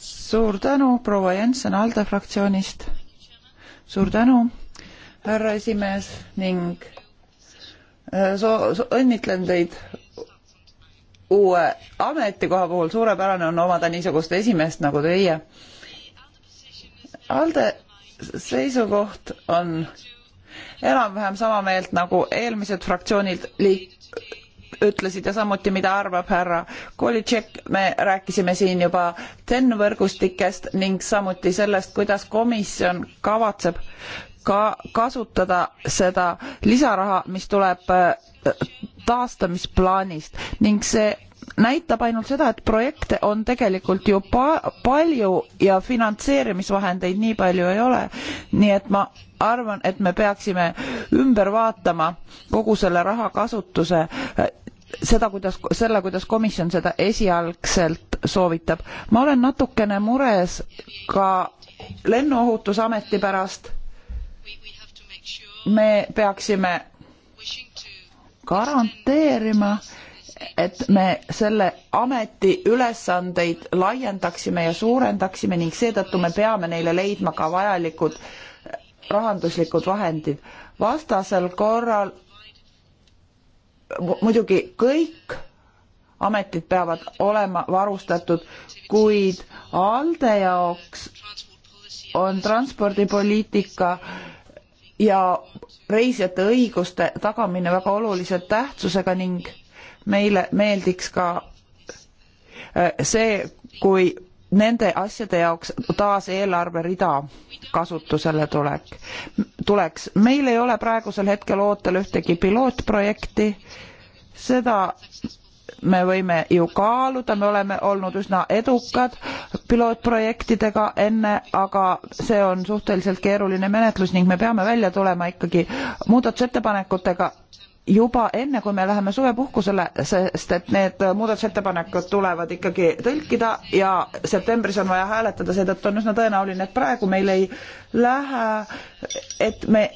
suur tänu, proua Jensen ALDE fraktsioonist. suur tänu, härra esimees ning äh, so-, so, õnnitlen teid uue ametikoha puhul, suurepärane on omada niisugust esimeest nagu teie. ALDE seisukoht on enam-vähem sama meelt nagu eelmised fraktsioonid liik-, ütlesid ja samuti, mida arvab härra Kolitšek. me rääkisime siin juba TEN võrgustikest ning samuti sellest, kuidas komisjon kavatseb ka kasutada seda lisaraha, mis tuleb äh, taastamisplaanist ning see näitab ainult seda, et projekte on tegelikult ju pa palju ja finantseerimisvahendeid nii palju ei ole. nii et ma arvan, et me peaksime ümber vaatama kogu selle rahakasutuse äh, seda, kuidas, selle, kuidas komisjon seda esialgselt soovitab. ma olen natukene mures ka lennuohutusameti pärast. me peaksime garanteerima, et me selle ameti ülesandeid laiendaksime ja suurendaksime ning seetõttu me peame neile leidma ka vajalikud rahanduslikud vahendid. vastasel korral muidugi kõik ametid peavad olema varustatud, kuid ALDE jaoks on transpordipoliitika ja reisijate õiguste tagamine väga olulise tähtsusega ning meile meeldiks ka äh, see, kui nende asjade jaoks taas eelarverida kasutusele tulek, tuleks. meil ei ole praegusel hetkel ootel ühtegi pilootprojekti, seda me võime ju kaaluda, me oleme olnud üsna edukad pilootprojektidega enne, aga see on suhteliselt keeruline menetlus ning me peame välja tulema ikkagi muudatusettepanekutega, juba enne, kui me läheme suvepuhkusele, sest et need muudatusettepanekud tulevad ikkagi tõlkida ja septembris on vaja hääletada, seetõttu on üsna tõenäoline, et praegu meil ei lähe, et me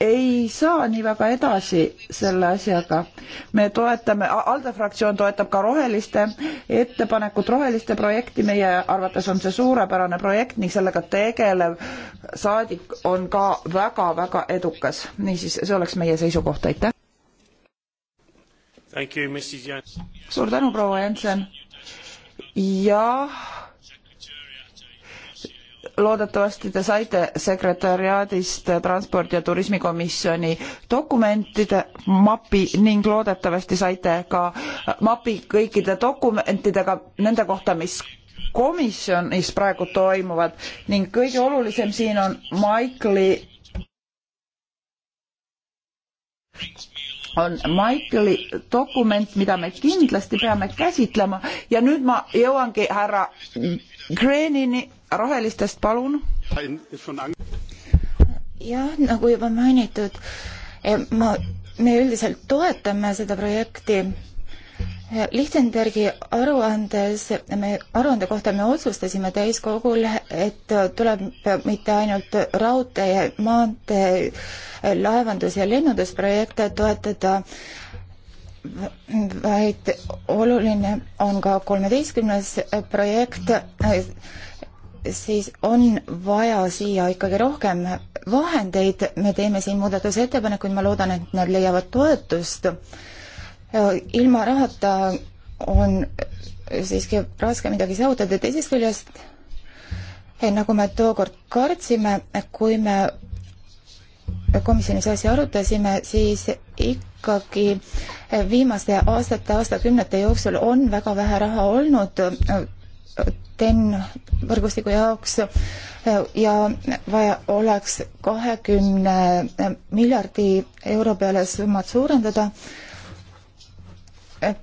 ei saa nii väga edasi selle asjaga. me toetame, ALDE fraktsioon toetab ka roheliste ettepanekut, roheliste projekti, meie arvates on see suurepärane projekt ning sellega tegelev saadik on ka väga-väga edukas. niisiis, see oleks meie seisukoht, aitäh suur tänu, proua Jensen. jah, loodetavasti te saite sekretäriaadist transpordi ja turismikomisjoni dokumentide mapi ning loodetavasti saite ka mapi kõikide dokumentidega nende kohta, mis komisjonis praegu toimuvad ning kõige olulisem siin on Maikli on Michaeli dokument, mida me kindlasti peame käsitlema ja nüüd ma jõuangi härra Greenini rohelistest, palun. jah, nagu juba mainitud, eh, ma, me üldiselt toetame seda projekti Lichtenbergi aruandes, me, aruande kohta me otsustasime täiskogul, et tuleb mitte ainult raudtee, maantee, laevandus- ja lennundusprojekte toetada, vaid oluline on ka kolmeteistkümnes projekt, siis on vaja siia ikkagi rohkem vahendeid, me teeme siin muudatusettepanekuid, ma loodan, et nad leiavad toetust ilma rahata on siiski raske midagi saavutada, teisest küljest eh, nagu me tookord kartsime, eh, kui me komisjonis asja arutasime, siis ikkagi eh, viimaste aastate, aastakümnete jooksul on väga vähe raha olnud TEN võrgustiku jaoks ja vaja oleks kahekümne miljardi euro peale summat suurendada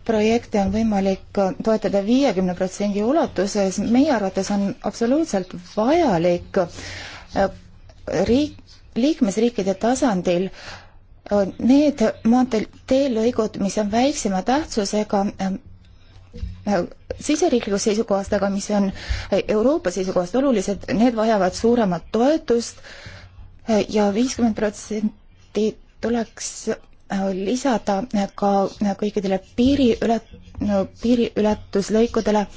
projekte on võimalik toetada viiekümne protsendi ulatuses, meie arvates on absoluutselt vajalik äh, riik, liikmesriikide tasandil äh, need maanteelõigud, mis on väiksema tähtsusega äh, siseriiklikust seisukohast, aga mis on Euroopa seisukohast olulised, need vajavad suuremat toetust ja viiskümmend protsenti tuleks lisada ka kõikidele piiri üle, piiriületuslõikudele.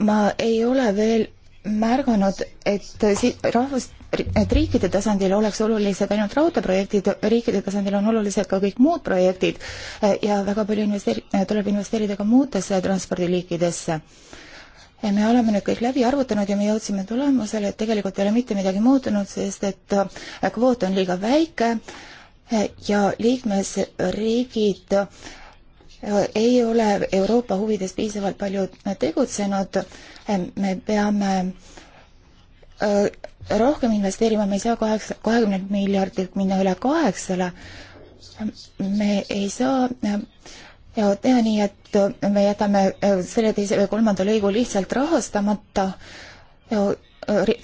ma ei ole veel märganud, et si-, rahvus, et riikide tasandil oleks olulised ainult raudteeprojektid, riikide tasandil on olulised ka kõik muud projektid eh, ja väga palju investeeri-, eh, tuleb investeerida ka muudesse transpordiliikidesse. Eh, me oleme nüüd kõik läbi arvutanud ja me jõudsime tulemusele, et tegelikult ei ole mitte midagi muutunud, sest et kvoot on liiga väike äh,, ja liikmesriigid äh, ei ole Euroopa huvides piisavalt palju tegutsenud. me peame äh, rohkem investeerima, me ei saa kaheksa, kahekümnelt miljardilt minna üle kaheksale. me ei saa ja teha nii, et äh, me jätame selle teise või kolmanda lõigu lihtsalt rahastamata ja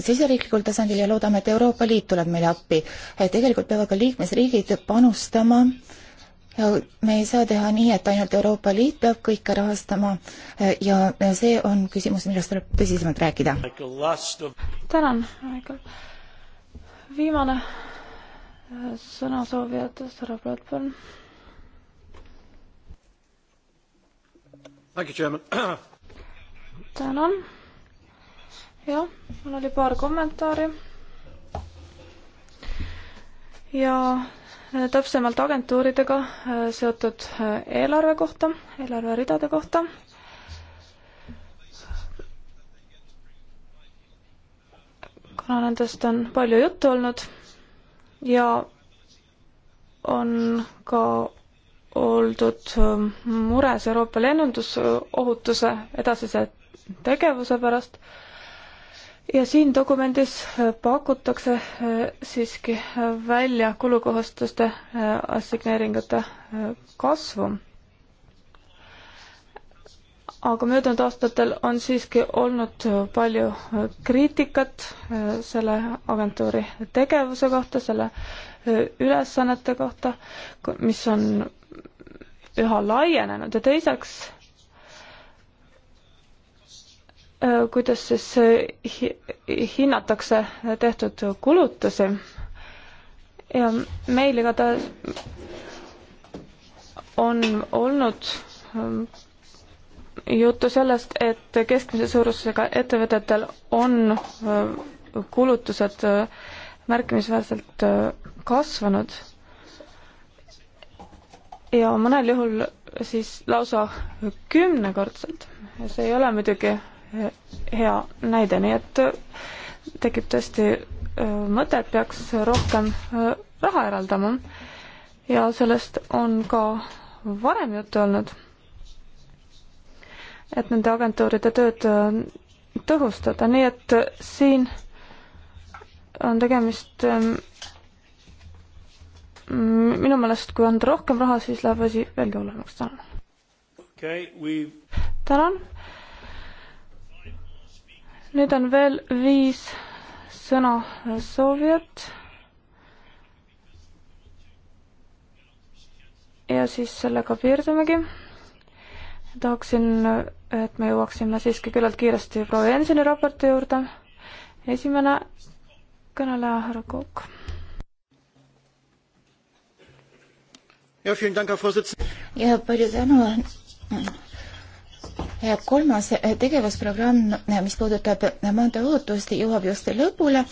siseriiklikul tasandil ja loodame, et Euroopa Liit tuleb meile appi. tegelikult peavad ka liikmesriigid panustama ja me ei saa teha nii, et ainult Euroopa Liit peab kõike rahastama ja see on küsimus, millest tuleb tõsisemalt rääkida. tänan, Michael. viimane sõnasoovijatest, härra Bradburn. tänan jah, mul oli paar kommentaari. ja äh, täpsemalt agentuuridega äh, seotud äh, eelarve kohta, eelarveridade kohta. kuna nendest on palju juttu olnud ja on ka oldud mures Euroopa lennundusohutuse edasise tegevuse pärast ja siin dokumendis äh, pakutakse äh, siiski välja kulukohustuste äh, assigneeringute kasvu. aga möödunud aastatel on siiski olnud palju kriitikat selle agentuuri tegevuse kohta, selle ülesannete kohta, mis on üha laienenud ja teiseks Äh, kuidas siis äh, hinnatakse tehtud kulutusi ja meil igatahes on olnud ähm, juttu sellest, et keskmise suurusega ettevõtetel on äh, kulutused märkimisväärselt kasvanud ja mõnel juhul siis lausa kümnekordselt ja see ei ole muidugi hea näide, nii et äh, tekib tõesti äh, mõte, et peaks rohkem äh, raha eraldama. ja sellest on ka varem juttu olnud, et nende agentuuride tööd tõhustada, nii et siin on tegemist ähm, minu meelest, kui anda rohkem raha, siis läheb asi veelgi hullemaks, tänan okay,. We... tänan nüüd on veel viis sõna soovijat. ja siis sellega piirdumegi. tahaksin, et me jõuaksime siiski küllalt kiiresti proua Jenseni raporti juurde. esimene kõneleja, härra Kook. ja palju tänu kolmas eh, tegevusprogramm, eh, mis puudutab eh, maanteeohutust, jõuab just lõpule.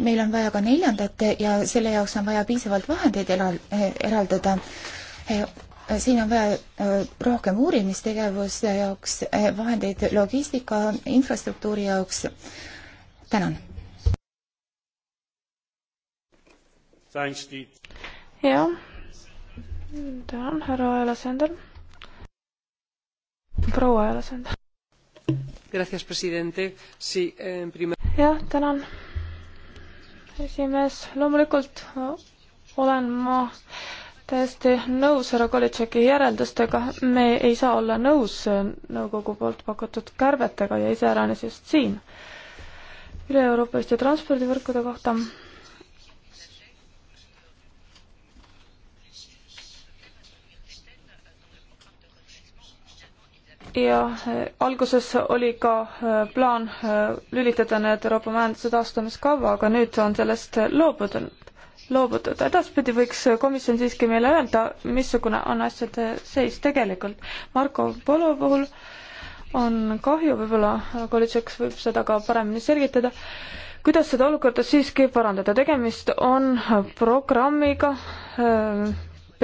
meil on vaja ka neljandat ja selle jaoks on vaja piisavalt vahendeid eral-, eraldada. siin on vaja rohkem uurimistegevuste jaoks vahendeid logistika, infrastruktuuri jaoks. tänan. jah, tänan, härra Aela Sender proua Jalasand. jah, tänan, esimees. loomulikult olen ma täiesti nõus härra Kolitšeki järeldustega, me ei saa olla nõus e, nõukogu poolt pakutud kärbetega ja iseäranis just siin. üle-Euroopaliste transpordivõrkude kohta ja eh, alguses oli ka eh, plaan eh, lülitada need Euroopa majanduse taastamiskava, aga nüüd on sellest loobutud, loobutud. edaspidi võiks komisjon siiski meile öelda, missugune on asjade seis tegelikult. Marko Polo puhul on kahju, võib-olla kolledžeks võib seda ka paremini selgitada, kuidas seda olukorda siiski parandada. tegemist on programmiga,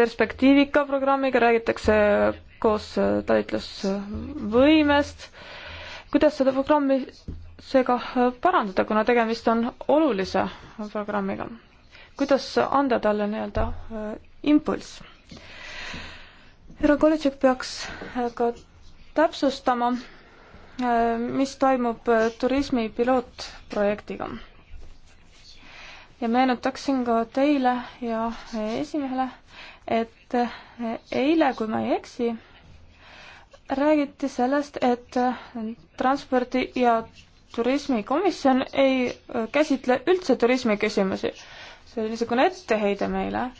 perspektiivika programmiga, räägitakse koos äh, talitlusvõimest. kuidas seda programmi seega äh, parandada, kuna tegemist on olulise programmiga? kuidas anda talle nii-öelda äh, impulss? härra Kolitšik peaks ka täpsustama, mis toimub turismi pilootprojektiga. ja meenutaksin ka teile ja esimehele, et eile, kui ma ei eksi, räägiti sellest, et transpordi ja turismikomisjon ei käsitle üldse turismiküsimusi. see oli niisugune etteheide meile.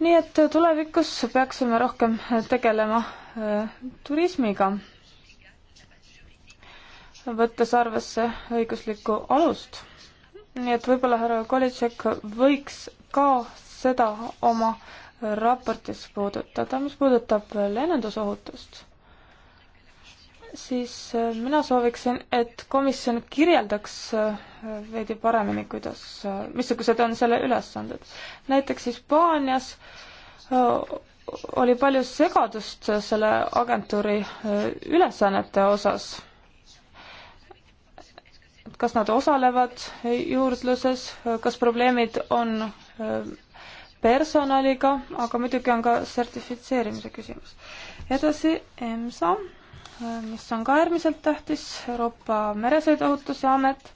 nii et tulevikus peaksime rohkem tegelema äh, turismiga, võttes arvesse õiguslikku alust. nii et võib-olla härra Kolitšek võiks ka seda oma raportis puudutada. mis puudutab lennundusohutust, siis äh, mina sooviksin, et komisjon kirjeldaks äh, veidi paremini, kuidas, äh, missugused on selle ülesanded. näiteks Hispaanias oli palju segadust selle agentuuri ülesannete osas kas nad osalevad juurdluses, kas probleemid on personaliga, aga muidugi on ka sertifitseerimise küsimus. edasi EMSA, mis on ka äärmiselt tähtis, Euroopa Meresõiduohutuse Amet.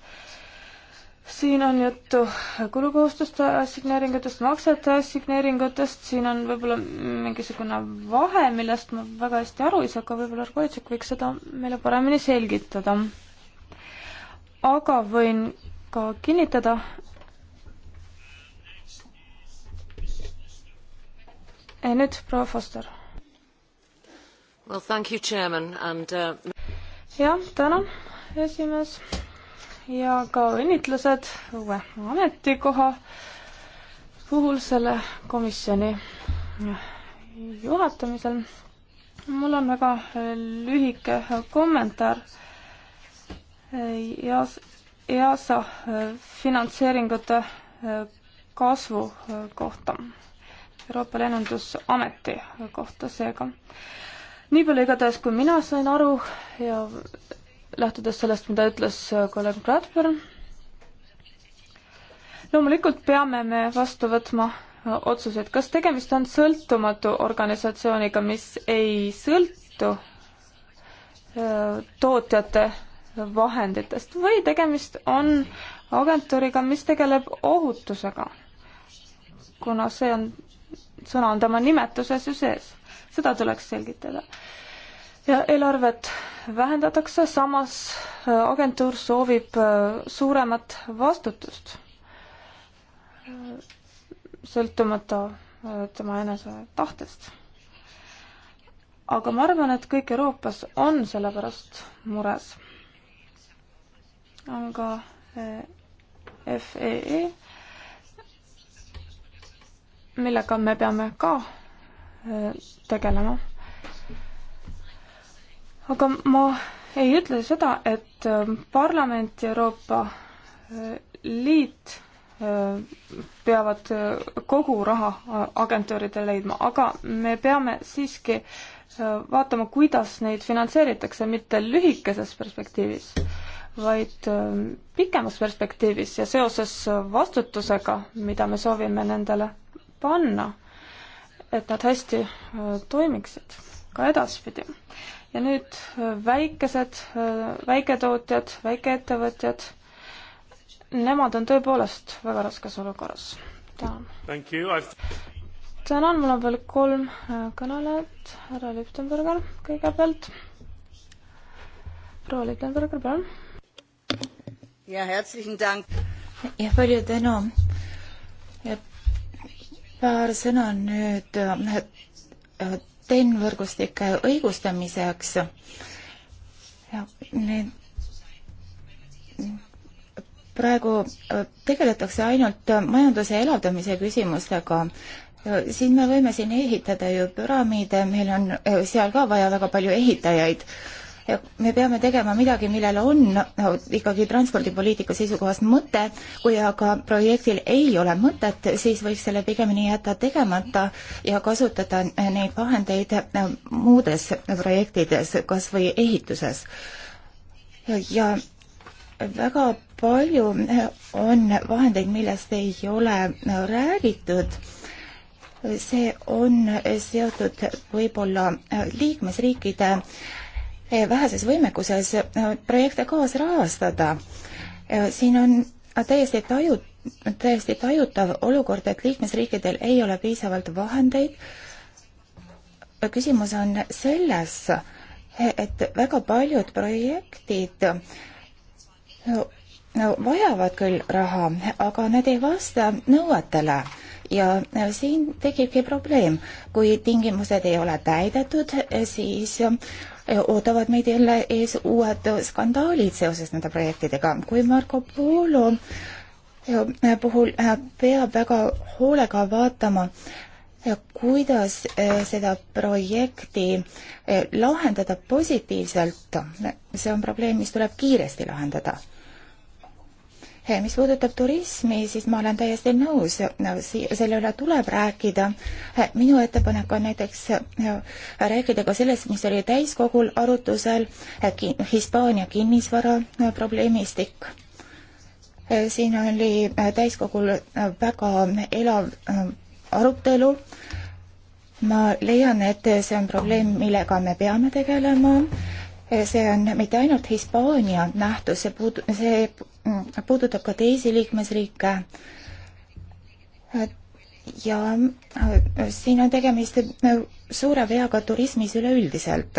siin on juttu kulukohustuste assigneeringutest, maksete assigneeringutest, siin on võib-olla mingisugune vahe, millest ma väga hästi aru ei saa, aga võib-olla Argoitšik võiks seda meile paremini selgitada. aga võin ka kinnitada, Eh, nüüd proua Foster. Uh, jah, tänan, esimees ja ka õnnitlused uue ametikoha puhul selle komisjoni juhatamisel. mul on väga lühike kommentaar ja EASA finantseeringute kasvu kohta Euroopa Lennundusameti kohta seega. nii palju igatahes, kui mina sain aru ja lähtudes sellest, mida ütles kolleeg Bradburn, loomulikult peame me vastu võtma otsused, kas tegemist on sõltumatu organisatsiooniga, mis ei sõltu tootjate vahenditest või tegemist on agentuuriga, mis tegeleb ohutusega, kuna see on sõna on tema nimetuses ju sees. seda tuleks selgitada. ja eelarvet vähendatakse, samas äh, agentuur soovib äh, suuremat vastutust äh, sõltumata tema enese tahtest. aga ma arvan, et kõik Euroopas on selle pärast mures. on ka FEE millega me peame ka äh, tegelema. aga ma ei ütle seda, et äh, parlament ja Euroopa äh, Liit peavad kogu raha agentuuridele leidma, aga me peame siiski vaatama, kuidas neid finantseeritakse, mitte lühikeses perspektiivis, vaid pikemas perspektiivis ja seoses vastutusega, mida me soovime nendele panna, et nad hästi äh, toimiksid ka edaspidi. ja nüüd äh, väikesed, äh, väiketootjad, väikeettevõtjad, nemad on tõepoolest väga raskes olukorras. tänan. tänan, mul on veel kolm kõnelejat, härra Lüftenberger kõigepealt. proua Lüftenberger, palun. ja herzlichen Dank. jah, palju tänu paar sõna nüüd äh, TEN-võrgustike õigustamiseks. Need praegu äh, tegeletakse ainult äh, majanduse elavdamise küsimustega. siin me võime siin ehitada ju püramiide, meil on seal ka vaja väga palju ehitajaid me peame tegema midagi, millel on no, ikkagi transpordipoliitika seisukohast mõte, kui aga projektil ei ole mõtet, siis võib selle pigemini jätta tegemata ja kasutada neid vahendeid muudes projektides, kas või ehituses. ja väga palju on vahendeid, millest ei ole räägitud see on seotud võib-olla liikmesriikide Eh, väheses võimekuses eh, projekte kaasrahastada. Eh, siin on täiesti taju, täiesti tajutav olukord, et liikmesriikidel ei ole piisavalt vahendeid. küsimus on selles, et väga paljud projektid no, no, vajavad küll raha, aga need ei vasta nõuetele ja siin tekibki probleem. kui tingimused ei ole täidetud, siis ootavad meid jälle ees uued skandaalid seoses nende projektidega. kui Marco Polo eh, puhul eh, peab väga hoolega vaatama, eh, kuidas seda projekti lahendada positiivselt, see on probleem, mis tuleb kiiresti lahendada mis puudutab turismi, siis ma olen täiesti nõus no,, selle üle tuleb rääkida. minu ettepanek on näiteks rääkida ka sellest, mis oli täiskogul arutusel, Hispaania kinnisvara probleemistik. siin oli täiskogul väga elav arutelu. ma leian, et see on probleem, millega me peame tegelema see on mitte ainult Hispaania nähtus, see puud-, see Mm, puudutab ka teisi liikmesriike. ja äh, siin on tegemist äh, suure veaga turismis üleüldiselt.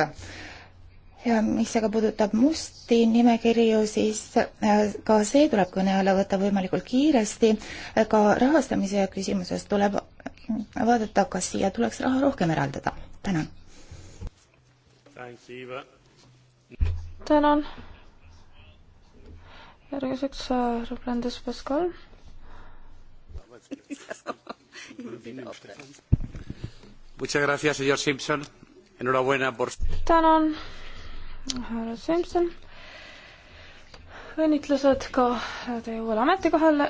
ja mis aga puudutab musti nimekirju, siis äh, ka see tuleb kõne alla võtta võimalikult kiiresti. ka rahastamise küsimuses tuleb vaadata, kas siia tuleks raha rohkem eraldada. tänan. tänan järgmiseks härra Brandes Pascal. tänan, härra Simson. õnnitlused ka teie uuele ametikohale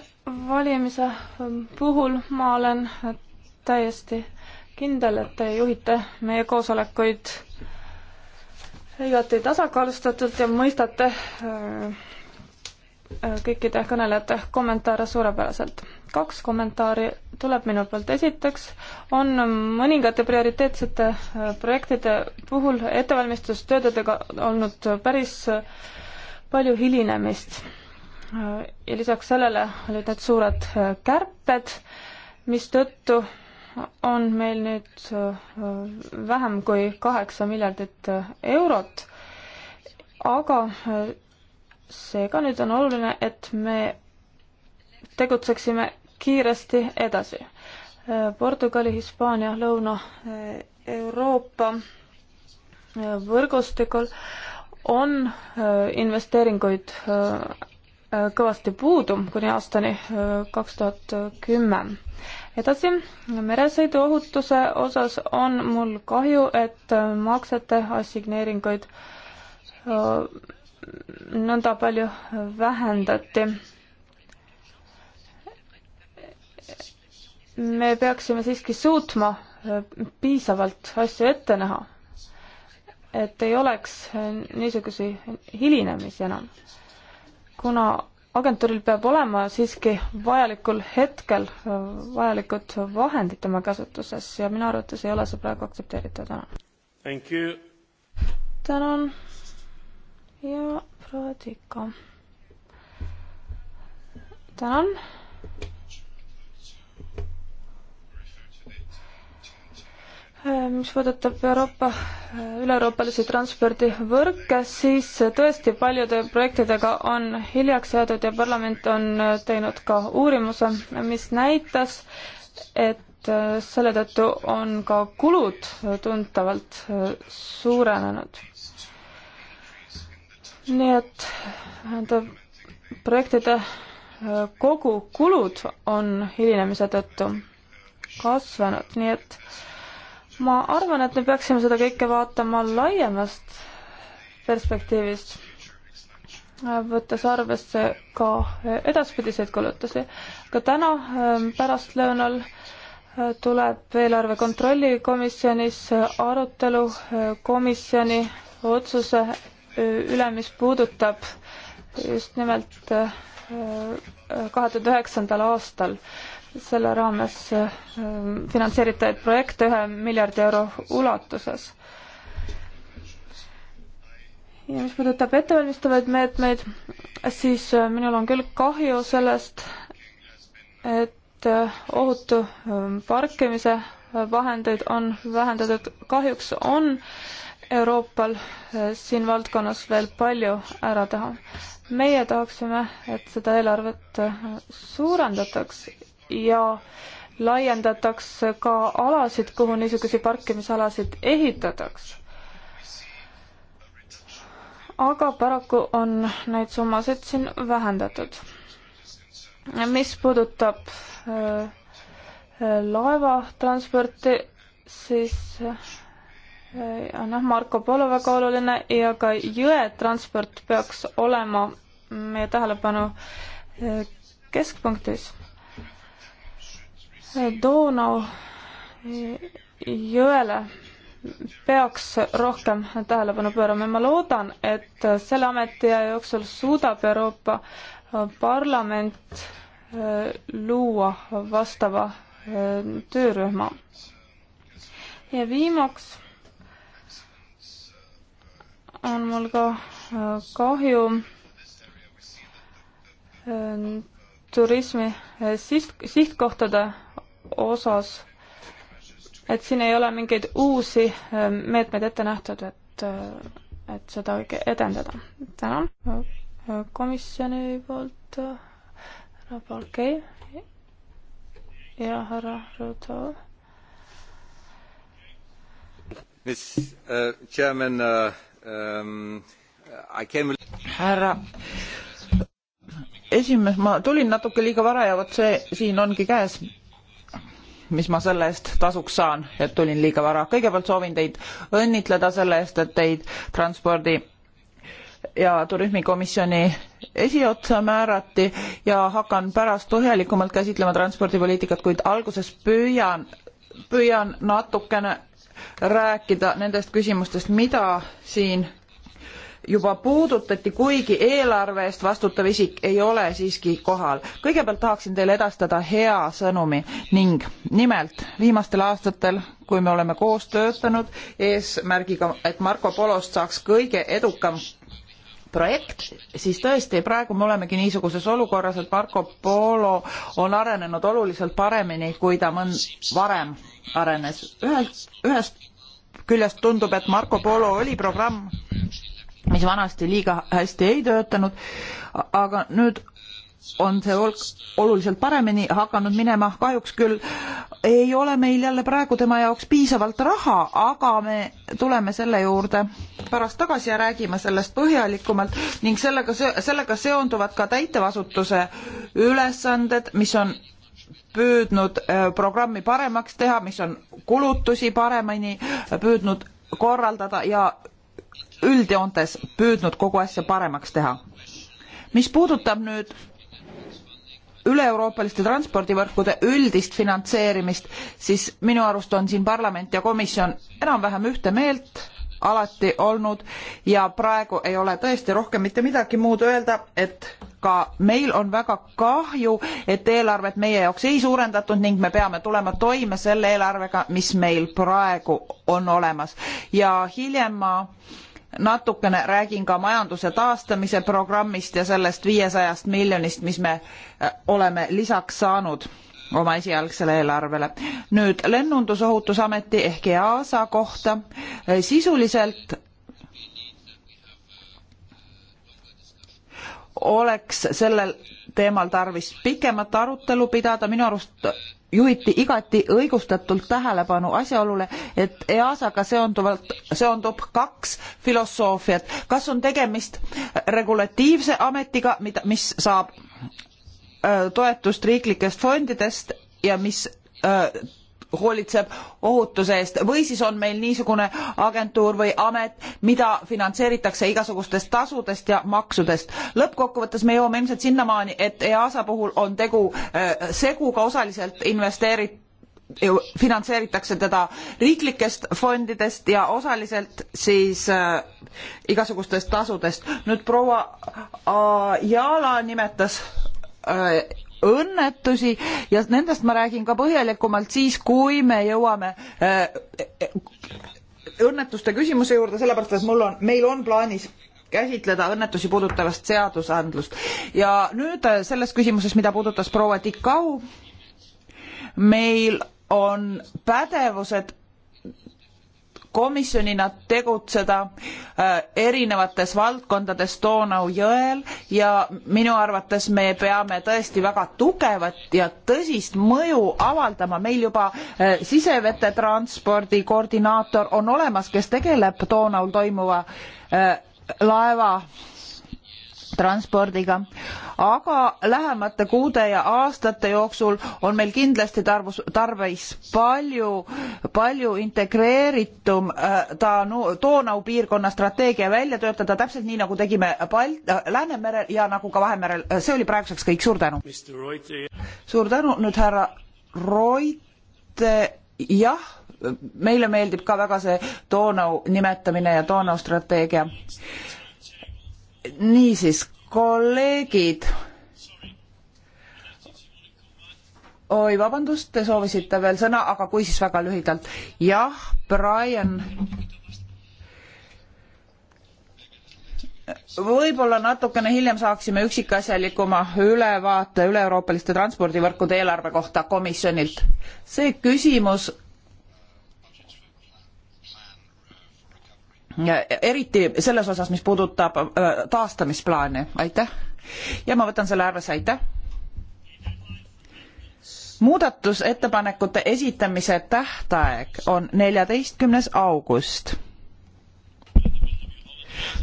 valimise ähm, puhul. ma olen täiesti kindel, et te juhite meie koosolekuid igati tasakaalustatult ja mõistate äh, kõikide kõnelejate kommentaare suurepäraselt. kaks kommentaari tuleb minu poolt. esiteks on mõningate prioriteetsete äh, projektide puhul ettevalmistustöödega olnud päris äh, palju hilinemist. Äh, ja lisaks sellele olid need suured kärped, mistõttu on meil nüüd vähem kui kaheksa miljardit eurot, aga seega nüüd on oluline, et me tegutseksime kiiresti edasi. Portugali, Hispaania, Lõuna-Euroopa võrgustikul on äh, investeeringuid äh, kõvasti puudu kuni aastani äh, kaks tuhat kümme. edasi, meresõiduohutuse osas on mul kahju, et maksete assigneeringuid nõnda palju vähendati. me peaksime siiski suutma äh, piisavalt asju ette näha, et ei oleks äh, niisuguseid hilinemisi enam. kuna agentuuril peab olema siiski vajalikul hetkel äh, vajalikud vahendid tema käsutuses ja minu arvates ei ole see praegu aktsepteeritav täna. tänan ja proua Tiko. tänan. Äh, mis puudutab Euroopa, äh, üle-euroopalisi transpordivõrke, siis äh, tõesti paljude projektidega on hiljaks jäädud ja parlament on teinud ka uurimuse, mis näitas, et selle tõttu on ka kulud tuntavalt suurenenud nii et nende projektide äh, kogukulud on hilinemise tõttu kasvanud, nii et ma arvan, et me peaksime seda kõike vaatama laiemast perspektiivist, äh, võttes arvesse ka äh, edaspidiseid kulutusi. ka täna ähm, pärastlõunal tuleb eelarve kontrolli komisjonis arutelu komisjoni otsuse üle, mis puudutab just nimelt äh, kahe tuhande üheksandal aastal selle raames äh, finantseeritavaid projekte ühe miljardi euro ulatuses. ja mis puudutab ettevalmistavaid meetmeid, siis äh, minul on küll kahju sellest, et ohutu parkimise vahendeid on vähendatud, kahjuks on äh, Euroopal eh, siin valdkonnas veel palju ära teha. meie tahaksime, et seda eelarvet eh, suurendataks ja laiendataks ka alasid, kuhu niisuguseid parkimisalasid ehitataks. aga paraku on neid summasid siin vähendatud. mis puudutab eh, laevatransporti, siis ja äh, noh, Marko Polo väga oluline ja ka jõetransport peaks olema meie tähelepanu äh, keskpunktis. Äh, Donau jõele peaks rohkem tähelepanu pöörama ja ma loodan, et selle ametiaja jooksul suudab Euroopa Parlament luua vastava töörühma. ja viimaks on mul ka äh, kahju äh, turismi äh, siht, sihtkohtade osas, et siin ei ole mingeid uusi meetmeid ette nähtud, et, et seda edendada. tänan komisjoni poolt härra Palkei ja härra Rõdov. Miss uh, Chairman uh, um,. Can... härra esimees, ma tulin natuke liiga vara ja vot see siin ongi käes, mis ma selle eest tasuks saan, et tulin liiga vara. kõigepealt soovin teid õnnitleda selle eest, et teid transpordi ja turismikomisjoni esiotsa määrati ja hakkan pärast põhjalikumalt käsitlema transpordipoliitikat, kuid alguses püüan, püüan natukene rääkida nendest küsimustest, mida siin juba puudutati, kuigi eelarve eest vastutav isik ei ole siiski kohal. kõigepealt tahaksin teile edastada hea sõnumi ning nimelt viimastel aastatel, kui me oleme koos töötanud eesmärgiga, et Marco Polost saaks kõige edukam projekt, siis tõesti, praegu me olemegi niisuguses olukorras, et Marco Polo on arenenud oluliselt paremini, kui ta mõn-, varem arenes. ühelt, ühest küljest tundub, et Marco Polo oli programm, mis vanasti liiga hästi ei töötanud, aga nüüd on see hulk oluliselt paremini hakanud minema, kahjuks küll ei ole meil jälle praegu tema jaoks piisavalt raha, aga me tuleme selle juurde pärast tagasi ja räägime sellest põhjalikumalt ning sellega, sellega seonduvad ka täitevasutuse ülesanded, mis on püüdnud äh, programmi paremaks teha, mis on kulutusi paremini äh, püüdnud korraldada ja üldjoontes püüdnud kogu asja paremaks teha. mis puudutab nüüd üle-euroopaliste transpordivõrkude üldist finantseerimist, siis minu arust on siin parlament ja komisjon enam-vähem ühte meelt alati olnud ja praegu ei ole tõesti rohkem mitte midagi muud öelda, et ka meil on väga kahju, et eelarvet meie jaoks ei suurendatud ning me peame tulema toime selle eelarvega, mis meil praegu on olemas ja hiljem ma äh, natukene räägin ka majanduse taastamise programmist ja sellest viiesajast miljonist, mis me äh, oleme lisaks saanud oma esialgsele eelarvele. nüüd Lennundusohutusameti ehk EASA kohta äh, sisuliselt oleks sellel teemal tarvis pikemat arutelu pidada, minu arust juhiti igati õigustatult tähelepanu asjaolule, et EASA-ga seonduvalt, seondub kaks filosoofiat. kas on tegemist regulatiivse ametiga, mida, mis saab öö, äh, toetust riiklikest fondidest ja mis öö, äh, hoolitseb ohutuse eest või siis on meil niisugune agentuur või amet, mida finantseeritakse igasugustest tasudest ja maksudest. lõppkokkuvõttes me jõuame ilmselt sinnamaani, et EASA puhul on tegu äh, seguga osaliselt investeerit-, finantseeritakse teda riiklikest fondidest ja osaliselt siis äh, igasugustest tasudest. nüüd proua äh, Jaala nimetas äh, õnnetusi ja nendest ma räägin ka põhjalikumalt siis, kui me jõuame äh, õnnetuste küsimuse juurde, sellepärast et mul on, meil on plaanis käsitleda õnnetusi puudutavast seadusandlust. ja nüüd äh, selles küsimuses, mida puudutas proua Tikau, meil on pädevused komisjonina tegutseda äh, erinevates valdkondades Donau jõel ja minu arvates me peame tõesti väga tugevat ja tõsist mõju avaldama. meil juba äh, sisevetetranspordi koordinaator on olemas, kes tegeleb Donaul toimuva äh, laeva transpordiga, aga lähemate kuude ja aastate jooksul on meil kindlasti tarvus, tarvis palju, palju integreeritum äh, ta no, Donau piirkonna strateegia välja töötada, täpselt nii nagu tegime Balt-, äh, Läänemerel ja nagu ka Vahemerel, see oli praeguseks kõik, suur tänu. suur tänu, nüüd härra Roit, jah, meile meeldib ka väga see Donau nimetamine ja Donau strateegia niisiis, kolleegid. oi, vabandust, te soovisite veel sõna, aga kui, siis väga lühidalt. jah, Brian. võib-olla natukene hiljem saaksime üksikasjalikuma ülevaate üle-euroopaliste transpordivõrkude eelarve kohta komisjonilt. see küsimus eriti selles osas, mis puudutab äh, taastamisplaane, aitäh. ja ma võtan selle arvesse, aitäh. muudatusettepanekute esitamise tähtaeg on neljateistkümnes august.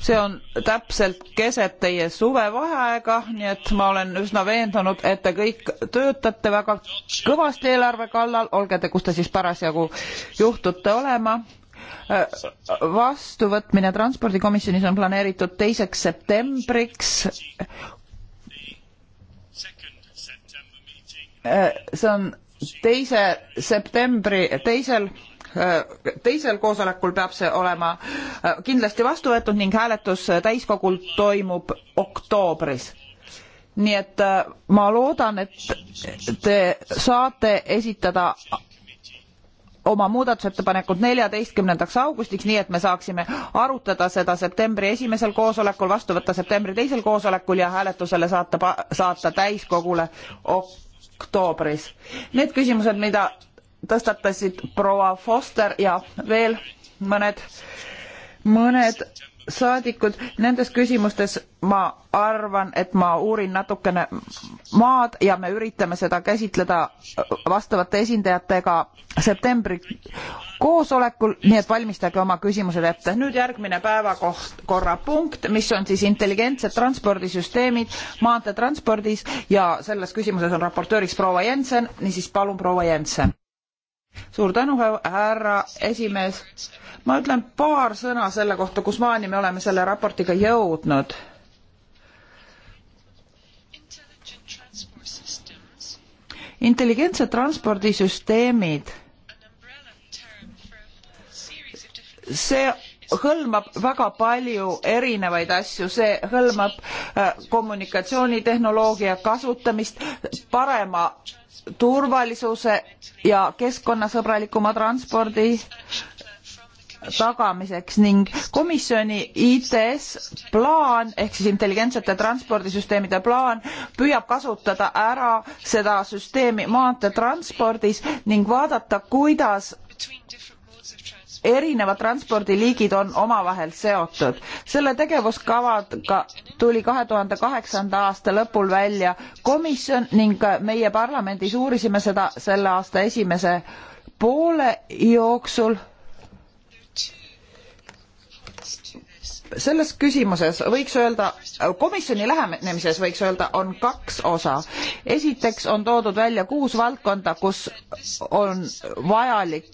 see on täpselt keset teie suvevaheaega, nii et ma olen üsna veendunud, et te kõik töötate väga kõvasti eelarve kallal, olge te, kus te siis parasjagu juhtute olema vastuvõtmine transpordikomisjonis on planeeritud teiseks septembriks. see on teise septembri teisel teisel koosolekul peab see olema kindlasti vastu võetud ning hääletus täiskogul toimub oktoobris nii et ma loodan, et te saate esitada oma muudatusettepanekud neljateistkümnendaks augustiks nii et me saaksime arutada seda septembri esimesel koosolekul vastu võtta septembri teisel koosolekul ja hääletusele saata saata täiskogule oktoobris need küsimused mida tõstatasid proua foster ja veel mõned mõned saadikud, nendes küsimustes ma arvan, et ma uurin natukene maad ja me üritame seda käsitleda vastavate esindajatega septembri koosolekul, nii et valmistage oma küsimused ette. nüüd järgmine päevakoht, korrapunkt, mis on siis intelligentsed transpordisüsteemid maanteetranspordis ja selles küsimuses on raportööriks proua Jensen, niisiis palun, proua Jensen suur tänu, härra esimees. ma ütlen paar sõna selle kohta, kusmaani me oleme selle raportiga jõudnud. intelligentsed transpordisüsteemid. see hõlmab väga palju erinevaid asju, see hõlmab äh, kommunikatsioonitehnoloogia kasutamist, parema turvalisuse ja keskkonnasõbralikuma transpordi tagamiseks ning komisjoni ITS plaan ehk siis intelligentsete transpordisüsteemide plaan püüab kasutada ära seda süsteemi maanteetranspordis ning vaadata, kuidas erinevad transpordiliigid on omavahel seotud. selle tegevuskavaga tuli kahe tuhande kaheksanda aasta lõpul välja komisjon ning meie parlamendis uurisime seda selle aasta esimese poole jooksul. selles küsimuses võiks öelda, komisjoni lähenemises võiks öelda, on kaks osa. esiteks on toodud välja kuus valdkonda, kus on vajalik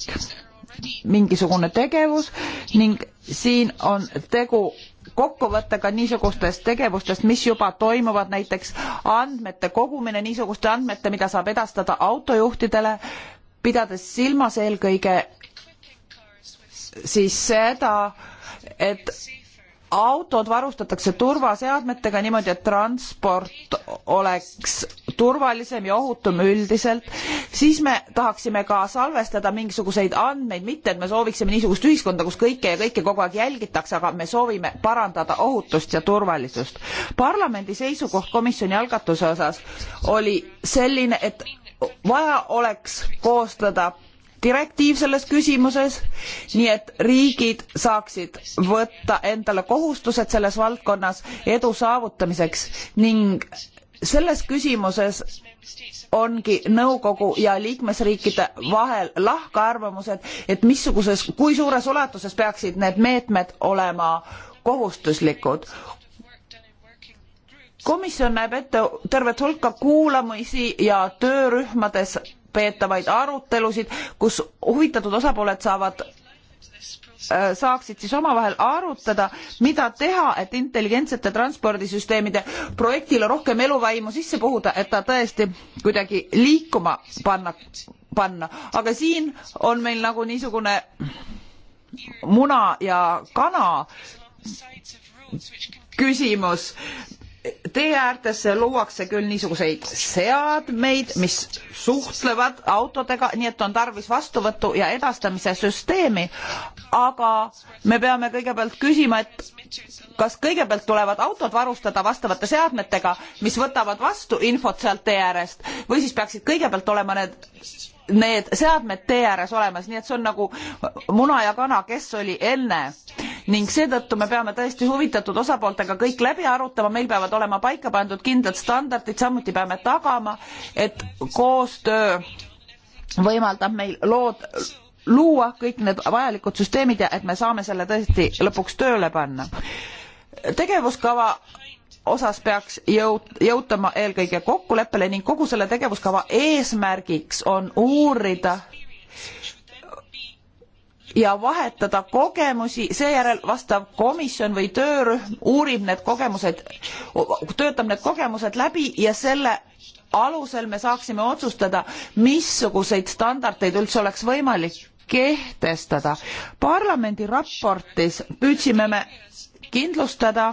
mingisugune tegevus ning siin on tegu kokkuvõttega niisugustest tegevustest, mis juba toimuvad, näiteks andmete kogumine, niisuguste andmete, mida saab edastada autojuhtidele, pidades silmas eelkõige siis seda, et autod varustatakse turvaseadmetega niimoodi, et transport oleks turvalisem ja ohutum üldiselt, siis me tahaksime ka salvestada mingisuguseid andmeid, mitte et me sooviksime niisugust ühiskonda, kus kõike ja kõike kogu aeg jälgitakse, aga me soovime parandada ohutust ja turvalisust. parlamendi seisukoht komisjoni algatuse osas oli selline, et vaja oleks koostada direktiiv selles küsimuses, nii et riigid saaksid võtta endale kohustused selles valdkonnas edu saavutamiseks ning selles küsimuses ongi nõukogu ja liikmesriikide vahel lahkarvamused, et missuguses, kui suures ulatuses peaksid need meetmed olema kohustuslikud komisjon näeb ette tervet hulka kuulamisi ja töörühmades peetavaid arutelusid, kus huvitatud osapooled saavad äh, saaksid siis omavahel arutada, mida teha, et intelligentsete transpordisüsteemide projektile rohkem eluvaimu sisse puhuda, et ta tõesti kuidagi liikuma panna, panna. aga siin on meil nagu niisugune muna ja kana küsimus tee äärtes luuakse küll niisuguseid seadmeid, mis suhtlevad autodega, nii et on tarvis vastuvõtu ja edastamise süsteemi, aga me peame kõigepealt küsima, et kas kõigepealt tulevad autod varustada vastavate seadmetega, mis võtavad vastu infot sealt tee äärest või siis peaksid kõigepealt olema need need seadmed tee ääres olemas, nii et see on nagu muna ja kana, kes oli enne. ning seetõttu me peame tõesti huvitatud osapooltega kõik läbi arutama, meil peavad olema paika pandud kindlad standardid, samuti peame tagama, et koostöö võimaldab meil lood, luua kõik need vajalikud süsteemid ja et me saame selle tõesti lõpuks tööle panna. tegevuskava osas peaks jõud, jõutama eelkõige kokkuleppele ning kogu selle tegevuskava eesmärgiks on uurida ja vahetada kogemusi seejärel vastav komisjon või töörühm uurib need kogemused töötab need kogemused läbi ja selle alusel me saaksime otsustada missuguseid standardeid üldse oleks võimalik kehtestada parlamendi raportis püüdsime me kindlustada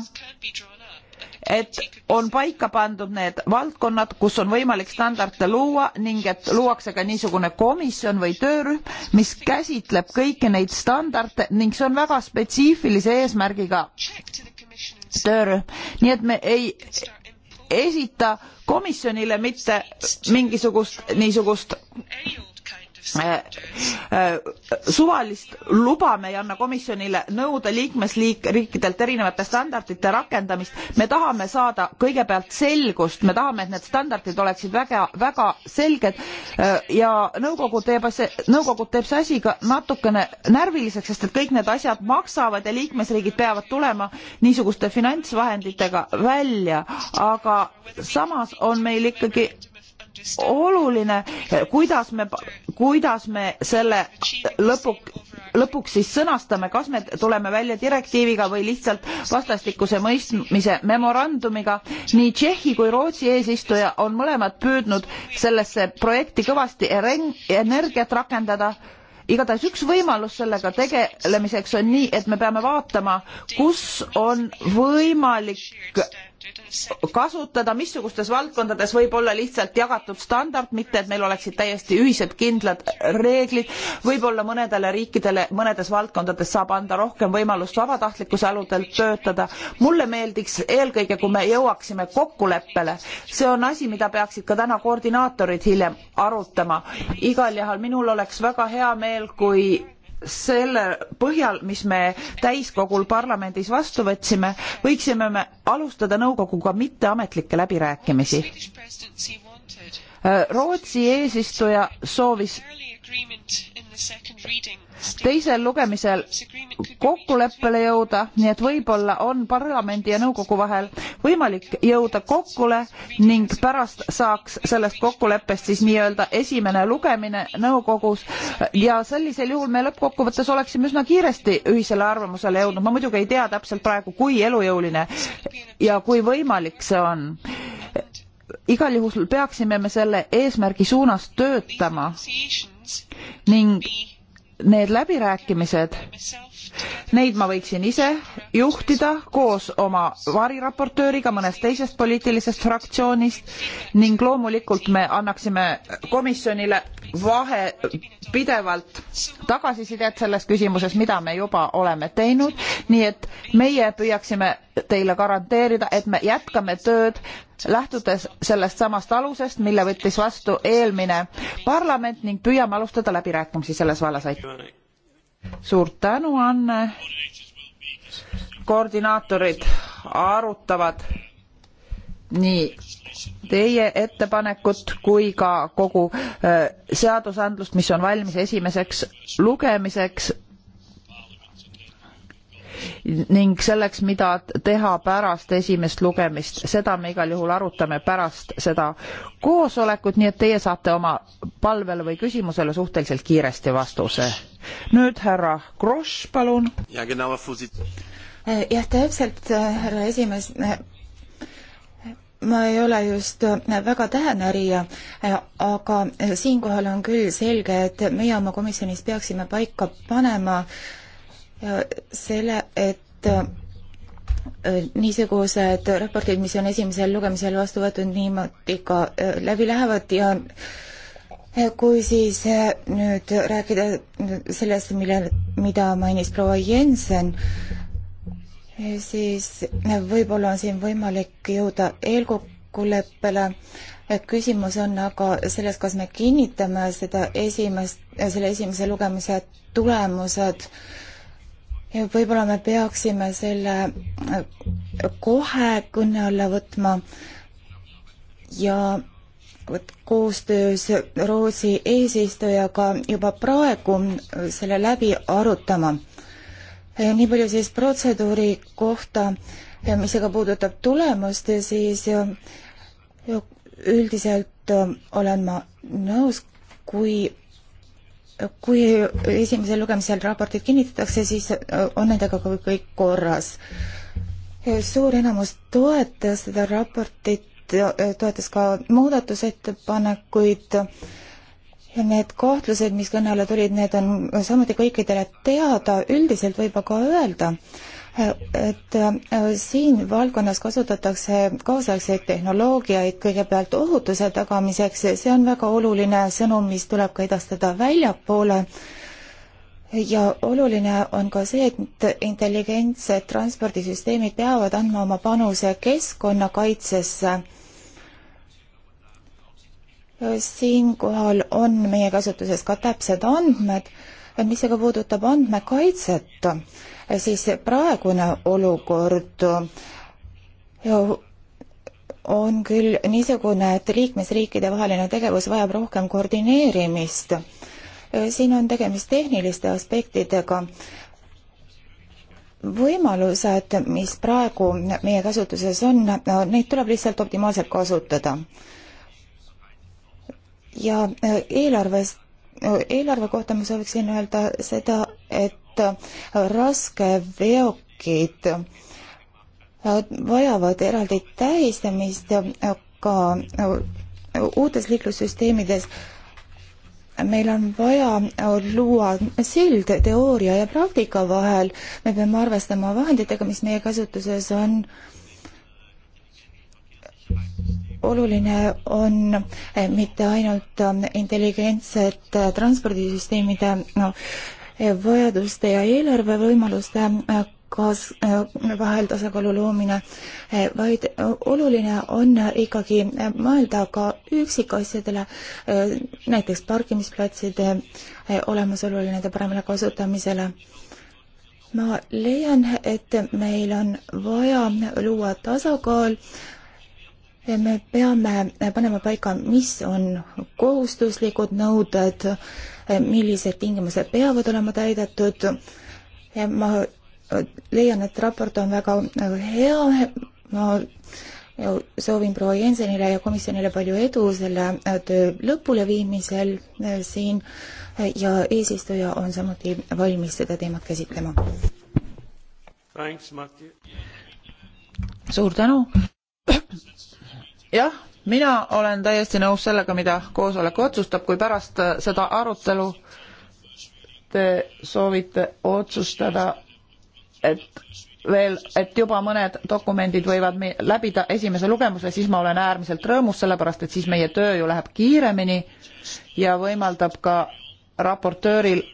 et on paika pandud need valdkonnad, kus on võimalik standarde luua ning et luuakse ka niisugune komisjon või töörühm, mis käsitleb kõiki neid standarde ning see on väga spetsiifilise eesmärgiga töörühm, nii et me ei esita komisjonile mitte mingisugust niisugust Äh, äh, suvalist luba me ei anna komisjonile nõuda liikmesriikidelt erinevate standardite rakendamist me tahame saada kõigepealt selgust me tahame et need standardid oleksid väga väga selged äh, ja nõukogu teeb see nõukogud teeb see asi ka natukene närviliseks sest et kõik need asjad maksavad ja liikmesriigid peavad tulema niisuguste finantsvahenditega välja aga samas on meil ikkagi oluline, kuidas me, kuidas me selle lõpu, lõpuks siis sõnastame, kas me tuleme välja direktiiviga või lihtsalt vastastikuse mõistmise memorandumiga. nii Tšehhi kui Rootsi eesistuja on mõlemad püüdnud sellesse projekti kõvasti energiat rakendada igatahes üks võimalus sellega tegelemiseks on nii, et me peame vaatama, kus on võimalik kasutada, missugustes valdkondades võib olla lihtsalt jagatud standard, mitte et meil oleksid täiesti ühised kindlad reeglid, võib-olla mõnedele riikidele mõnedes valdkondades saab anda rohkem võimalust vabatahtlikkuse aludel töötada. mulle meeldiks eelkõige, kui me jõuaksime kokkuleppele, see on asi, mida peaksid ka täna koordinaatorid hiljem arutama. igal juhul minul oleks väga hea meel, kui selle põhjal, mis me täiskogul parlamendis vastu võtsime, võiksime me alustada nõukoguga mitteametlikke läbirääkimisi. Rootsi eesistuja soovis teisel lugemisel kokkuleppele jõuda, nii et võib-olla on parlamendi ja nõukogu vahel võimalik jõuda kokkule ning pärast saaks sellest kokkuleppest siis nii-öelda esimene lugemine nõukogus ja sellisel juhul me lõppkokkuvõttes oleksime üsna kiiresti ühisele arvamusele jõudnud. ma muidugi ei tea täpselt praegu, kui elujõuline ja kui võimalik see on igal juhul peaksime me selle eesmärgi suunas töötama ning need läbirääkimised Neid ma võiksin ise juhtida koos oma variraportööriga mõnest teisest poliitilisest fraktsioonist ning loomulikult me annaksime komisjonile vahe pidevalt tagasisidet selles küsimuses, mida me juba oleme teinud, nii et meie püüaksime teile garanteerida, et me jätkame tööd lähtudes sellest samast alusest, mille võttis vastu eelmine parlament ning püüame alustada läbirääkimisi selles vallas, aitäh! suur tänu, Anne. koordinaatorid arutavad nii teie ettepanekut kui ka kogu äh, seadusandlust, mis on valmis esimeseks lugemiseks ning selleks, mida teha pärast esimest lugemist, seda me igal juhul arutame pärast seda koosolekut, nii et teie saate oma palvele või küsimusele suhteliselt kiiresti vastuse. nüüd härra Grosch, palun. Äh, jah, täpselt, äh, härra esimees ma ei ole just äh, väga tähenärija, aga siinkohal on küll selge, et meie oma komisjonis peaksime paika panema äh, selle, et äh, niisugused raportid, mis on esimesel lugemisel vastu võetud, niimoodi ka äh, läbi lähevad ja äh, kui siis nüüd rääkida sellest, mille, mida mainis proua Jensen, siis võib-olla on siin võimalik jõuda eelkokkuleppele, küsimus on aga selles, kas me kinnitame seda esimest, selle esimese lugemise tulemused äh, võib-olla me peaksime selle äh, kohe kõne alla võtma ja koostöös Rootsi eesistujaga juba praegu äh, selle läbi arutama. Äh, nii palju siis protseduuri kohta, mis aga puudutab tulemust, siis üldiselt olen ma nõus, kui kui esimesel lugemisel raportid kinnitatakse, siis äh, on nendega ka kõik korras. suur enamus toetas seda raportit, toetas ka muudatusettepanekuid ja need kahtlused, mis kõnele tulid, need on samuti kõikidele teada, üldiselt võib aga öelda, et äh, siin valdkonnas kasutatakse kaasaegseid tehnoloogiaid kõigepealt ohutuse tagamiseks, see on väga oluline sõnum, mis tuleb ka edastada väljapoole. ja oluline on ka see, et intelligentsed transpordisüsteemid peavad andma oma panuse keskkonnakaitsesse. siinkohal on meie käsutuses ka täpsed andmed, mis aga puudutab andmekaitset siis praegune olukord on küll niisugune, et liikmesriikide vaheline tegevus vajab rohkem koordineerimist. siin on tegemist tehniliste aspektidega. võimalused, mis praegu meie käsutuses on, neid tuleb lihtsalt optimaalselt kasutada. ja eelarves, eelarve kohta ma sooviksin öelda seda, et Äh, raskeveokid äh, vajavad eraldi tähistamist äh, ka uutes liiklussüsteemides meil on vaja luua sild teooria ja praktika vahel, me peame arvestama vahenditega, mis meie käsutuses on. oluline on mitte ainult intelligentsed transpordisüsteemide no, vajaduste ja eelarvevõimaluste äh, kaas-, äh, vahel tasakaalu loomine, äh, vaid oluline on ikkagi mõelda ka üksikasjadele, näiteks parkimisplatside olemasolule, nende paremale kasutamisele. ma leian, et meil on vaja luua tasakaal me peame panema paika, mis on kohustuslikud nõuded Äh, millised tingimused peavad olema täidetud. ma äh, leian, et raport on väga äh, hea, ma soovin proua Jensenile ja komisjonile palju edu selle töö lõpuleviimisel siin ja eesistuja on samuti valmis seda teemat käsitlema. suur tänu. jah mina olen täiesti nõus sellega, mida koosolek otsustab, kui pärast äh, seda arutelu te soovite otsustada, et veel, et juba mõned dokumendid võivad läbida esimese lugemuse, siis ma olen äärmiselt rõõmus, sellepärast et siis meie töö ju läheb kiiremini ja võimaldab ka raportööril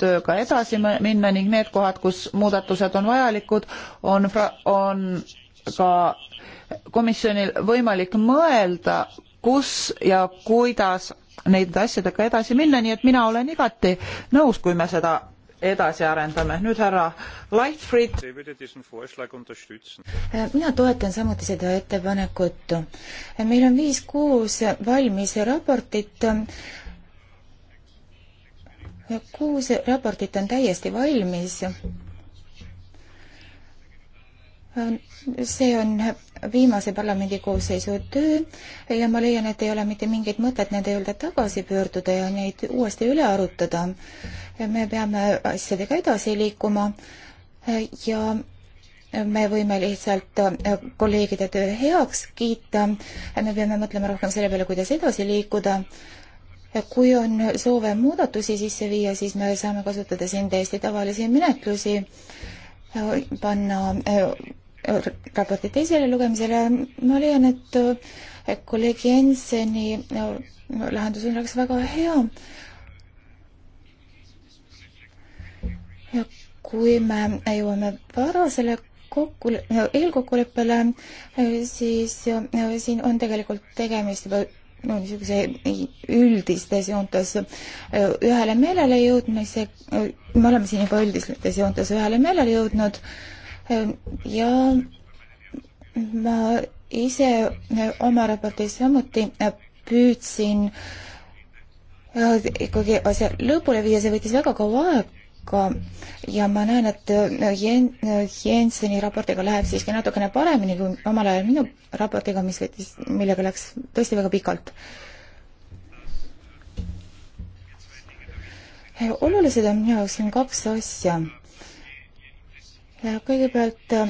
tööga edasi minna ning need kohad, kus muudatused on vajalikud, on, on ka komisjonil võimalik mõelda, kus ja kuidas neid asjadega edasi minna, nii et mina olen igati nõus, kui me seda edasi arendame. nüüd härra Lightfried. mina toetan samuti seda ettepanekut. meil on viis-kuus valmis raportit. kuus raportit on täiesti valmis. see on viimase parlamendikoosseisu töö ja ma leian, et ei ole mitte mingit mõtet nende juurde tagasi pöörduda ja neid uuesti üle arutada. me peame asjadega edasi liikuma ja me võime lihtsalt äh, kolleegide töö heaks kiita, me peame mõtlema rohkem selle peale, kuidas edasi liikuda kui on soove muudatusi sisse viia, siis me saame kasutada siin täiesti tavalisi menetlusi, äh, panna äh, raporti teisele lugemisele, ma leian, et kolleeg Jenseni lahendus oleks väga hea. ja kui me jõuame varasele kokku, eelkokkuleppele, siis ja, ja siin on tegelikult tegemist juba no niisuguse üldistes joontes ühele meelele jõudmise, me oleme siin juba üldistes joontes ühele meelele jõudnud äh, Ähm, ja ma ise äh, oma raportis samuti äh, püüdsin äh, ikkagi asja lõpule viia, see võttis väga kaua aega ja ma näen, et Jen-, Jenseni raportiga läheb siiski natukene paremini kui omal ajal minu raportiga, mis võttis, millega läks tõesti väga pikalt. olulised on minu jaoks siin kaks asja kõigepealt eh,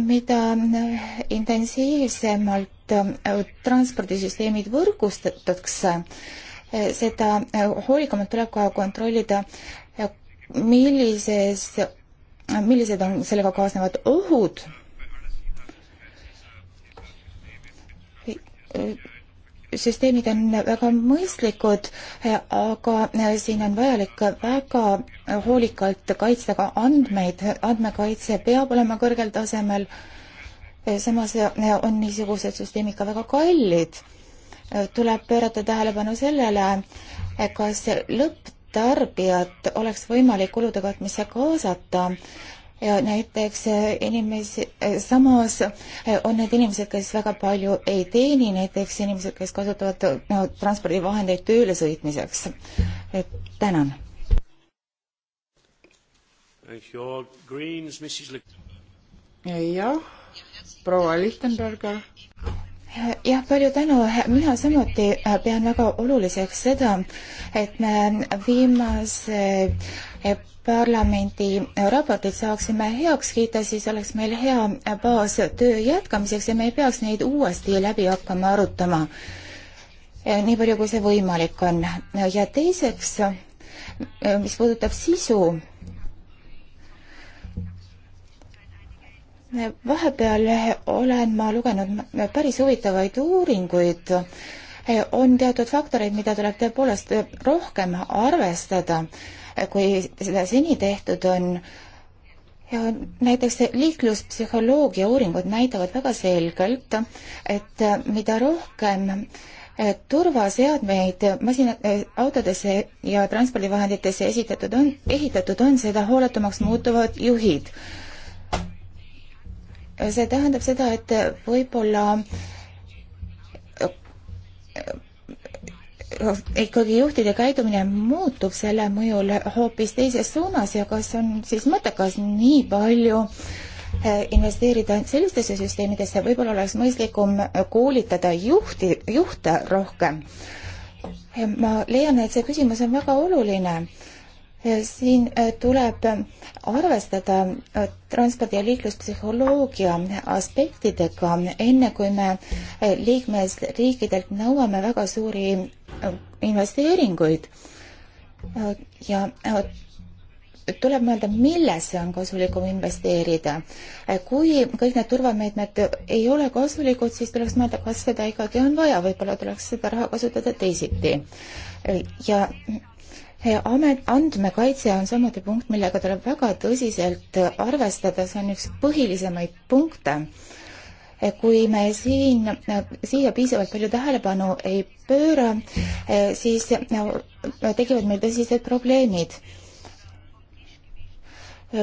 mida eh, intensiivsemalt eh, transpordisüsteemid võrgustatakse, seda hoolikamalt tuleb ka kontrollida, millises, millised on sellega kaasnevad ohud süsteemid on väga mõistlikud, aga siin on vajalik väga hoolikalt kaitsta ka andmeid, andmekaitse peab olema kõrgel tasemel, samas on niisugused süsteemid ka väga kallid. tuleb pöörata tähelepanu sellele, kas lõpptarbijat oleks võimalik kulude katmisse kaasata ja näiteks eh, inimesi, eh, samas eh, on need inimesed, kes väga palju ei teeni, näiteks inimesed, kes kasutavad no, transpordivahendeid tööle sõitmiseks. tänan. jah, proua Lichtenberger jah, palju tänu, mina samuti äh, pean väga oluliseks seda, et me viimase äh, parlamendi raportid saaksime heaks kiita, siis oleks meil hea baas töö jätkamiseks ja me ei peaks neid uuesti läbi hakkama arutama. Äh, nii palju, kui see võimalik on. ja teiseks, mis puudutab sisu, vahepeal olen ma lugenud päris huvitavaid uuringuid. on teatud faktoreid, mida tuleb tõepoolest rohkem arvestada, kui seda seni tehtud on. ja näiteks liikluspsühholoogia uuringud näitavad väga selgelt, et mida rohkem eh, turvaseadmeid masina, eh, autodesse ja transpordivahenditesse esitatud on, ehitatud on, seda hooletumaks muutuvad juhid see tähendab seda, et võib-olla noh, ikkagi juhtide käidumine muutub selle mõjul hoopis teises suunas ja kas on siis mõttekas nii palju eh, investeerida sellistesse süsteemidesse, võib-olla oleks mõistlikum koolitada juhti, juhte rohkem. ma leian, et see küsimus on väga oluline Äh, siin äh, tuleb äh, arvestada transpordi ja liikluspsühholoogia aspektidega, enne kui me liikmesriikidelt nõuame väga suuri investeeringuid. ja tuleb mõelda, millesse on kasulikum investeerida. kui kõik need turvameetmed ei ole kasulikud, siis tuleks mõelda, kas seda ikkagi on vaja, võib-olla tuleks seda raha kasutada teisiti. ja amet, andmekaitse on samuti punkt, millega tuleb väga tõsiselt arvestada, see on üks põhilisemaid punkte. kui me siin, äh, siia piisavalt palju tähelepanu ei pööra, äh, siis äh, tekivad meil tõsised probleemid.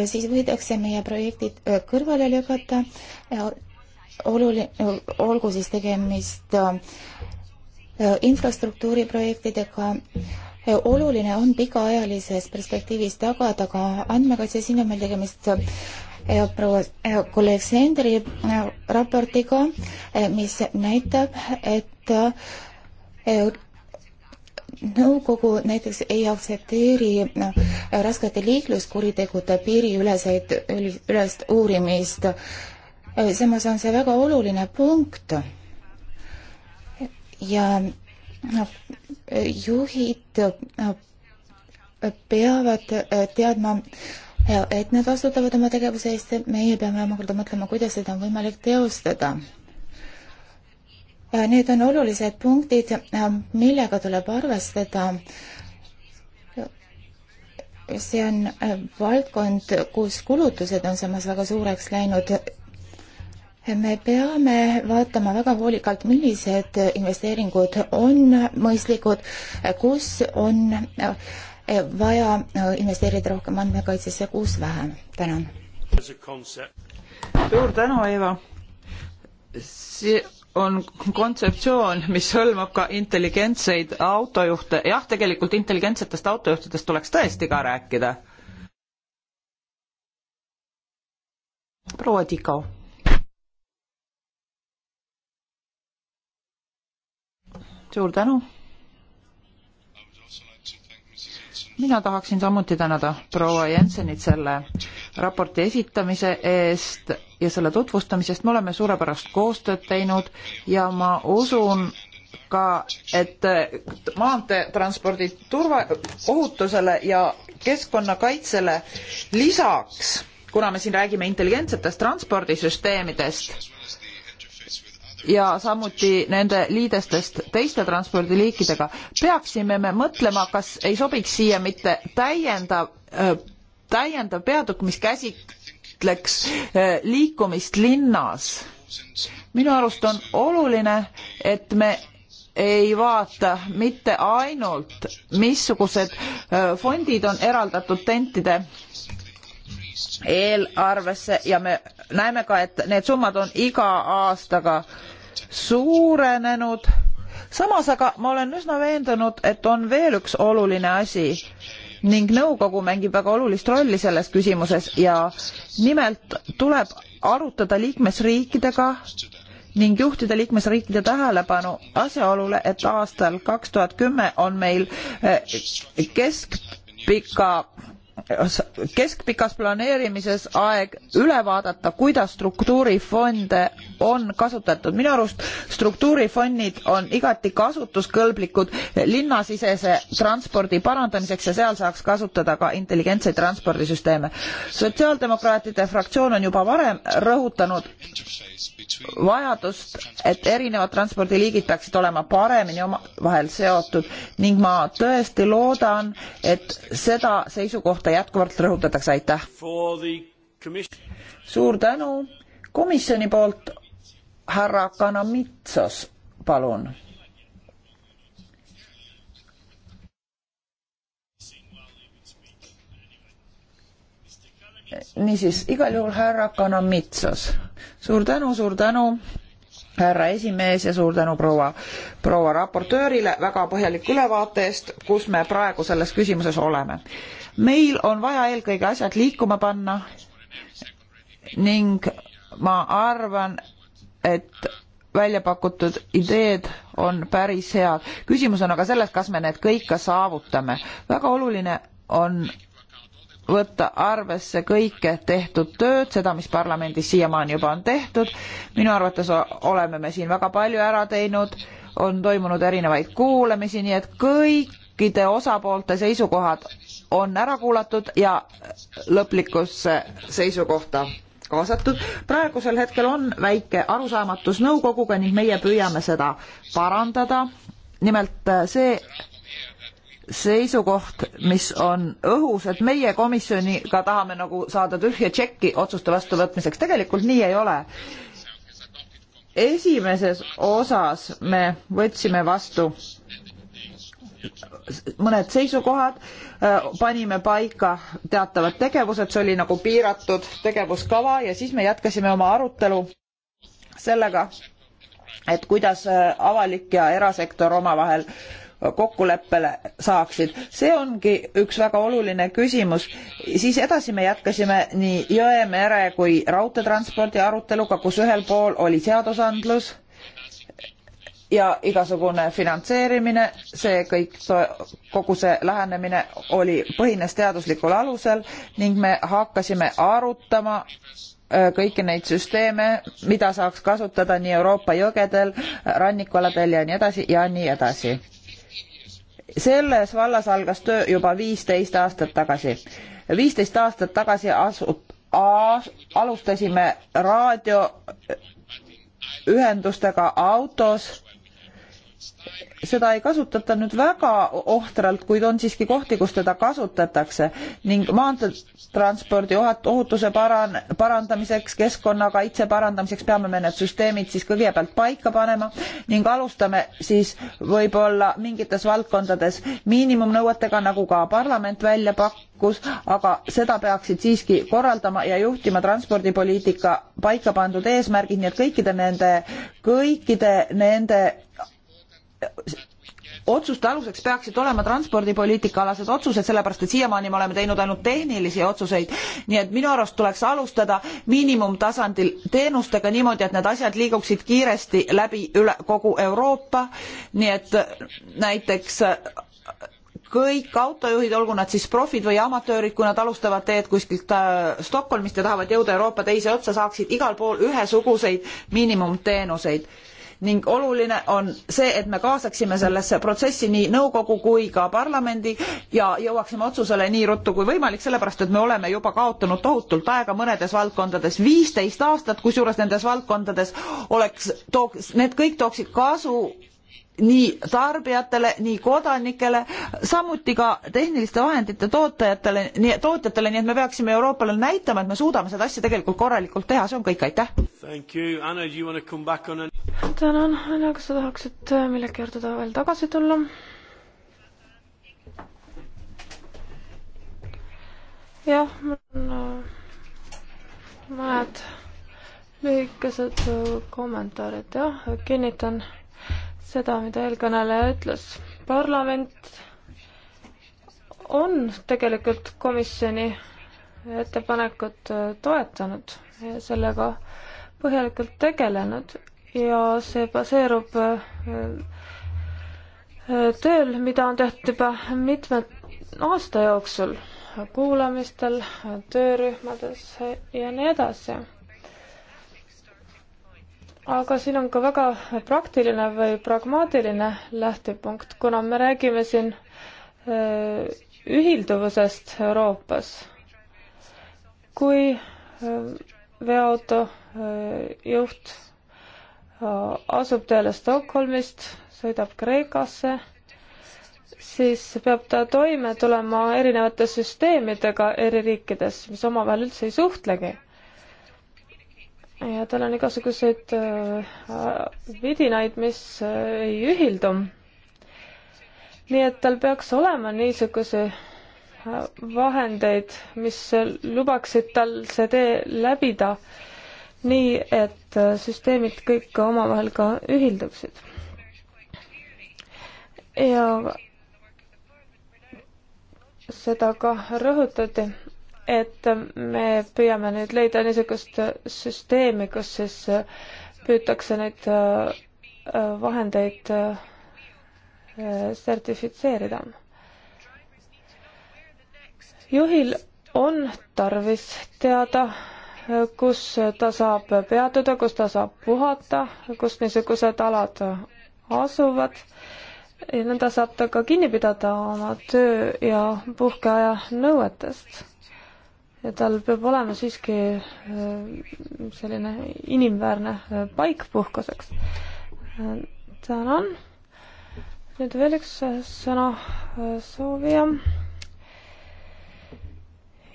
siis võidakse meie projektid kõrvale lükata, oluline, olgu siis tegemist infrastruktuuriprojektidega, oluline on pikaajalises perspektiivis tagada ka andmekaitse, siin on meil tegemist eh, proua eh, kolleeg Sendri eh, raportiga, mis näitab, et nõukogu näiteks ei aktsepteeri raskete liikluskuritegude piiriüleseid, ülest uurimist. samas on see väga oluline punkt. ja juhid äh, peavad äh, teadma, äh, et nad vastutavad oma tegevuse eest, meie peame omakorda mõtlema, kuidas seda on võimalik teostada. Need on olulised punktid, millega tuleb arvestada. see on valdkond, kus kulutused on samas väga suureks läinud me peame vaatama väga hoolikalt, millised investeeringud on mõistlikud, kus on vaja investeerida rohkem andmekaitsesse, kus vähem. tänan. suur tänu, Eva. see on kontseptsioon, mis hõlmab ka intelligentseid autojuhte. jah, tegelikult intelligentsetest autojuhtidest tuleks tõesti ka rääkida. proua Tikau suur tänu. mina tahaksin samuti tänada proua Jensenit selle raporti esitamise eest ja selle tutvustamisest. me oleme suurepärast koostööd teinud ja ma usun, ka, et maanteetranspordi turva, ohutusele ja keskkonnakaitsele lisaks, kuna me siin räägime intelligentsetest transpordisüsteemidest, ja samuti nende liidestest teiste transpordiliikidega, peaksime me mõtlema, kas ei sobiks siia mitte täiendav, täiendav peatükk, mis käsitleks liikumist linnas. minu arust on oluline, et me ei vaata mitte ainult, missugused fondid on eraldatud tentide eelarvesse ja me näeme ka, et need summad on iga aastaga äh, suurenenud. samas aga ma olen üsna veendunud, et on veel üks oluline asi ning nõukogu mängib väga olulist rolli selles küsimuses ja nimelt tuleb arutada liikmesriikidega ning juhtida liikmesriikide tähelepanu asjaolule, et aastal kaks tuhat kümme on meil eh, keskpika keskpikas planeerimises aeg üle vaadata, kuidas struktuurifonde on kasutatud. minu arust struktuurifondid on igati kasutuskõlblikud linnasisese transpordi parandamiseks ja seal saaks kasutada ka intelligentseid transpordisüsteeme. sotsiaaldemokraatide fraktsioon on juba varem rõhutanud vajadust, et erinevad transpordiliigid peaksid olema paremini omavahel seotud ning ma tõesti loodan, et seda seisukohta seda jätkuvalt rõhutatakse, aitäh! suur tänu, komisjoni poolt härra Kanamitsos, palun. niisiis, igal juhul härra Kanamitsos, suur tänu, suur tänu härra esimees ja suur tänu proua, proua raportöörile väga põhjaliku ülevaate eest, kus me praegu selles küsimuses oleme meil on vaja eelkõige asjad liikuma panna ning ma arvan, et välja pakutud ideed on päris head. küsimus on aga selles, kas me need kõik ka saavutame. väga oluline on võtta arvesse kõike tehtud tööd, seda, mis parlamendis siiamaani juba on tehtud. minu arvates oleme me siin väga palju ära teinud, on toimunud erinevaid kuulamisi, nii et kõikide osapoolte seisukohad on ära kuulatud ja lõplikusse seisukohta kaasatud. praegusel hetkel on väike arusaamatus nõukoguga ning meie püüame seda parandada. nimelt äh, see seisukoht, mis on õhus, et meie komisjoniga tahame nagu saada tühja tšekki otsuste vastuvõtmiseks, tegelikult nii ei ole. esimeses osas me võtsime vastu mõned seisukohad, äh, panime paika teatavad tegevused, see oli nagu piiratud tegevuskava ja siis me jätkasime oma arutelu sellega, et kuidas äh, avalik ja erasektor omavahel äh, kokkuleppele saaksid. see ongi üks väga oluline küsimus. siis edasi me jätkasime nii jõe, mere kui raudteetranspordi aruteluga, kus ühel pool oli seadusandlus ja igasugune finantseerimine, see kõik, kogu see lähenemine oli, põhines teaduslikul alusel ning me hakkasime arutama äh, kõiki neid süsteeme, mida saaks kasutada nii Euroopa jõgedel, rannikualadel ja nii edasi ja nii edasi. selles vallas algas töö juba viisteist aastat tagasi. viisteist aastat tagasi asu-, alustasime raadio ühendustega autos seda ei kasutata nüüd väga ohtralt, kuid on siiski kohti, kus teda kasutatakse ning maanteetranspordi ohutuse paran-, parandamiseks, keskkonnakaitse parandamiseks peame me need süsteemid siis kõigepealt paika panema ning alustame siis võib-olla mingites valdkondades miinimumnõuetega, nagu ka parlament välja pakkus, aga seda peaksid siiski korraldama ja juhtima transpordipoliitika paika pandud eesmärgid, nii et kõikide nende, kõikide nende otsuste aluseks peaksid olema transpordipoliitikaalased otsused, sellepärast et siiamaani me oleme teinud ainult tehnilisi otsuseid. nii et minu arust tuleks alustada miinimumtasandil teenustega niimoodi, et need asjad liiguksid kiiresti läbi üle kogu Euroopa. nii et näiteks kõik autojuhid, olgu nad siis profid või amatöörid, kui nad alustavad teed kuskilt äh, Stockholmist ja tahavad jõuda Euroopa teise otsa, saaksid igal pool ühesuguseid miinimumteenuseid ning oluline on see, et me kaasaksime sellesse protsessi nii nõukogu kui ka parlamendi ja jõuaksime otsusele nii ruttu kui võimalik, sellepärast et me oleme juba kaotanud tohutult aega mõnedes valdkondades, viisteist aastat, kusjuures nendes valdkondades oleks, tooks, need kõik tooksid kasu nii tarbijatele, nii kodanikele, samuti ka tehniliste vahendite tootajatele, nii tootjatele, nii et me peaksime Euroopale näitama, et me suudame seda asja tegelikult korralikult teha, see on kõik, aitäh. tänan, Anne, kas sa tahaksid äh, millegi juurde veel tagasi tulla? jah, mul on äh, mõned lühikesed äh, kommentaarid, jah, kinnitan seda, mida eelkõneleja ütles. parlament on tegelikult komisjoni ettepanekut toetanud ja sellega põhjalikult tegelenud ja see baseerub äh, tööl, mida on tehtud juba mitme aasta jooksul, kuulamistel, töörühmades ja nii edasi aga siin on ka väga praktiline või pragmaatiline lähtepunkt, kuna me räägime siin äh, ühilduvusest Euroopas. kui äh, veoauto äh, juht asub teele Stockholmist, sõidab Kreekasse, siis peab ta toime tulema erinevate süsteemidega eri riikides, mis omavahel üldse ei suhtlegi ja tal on igasuguseid äh, vidinaid, mis äh, ei ühildu. nii et tal peaks olema niisuguse äh, vahendeid, mis lubaksid tal see tee läbida nii, et süsteemid kõik omavahel ka ühilduksid. ja seda ka rõhutati et me püüame nüüd leida niisugust süsteemi, kus siis äh, püütakse neid äh, äh, vahendeid sertifitseerida. juhil on tarvis teada, kus ta saab peatuda, kus ta saab puhata, kus niisugused alad asuvad ja nõnda saab ta ka kinni pidada oma töö ja puhkeaja nõuetest ja tal peab olema siiski äh, selline inimväärne äh, paik puhkuseks. Äh, tänan. nüüd veel üks sõna soovija.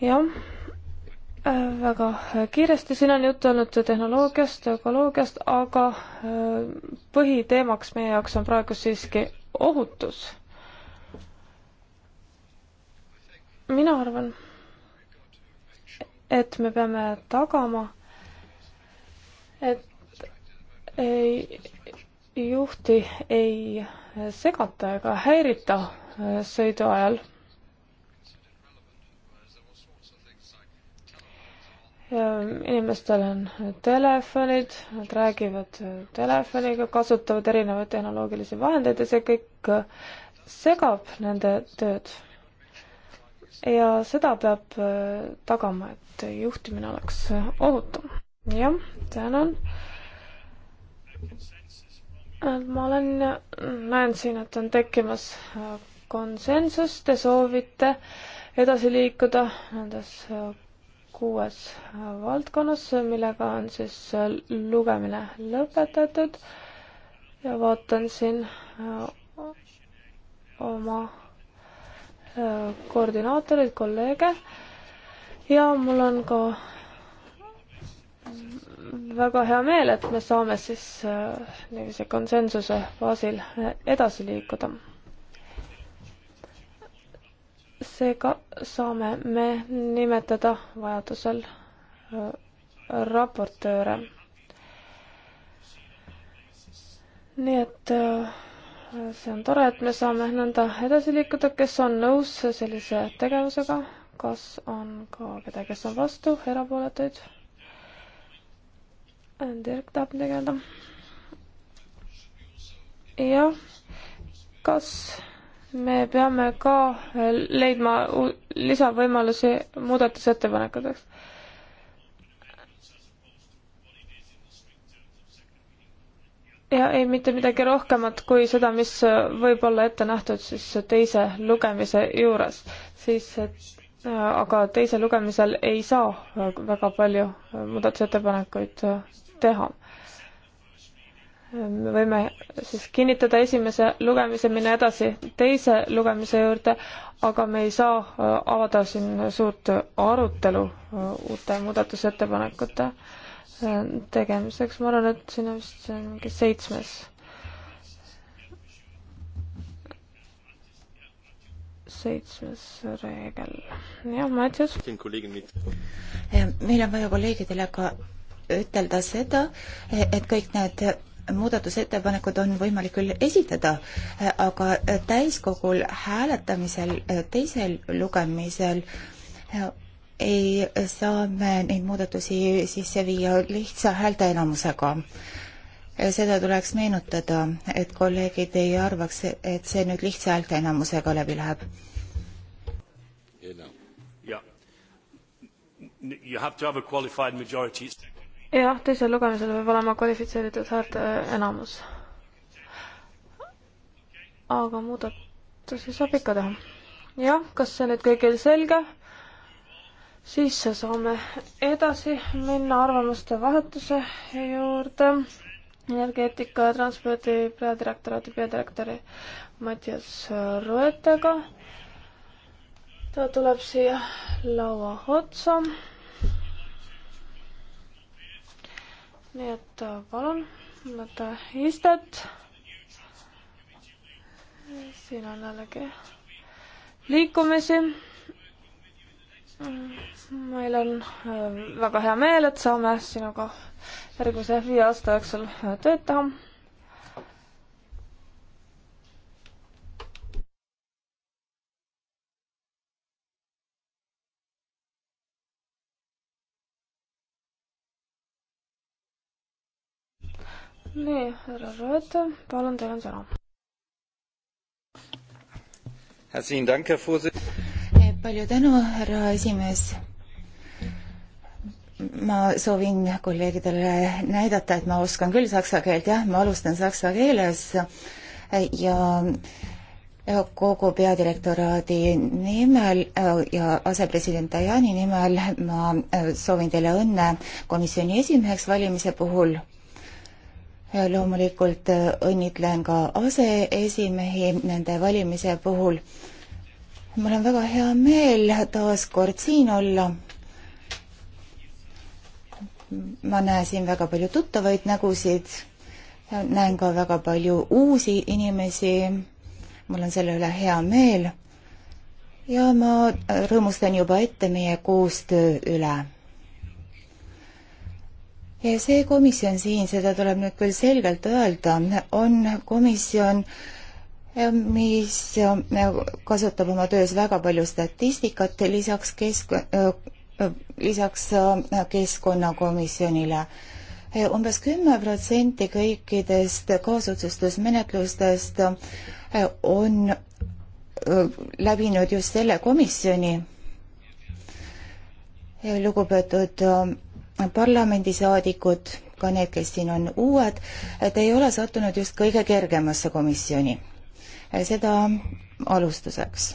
jah, väga kiiresti, siin on juttu olnud tehnoloogiast, ökoloogiast, aga põhiteemaks meie jaoks on praegu siiski ohutus. mina arvan et me peame tagama, et ei, juhti ei segata ega häirita sõidu ajal. inimestel on telefonid, nad räägivad telefoniga, kasutavad erinevaid tehnoloogilisi vahendeid ja see kõik segab nende tööd ja seda peab äh, tagama, et juhtimine oleks äh, ohutu. jah, tänan. Äh, ma olen, näen siin, et on tekkimas konsensus, te soovite edasi liikuda nendes kuues valdkonnas, millega on siis lugemine lõpetatud ja vaatan siin oma Äh, koordinaatoreid, kolleege ja mul on ka väga hea meel, et me saame siis äh, niiviisi konsensuse baasil äh, edasi liikuda. seega saame me nimetada vajadusel raportööre. nii et äh, see on tore, et me saame nõnda edasi liikuda, kes on nõus sellise tegevusega, kas on ka kedagi, kes on vastu, erapooletuid? Dirk tahab midagi öelda? jah, kas me peame ka leidma lisavõimalusi muudatusettepanekuteks? ja ei mitte midagi rohkemat kui seda, mis äh, võib olla ette nähtud siis teise lugemise juures, siis et äh, aga teisel lugemisel ei saa äh, väga palju muudatusettepanekuid teha. me võime siis kinnitada esimese lugemise, minna edasi teise lugemise juurde, aga me ei saa avada siin suurt arutelu uute muudatusettepanekute äh, tegemiseks, ma arvan, et siin on vist see on mingi seitsmes. seitsmes reegel, jah, Mattias. meil on vaja kolleegidele ka ütelda seda, et kõik need muudatusettepanekud on võimalik küll esitada, aga täiskogul hääletamisel teisel lugemisel ei saa me neid muudatusi sisse viia lihtsa häälteenamusega. seda tuleks meenutada, et kolleegid ei arvaks, et see nüüd lihtsa häälteenamusega läbi läheb. jah, teisel lugemisel peab olema kvalifitseeritud häälteenamus. aga muudatusi saab ikka teha. jah, kas see nüüd kõigil selge? siis saame edasi minna arvamuste vahetuse juurde energeetika ja transpordi peadirektoraadi peadirektori Mattias Roetega. ta tuleb siia laua otsa. nii et äh, palun, võta istet. siin on jällegi liikumisi meil on äh, väga hea meel, et saame sinuga järgmise viie aasta jooksul äh, tööd teha. nii, härra Rööte, palun, teil on sõna palju tänu, härra esimees. ma soovin kolleegidele näidata, et ma oskan küll saksa keelt, jah, ma alustan saksa keeles ja kogu peadirektoraadi nimel ja asepresident Tajani nimel ma soovin teile õnne komisjoni esimeheks valimise puhul. loomulikult õnnitlen ka aseesimehi nende valimise puhul mul on väga hea meel taas kord siin olla. ma näen siin väga palju tuttavaid nägusid, näen ka väga palju uusi inimesi. mul on selle üle hea meel. ja ma rõõmustan juba ette meie koostöö üle. ja see komisjon siin, seda tuleb nüüd küll selgelt öelda, on komisjon äh, mis äh, kasutab oma töös väga palju statistikat, lisaks kesk-, äh, lisaks äh, keskkonnakomisjonile. umbes kümme protsenti kõikidest kaasotsustusmenetlustest on läbinud just selle komisjoni. lugupeetud parlamendisaadikud, ka need, kes siin on uued, te ei ole sattunud just kõige kergemasse komisjoni Eh, seda alustuseks.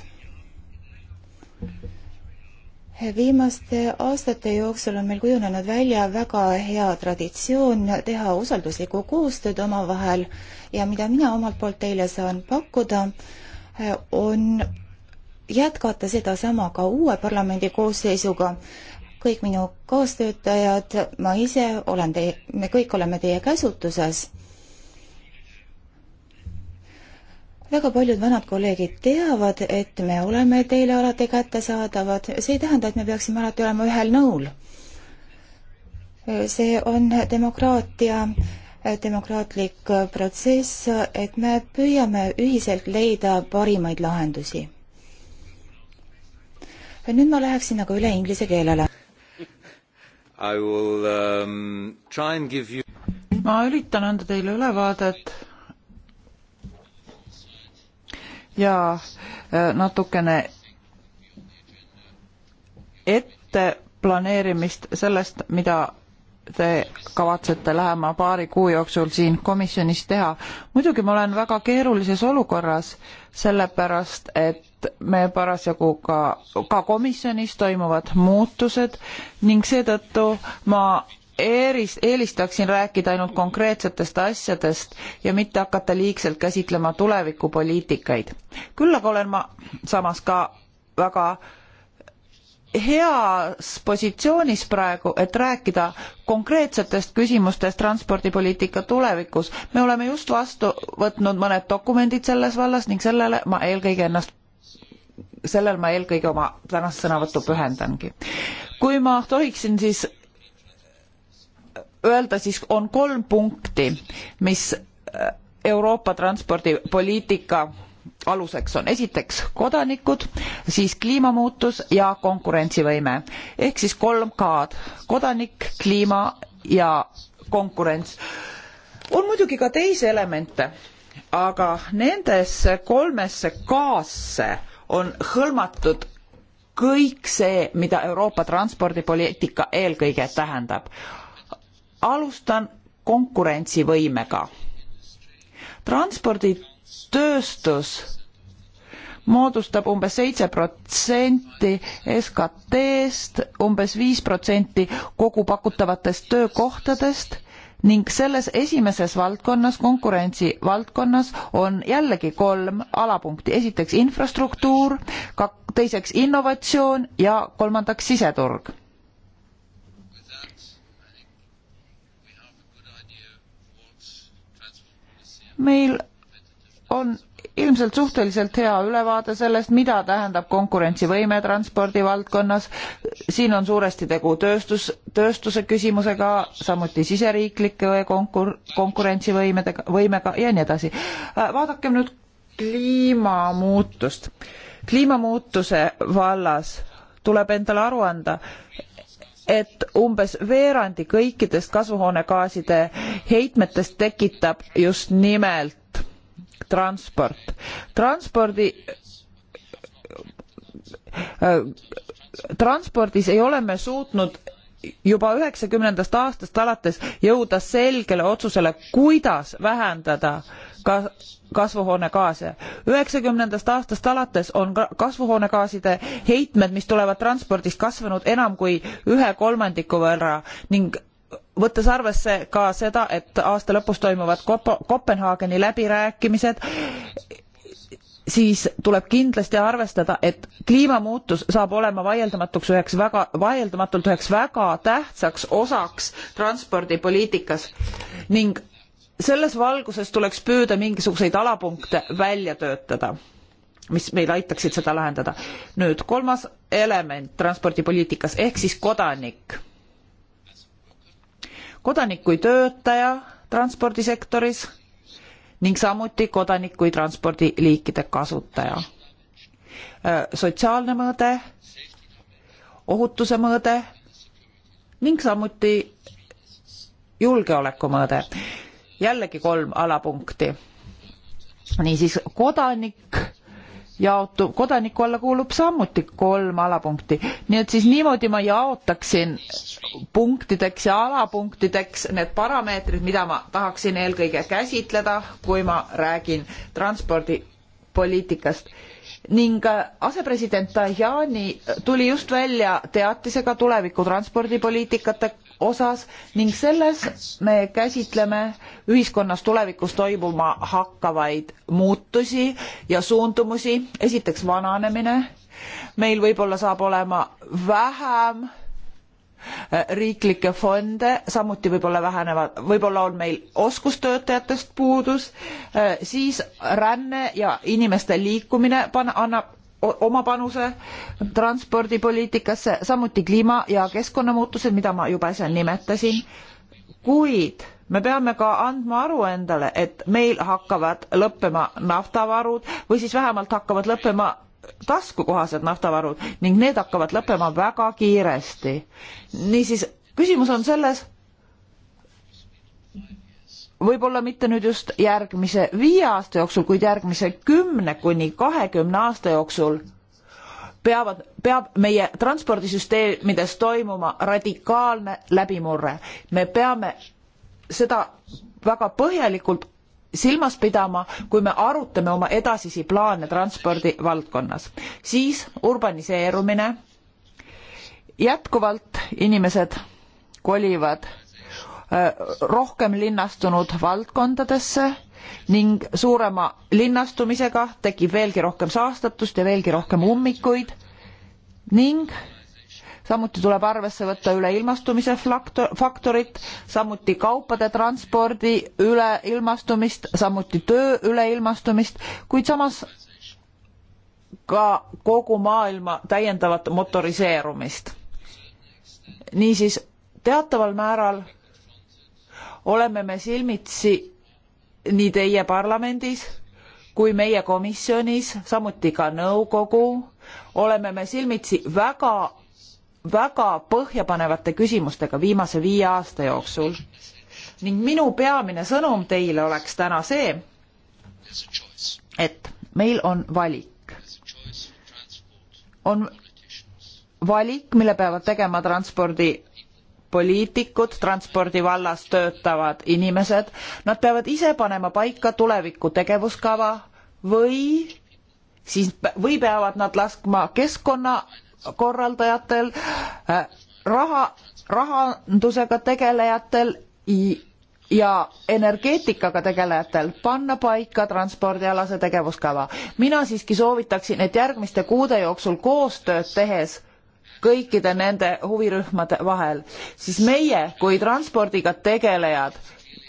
Eh, viimaste aastate jooksul on meil kujunenud välja väga hea traditsioon teha usalduslikku koostööd omavahel ja mida mina omalt poolt teile saan pakkuda, eh, on jätkata sedasama ka uue parlamendi koosseisuga. kõik minu kaastöötajad, ma ise olen teie, me kõik oleme teie käsutuses väga paljud vanad kolleegid teavad, et me oleme teile alati kättesaadavad, see ei tähenda, et me peaksime alati olema ühel nõul. see on demokraatia demokraatlik protsess, et me püüame ühiselt leida parimaid lahendusi. nüüd ma läheksin aga üle inglise keelele. I will um, try and give you ma üritan anda teile ülevaadet ja äh, natukene ette planeerimist sellest, mida te kavatsete lähema paari kuu jooksul siin komisjonis teha. muidugi ma olen väga keerulises olukorras, sellepärast et me parasjagu ka, ka komisjonis toimuvad muutused ning seetõttu ma eeris, eelistaksin rääkida ainult konkreetsetest asjadest ja mitte hakata liigselt käsitlema tulevikupoliitikaid. küll aga olen ma samas ka väga heas positsioonis praegu, et rääkida konkreetsetest küsimustest transpordipoliitika tulevikus. me oleme just vastu võtnud mõned dokumendid selles vallas ning sellele ma eelkõige ennast, sellel ma eelkõige oma tänast sõnavõttu pühendangi. kui ma tohiksin, siis öelda, siis on kolm punkti, mis äh, Euroopa transpordipoliitika aluseks on esiteks kodanikud, siis kliimamuutus ja konkurentsivõime ehk siis kolm K-d, kodanik, kliima ja konkurents. on muidugi ka teisi elemente, aga nendesse kolmesse K-sse on hõlmatud kõik see, mida Euroopa transpordipoliitika eelkõige tähendab alustan konkurentsivõimega. transporditööstus moodustab umbes seitse protsenti SKT-st, umbes viis protsenti kogu pakutavatest töökohtadest ning selles esimeses valdkonnas, konkurentsi valdkonnas on jällegi kolm alapunkti. esiteks infrastruktuur, teiseks innovatsioon ja kolmandaks siseturg. meil on ilmselt suhteliselt hea ülevaade sellest, mida tähendab konkurentsivõime transpordivaldkonnas. siin on suuresti tegu tööstus, tööstuse küsimusega, samuti siseriiklike konkur-, konkurentsivõimedega, võimega ja nii edasi. Äh, vaadakem nüüd kliimamuutust. kliimamuutuse vallas tuleb endale aru anda, et umbes veerandi kõikidest kasvuhoonegaaside heitmetest tekitab just nimelt transport. transpordi äh, transpordis ei ole me suutnud juba üheksakümnendast aastast alates jõuda selgele otsusele kuidas vähendada äh, ka kasvuhoonegaase. üheksakümnendast aastast alates on kasvuhoonegaaside heitmed mis tulevad transpordist kasvanud enam kui ühe kolmandiku võrra ning võttes arvesse ka seda et aasta lõpus toimuvad Kop kopenhaageni läbirääkimised siis tuleb kindlasti arvestada et kliimamuutus saab olema vaieldamatuks üheks väga vaieldamatult üheks väga tähtsaks osaks transpordipoliitikas ning selles valguses tuleks püüda mingisuguseid alapunkte välja töötada, mis meil aitaksid seda lahendada. nüüd kolmas element transpordipoliitikas ehk siis kodanik. kodanik kui töötaja transpordisektoris ning samuti kodanik kui transpordiliikide kasutaja. Äh, sotsiaalne mõõde, ohutuse mõõde ning samuti julgeolekumõõde jällegi kolm alapunkti. niisiis kodanik jaotub, kodaniku alla kuulub samuti kolm alapunkti, nii et siis niimoodi ma jaotaksin punktideks ja alapunktideks need parameetrid, mida ma tahaksin eelkõige käsitleda, kui ma räägin transpordipoliitikast ning äh, asepresident Tajani tuli just välja teatisega tuleviku transpordipoliitikate osas ning selles me käsitleme ühiskonnas tulevikus toimuma hakkavaid muutusi ja suundumusi. esiteks vananemine, meil võib-olla saab olema vähem äh, riiklikke fonde, samuti võib-olla vähenevad, võib-olla on meil oskustöötajatest puudus, äh, siis ränne ja inimeste liikumine pan-, annab oma panuse transpordipoliitikasse, samuti kliima ja keskkonnamuutused, mida ma juba äsja nimetasin, kuid me peame ka andma aru endale, et meil hakkavad lõppema naftavarud või siis vähemalt hakkavad lõppema taskukohased naftavarud ning need hakkavad lõppema väga kiiresti. niisiis, küsimus on selles, võib-olla mitte nüüd just järgmise viie aasta jooksul, kuid järgmise kümne kuni kahekümne aasta jooksul peavad, peab meie transpordisüsteemides toimuma radikaalne läbimurre. me peame seda väga põhjalikult silmas pidama, kui me arutame oma edasisi plaane transpordi valdkonnas. siis urbaniseerumine. jätkuvalt inimesed kolivad Äh, rohkem linnastunud valdkondadesse ning suurema linnastumisega tekib veelgi rohkem saastatust ja veelgi rohkem ummikuid ning samuti tuleb arvesse võtta üleilmastumise faktorit samuti kaupade transpordi üleilmastumist samuti töö üleilmastumist kuid samas ka kogu maailma täiendavat motoriseerumist niisiis teataval määral oleme me silmitsi nii teie parlamendis kui meie komisjonis, samuti ka nõukogu, oleme me silmitsi väga, väga põhjapanevate küsimustega viimase viie aasta jooksul. ning minu peamine sõnum teile oleks täna see, et meil on valik. on valik, mille peavad tegema transpordi poliitikud, transpordi vallas töötavad inimesed, nad peavad ise panema paika tuleviku tegevuskava või siis või peavad nad laskma keskkonnakorraldajatel, äh, raha, rahandusega tegelejatel ja energeetikaga tegelejatel panna paika transpordialase tegevuskava. mina siiski soovitaksin, et järgmiste kuude jooksul koostööd tehes kõikide nende huvirühmade vahel, siis meie kui transpordiga tegelejad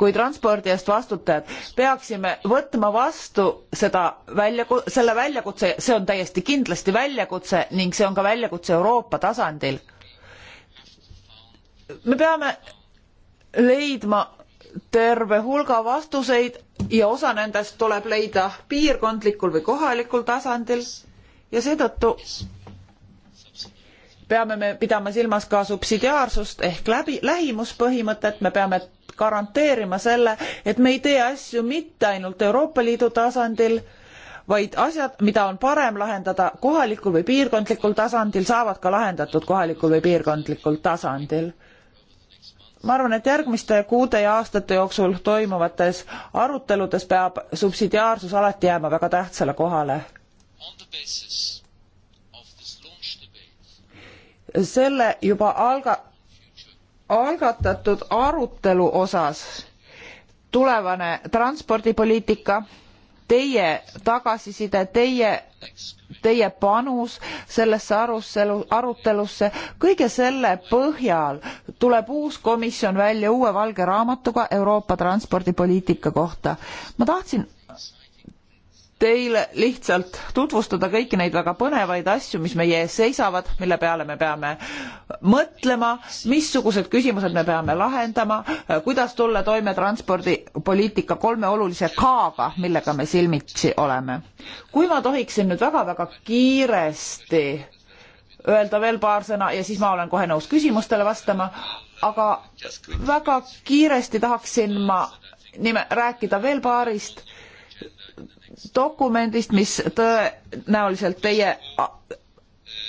kui transpordi eest vastutajad peaksime võtma vastu seda väljaku- selle väljakutse see on täiesti kindlasti väljakutse ning see on ka väljakutse euroopa tasandil me peame leidma terve hulga vastuseid ja osa nendest tuleb leida piirkondlikul või kohalikul tasandil ja seetõttu peame me pidama silmas ka subsidiaarsust ehk läbi, lähimuspõhimõtet, me peame garanteerima selle, et me ei tee asju mitte ainult Euroopa Liidu tasandil, vaid asjad, mida on parem lahendada kohalikul või piirkondlikul tasandil, saavad ka lahendatud kohalikul või piirkondlikul tasandil ma arvan, et järgmiste kuude ja aastate jooksul toimuvates aruteludes peab subsidiaarsus alati jääma väga tähtsale kohale selle juba alga-, algatatud arutelu osas tulevane transpordipoliitika, teie tagasiside, teie, teie panus sellesse arustelu, arutelusse, kõige selle põhjal tuleb uus komisjon välja uue valge raamatuga Euroopa transpordipoliitika kohta. ma tahtsin teile lihtsalt tutvustada kõiki neid väga põnevaid asju, mis meie ees seisavad, mille peale me peame mõtlema, missugused küsimused me peame lahendama, kuidas tulla toime transpordipoliitika kolme olulise K-ga, millega me silmitsi oleme. kui ma tohiksin nüüd väga-väga kiiresti öelda veel paar sõna ja siis ma olen kohe nõus küsimustele vastama, aga väga kiiresti tahaksin ma nime, rääkida veel paarist dokumendist, mis tõenäoliselt teie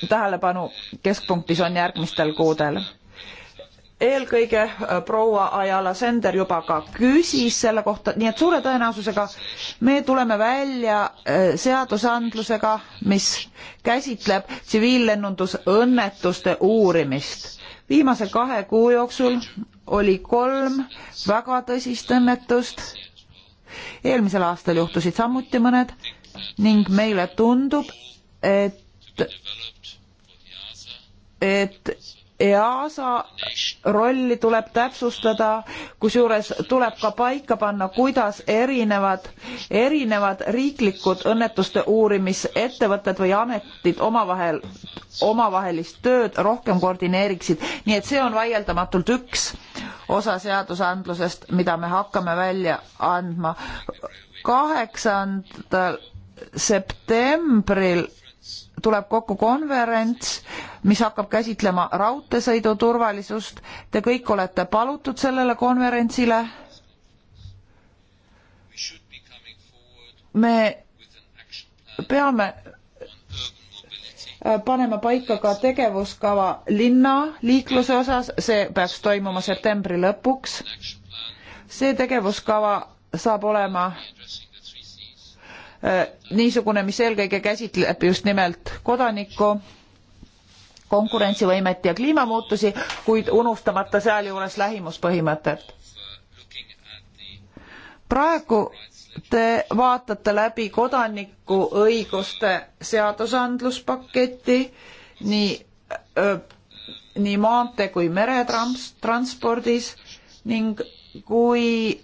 tähelepanu keskpunktis on järgmistel kuudel. eelkõige äh, proua Ajala Sender juba ka küsis selle kohta, nii et suure tõenäosusega me tuleme välja äh, seadusandlusega, mis käsitleb tsiviillennundusõnnetuste uurimist. viimase kahe kuu jooksul oli kolm väga tõsist õnnetust eelmisel aastal juhtusid samuti mõned ning meile tundub, et, et EASA rolli tuleb täpsustada, kusjuures tuleb ka paika panna, kuidas erinevad, erinevad riiklikud õnnetuste uurimisettevõtted või ametid omavahel, omavahelist tööd rohkem koordineeriksid. nii et see on vaieldamatult üks osa seadusandlusest, mida me hakkame välja andma. kaheksandal septembril tuleb kokku konverents, mis hakkab käsitlema raudteesõidu turvalisust. Te kõik olete palutud sellele konverentsile. me peame äh, panema paika ka tegevuskava linna liikluse osas, see peaks toimuma septembri lõpuks. see tegevuskava saab olema Äh, niisugune, mis eelkõige käsitleb just nimelt kodanikku, konkurentsivõimet ja kliimamuutusi, kuid unustamata sealjuures lähimuspõhimõtet. praegu te vaatate läbi kodaniku õiguste seadusandluspaketti nii, äh, nii maantee kui meretranspordis ning kui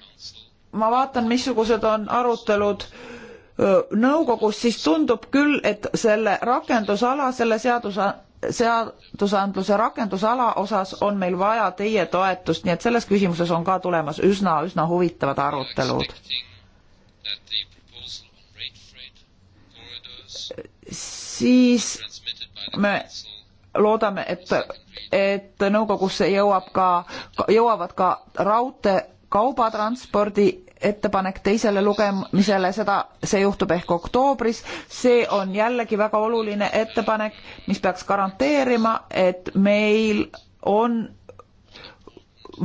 ma vaatan, missugused on arutelud öö, nõukogus, siis tundub küll, et selle rakendusala, selle seaduse seadusandluse rakendusala osas on meil vaja teie toetust, nii et selles küsimuses on ka tulemas üsna, üsna huvitavad arutelud. siis me loodame, et, et nõukogusse jõuab ka, jõuavad ka raudtee kaubatranspordi ettepanek teisele lugemisele, seda, see juhtub ehk oktoobris. see on jällegi väga oluline ettepanek, mis peaks garanteerima, et meil on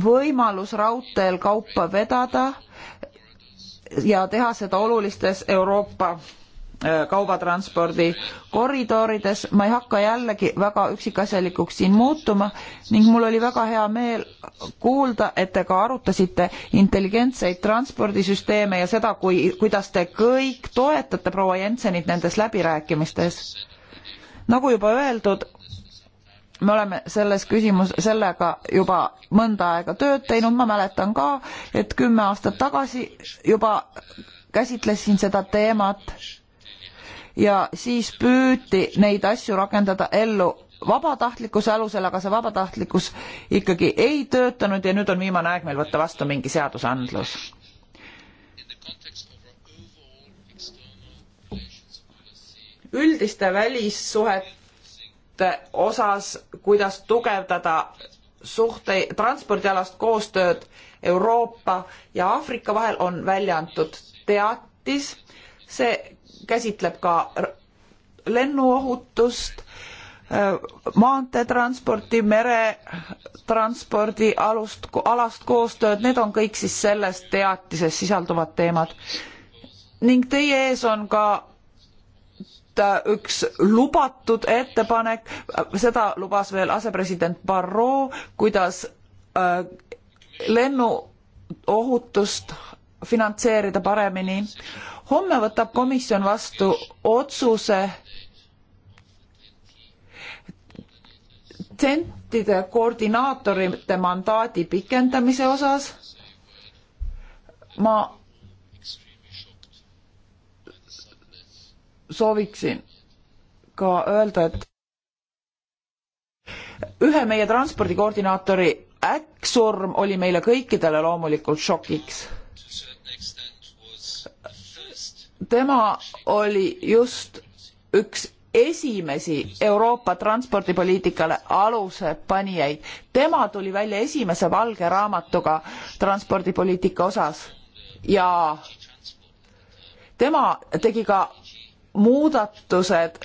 võimalus raudteel kaupa vedada ja teha seda olulistes Euroopa Äh, kaubatranspordi koridorides. ma ei hakka jällegi väga üksikasjalikuks siin muutuma ning mul oli väga hea meel kuulda, et te ka arutasite intelligentseid transpordisüsteeme ja seda, kui, kuidas te kõik toetate proua Jensenit nendes läbirääkimistes. nagu juba öeldud, me oleme selles küsimus, sellega juba mõnda aega tööd teinud, ma mäletan ka, et kümme aastat tagasi juba käsitlesin seda teemat ja siis püüti neid asju rakendada ellu vabatahtlikkuse alusel, aga see vabatahtlikkus ikkagi ei töötanud ja nüüd on viimane aeg meil võtta vastu mingi seadusandlus. üldiste välissuhete osas, kuidas tugevdada suhte, transpordialast koostööd Euroopa ja Aafrika vahel on välja antud teatis. see käsitleb ka lennuohutust, äh, maanteetransporti, meretranspordi alust, alast koostööd, need on kõik siis selles teatises sisalduvad teemad. ning teie ees on ka üks lubatud ettepanek, seda lubas veel asepresident Barrot, kuidas äh, lennuohutust finantseerida paremini homme võtab komisjon vastu otsuse tsentide koordinaatorite mandaadi pikendamise osas. ma sooviksin ka öelda, et ühe meie transpordikoordinaatori äkksurm oli meile kõikidele loomulikult šokiks tema oli just üks esimesi Euroopa transpordipoliitikale aluse panijaid. tema tuli välja esimese valge raamatuga transpordipoliitika osas ja tema tegi ka muudatused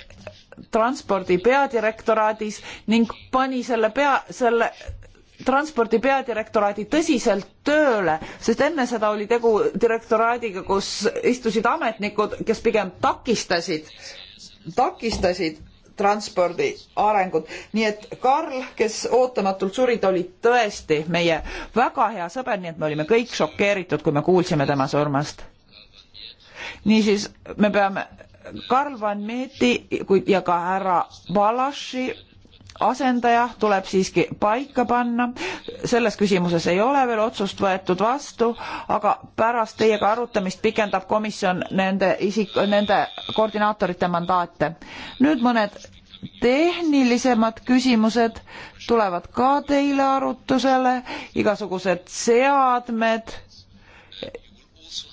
transpordi peadirektoraadis ning pani selle pea, selle transpordi peadirektoraadi tõsiselt tööle, sest enne seda oli tegu direktoraadiga, kus istusid ametnikud, kes pigem takistasid, takistasid transpordi arengut. nii et Karl, kes ootamatult suri, ta oli tõesti meie väga hea sõber, nii et me olime kõik šokeeritud, kui me kuulsime tema surmast. niisiis, me peame Karl Van Meeti ja ka härra Balaši asendaja tuleb siiski paika panna. selles küsimuses ei ole veel otsust võetud vastu, aga pärast teiega arutamist pikendab komisjon nende isik, nende koordinaatorite mandaate. nüüd mõned tehnilisemad küsimused tulevad ka teile arutusele, igasugused seadmed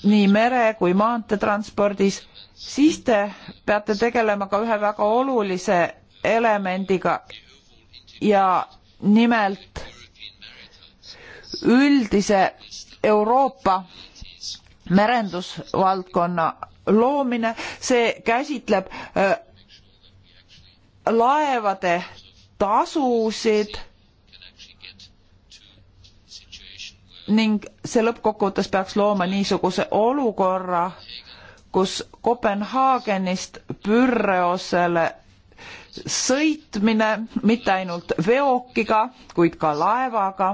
nii mere kui maanteetranspordis, siis te peate tegelema ka ühe väga olulise elemendiga ja nimelt üldise Euroopa merendusvaldkonna loomine, see käsitleb äh, laevade tasusid ning see lõppkokkuvõttes peaks looma niisuguse olukorra, kus Kopenhaagenist Pürreosele sõitmine mitte ainult veokiga, kuid ka laevaga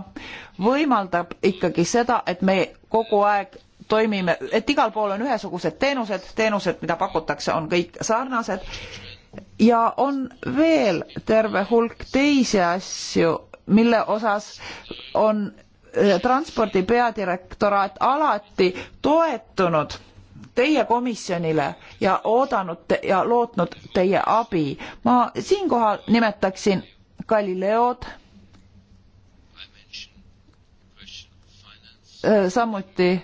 võimaldab ikkagi seda, et me kogu aeg toimime, et igal pool on ühesugused teenused, teenused, mida pakutakse, on kõik sarnased ja on veel terve hulk teisi asju, mille osas on eh, transpordi peadirektoraat alati toetunud teie komisjonile ja oodanud te ja lootnud teie abi. ma siinkohal nimetaksin Galileod, äh, samuti äh,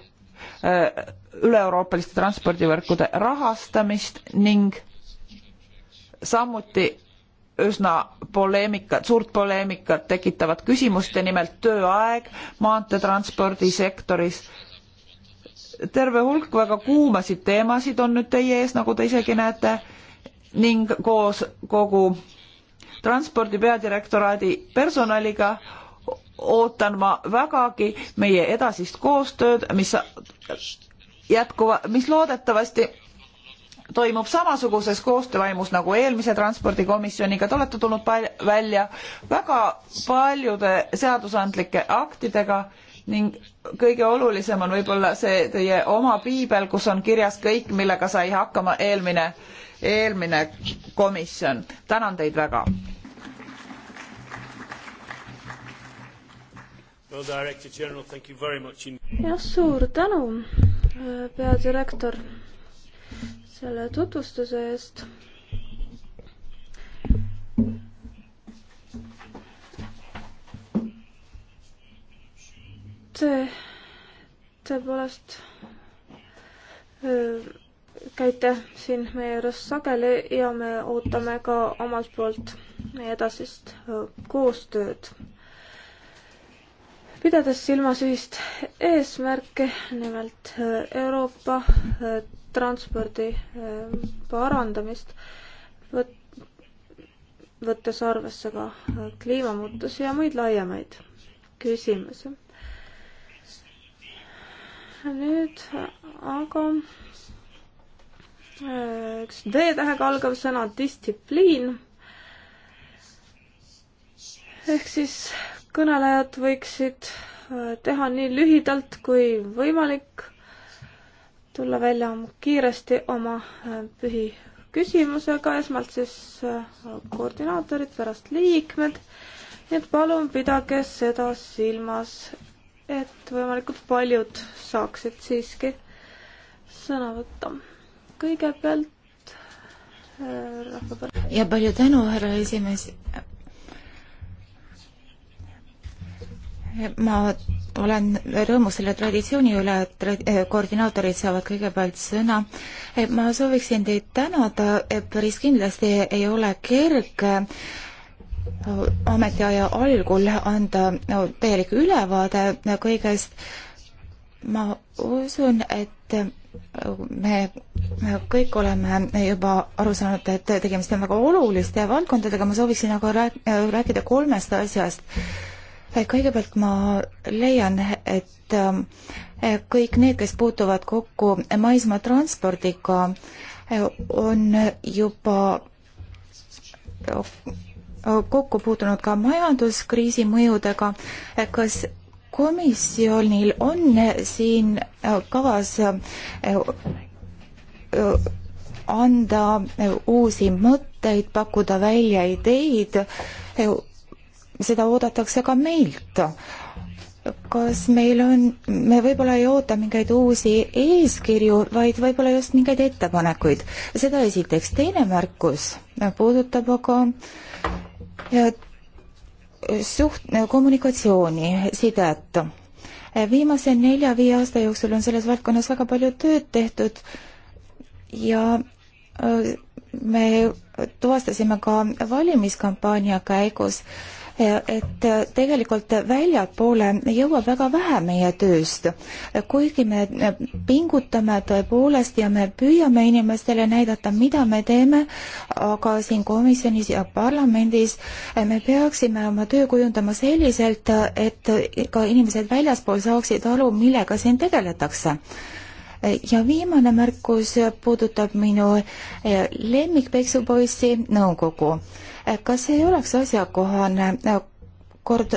üle-euroopaliste transpordivõrkude rahastamist ning samuti üsna poleemikat, suurt poleemikat tekitavat küsimust ja nimelt tööaeg maanteetranspordisektoris terve hulk väga kuumasid teemasid on nüüd teie ees, nagu te isegi näete ning koos kogu transpordi peadirektoraadi personaliga ootan ma vägagi meie edasist koostööd, mis jätkuva, mis loodetavasti toimub samasuguses koostöövaimus nagu eelmise transpordikomisjoniga, te olete tulnud välja väga paljude seadusandlike aktidega ning kõige olulisem on võib-olla see teie oma piibel, kus on kirjas kõik, millega sai hakkama eelmine, eelmine komisjon. tänan teid väga. jah, suur tänu, äh, peadirektor, selle tutvustuse eest Te tõepoolest äh, käite siin meie juures sageli ja me ootame ka omalt poolt meie edasist äh, koostööd. pidades silmas ühist eesmärki, nimelt äh, Euroopa transpordi parandamist, võttes arvesse ka kliimamuutusi ja muid laiemaid küsimusi nüüd aga äh, üks D-tähega algav sõna distsipliin. ehk siis kõnelejad võiksid äh, teha nii lühidalt kui võimalik, tulla välja kiiresti oma äh, põhiküsimusega, esmalt siis koordinaatorid, pärast liikmed. nii et palun pidage seda silmas, et võimalikult paljud saaksid siiski sõna võtta. kõigepealt äh, rahvapärast. ja palju tänu, härra esimees. ma olen rõõmus selle traditsiooni üle, et eh, koordinaatorid saavad kõigepealt sõna. Eh, ma sooviksin teid tänada, eh, päris kindlasti ei ole kerge ametiaja algul anda no, täielik ülevaade kõigest. ma usun, et me, me kõik oleme juba aru saanud, et tegemist on väga oluliste valdkondadega, ma sooviksin aga rääk-, rääkida kolmest asjast. kõigepealt ma leian, et eh, kõik need, kes puutuvad kokku maismaatranspordiga, eh, on juba Äh, kokku puutunud ka majanduskriisi mõjudega. Äh, kas komisjonil on äh, siin kavas anda uusi mõtteid, pakkuda välja ideid? seda oodatakse ka meilt kas meil on, me võib-olla ei oota mingeid uusi eeskirju, vaid võib-olla just mingeid ettepanekuid. seda esiteks. teine märkus puudutab aga suht-, kommunikatsiooni, sidet. viimase nelja-viie aasta jooksul on selles valdkonnas väga palju tööd tehtud ja äh, me tuvastasime ka valimiskampaania käigus äh, et äh, tegelikult väljapoole jõuab väga vähe meie tööst, kuigi me äh, pingutame tõepoolest ja me püüame inimestele näidata, mida me teeme, aga siin komisjonis ja parlamendis äh, me peaksime oma töö kujundama selliselt, et ka inimesed väljaspool saaksid aru, millega siin tegeletakse ja viimane märkus puudutab minu lemmikpeksupoissi nõukogu no, kas ei oleks asjakohane äh, kord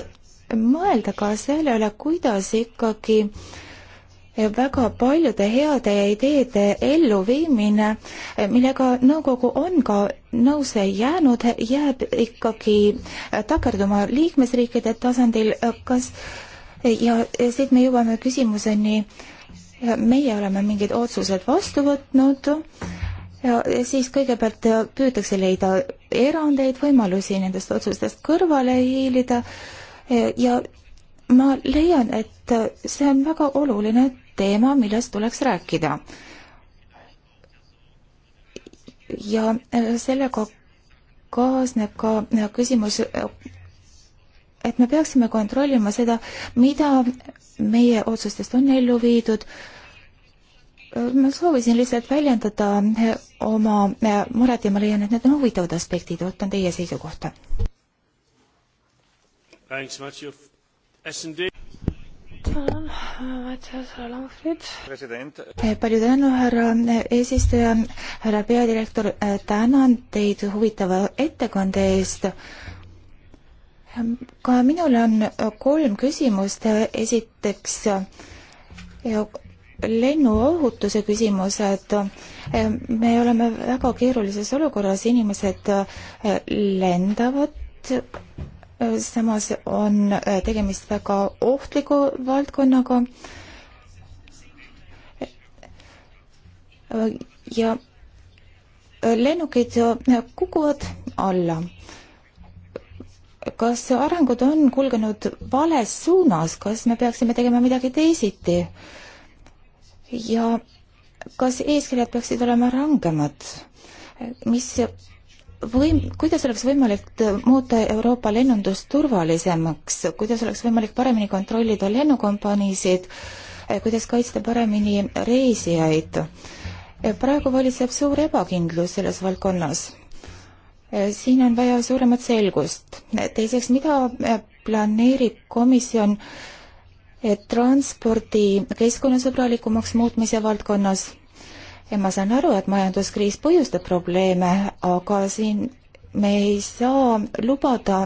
mõelda ka selle üle, kuidas ikkagi äh, väga paljude heade ideede elluviimine, äh, millega nõukogu on ka nõusse jäänud, jääb ikkagi takerduma liikmesriikide tasandil, kas ja siit me jõuame küsimuseni, meie oleme mingid otsused vastu võtnud ja siis kõigepealt äh, püütakse leida erandeid, võimalusi nendest otsustest kõrvale hiilida äh, ja ma leian, et äh, see on väga oluline teema, millest tuleks rääkida. ja sellega kaasneb ka küsimus, et me peaksime kontrollima seda, mida meie otsustest on ellu viidud ma soovisin lihtsalt väljendada eh, oma eh, muret ja ma leian, et need on huvitavad aspektid, ootan teie seisukohta. Eh, palju tänu, härra eesistuja, härra peadirektor, tänan teid huvitava ettekande eest. Ehm, ka minul on kolm küsimust, esiteks lennuohutuse küsimused. me oleme väga keerulises olukorras, inimesed äh, lendavad, samas on äh, tegemist väga ohtliku valdkonnaga. ja äh, lennukid kukuvad alla kas arengud on kulgenud vales suunas, kas me peaksime tegema midagi teisiti? ja kas eeskirjad peaksid olema rangemad, mis võim-, kuidas oleks võimalik muuta Euroopa lennundus turvalisemaks, kuidas oleks võimalik paremini kontrollida lennukompaniisid, kuidas kaitsta paremini reisijaid? praegu valitseb suur ebakindlus selles valdkonnas siin on vaja suuremat selgust. teiseks, mida planeerib komisjon et transpordi keskkonnasõbralikumaks muutmise valdkonnas ja ma saan aru, et majanduskriis põhjustab probleeme, aga siin me ei saa lubada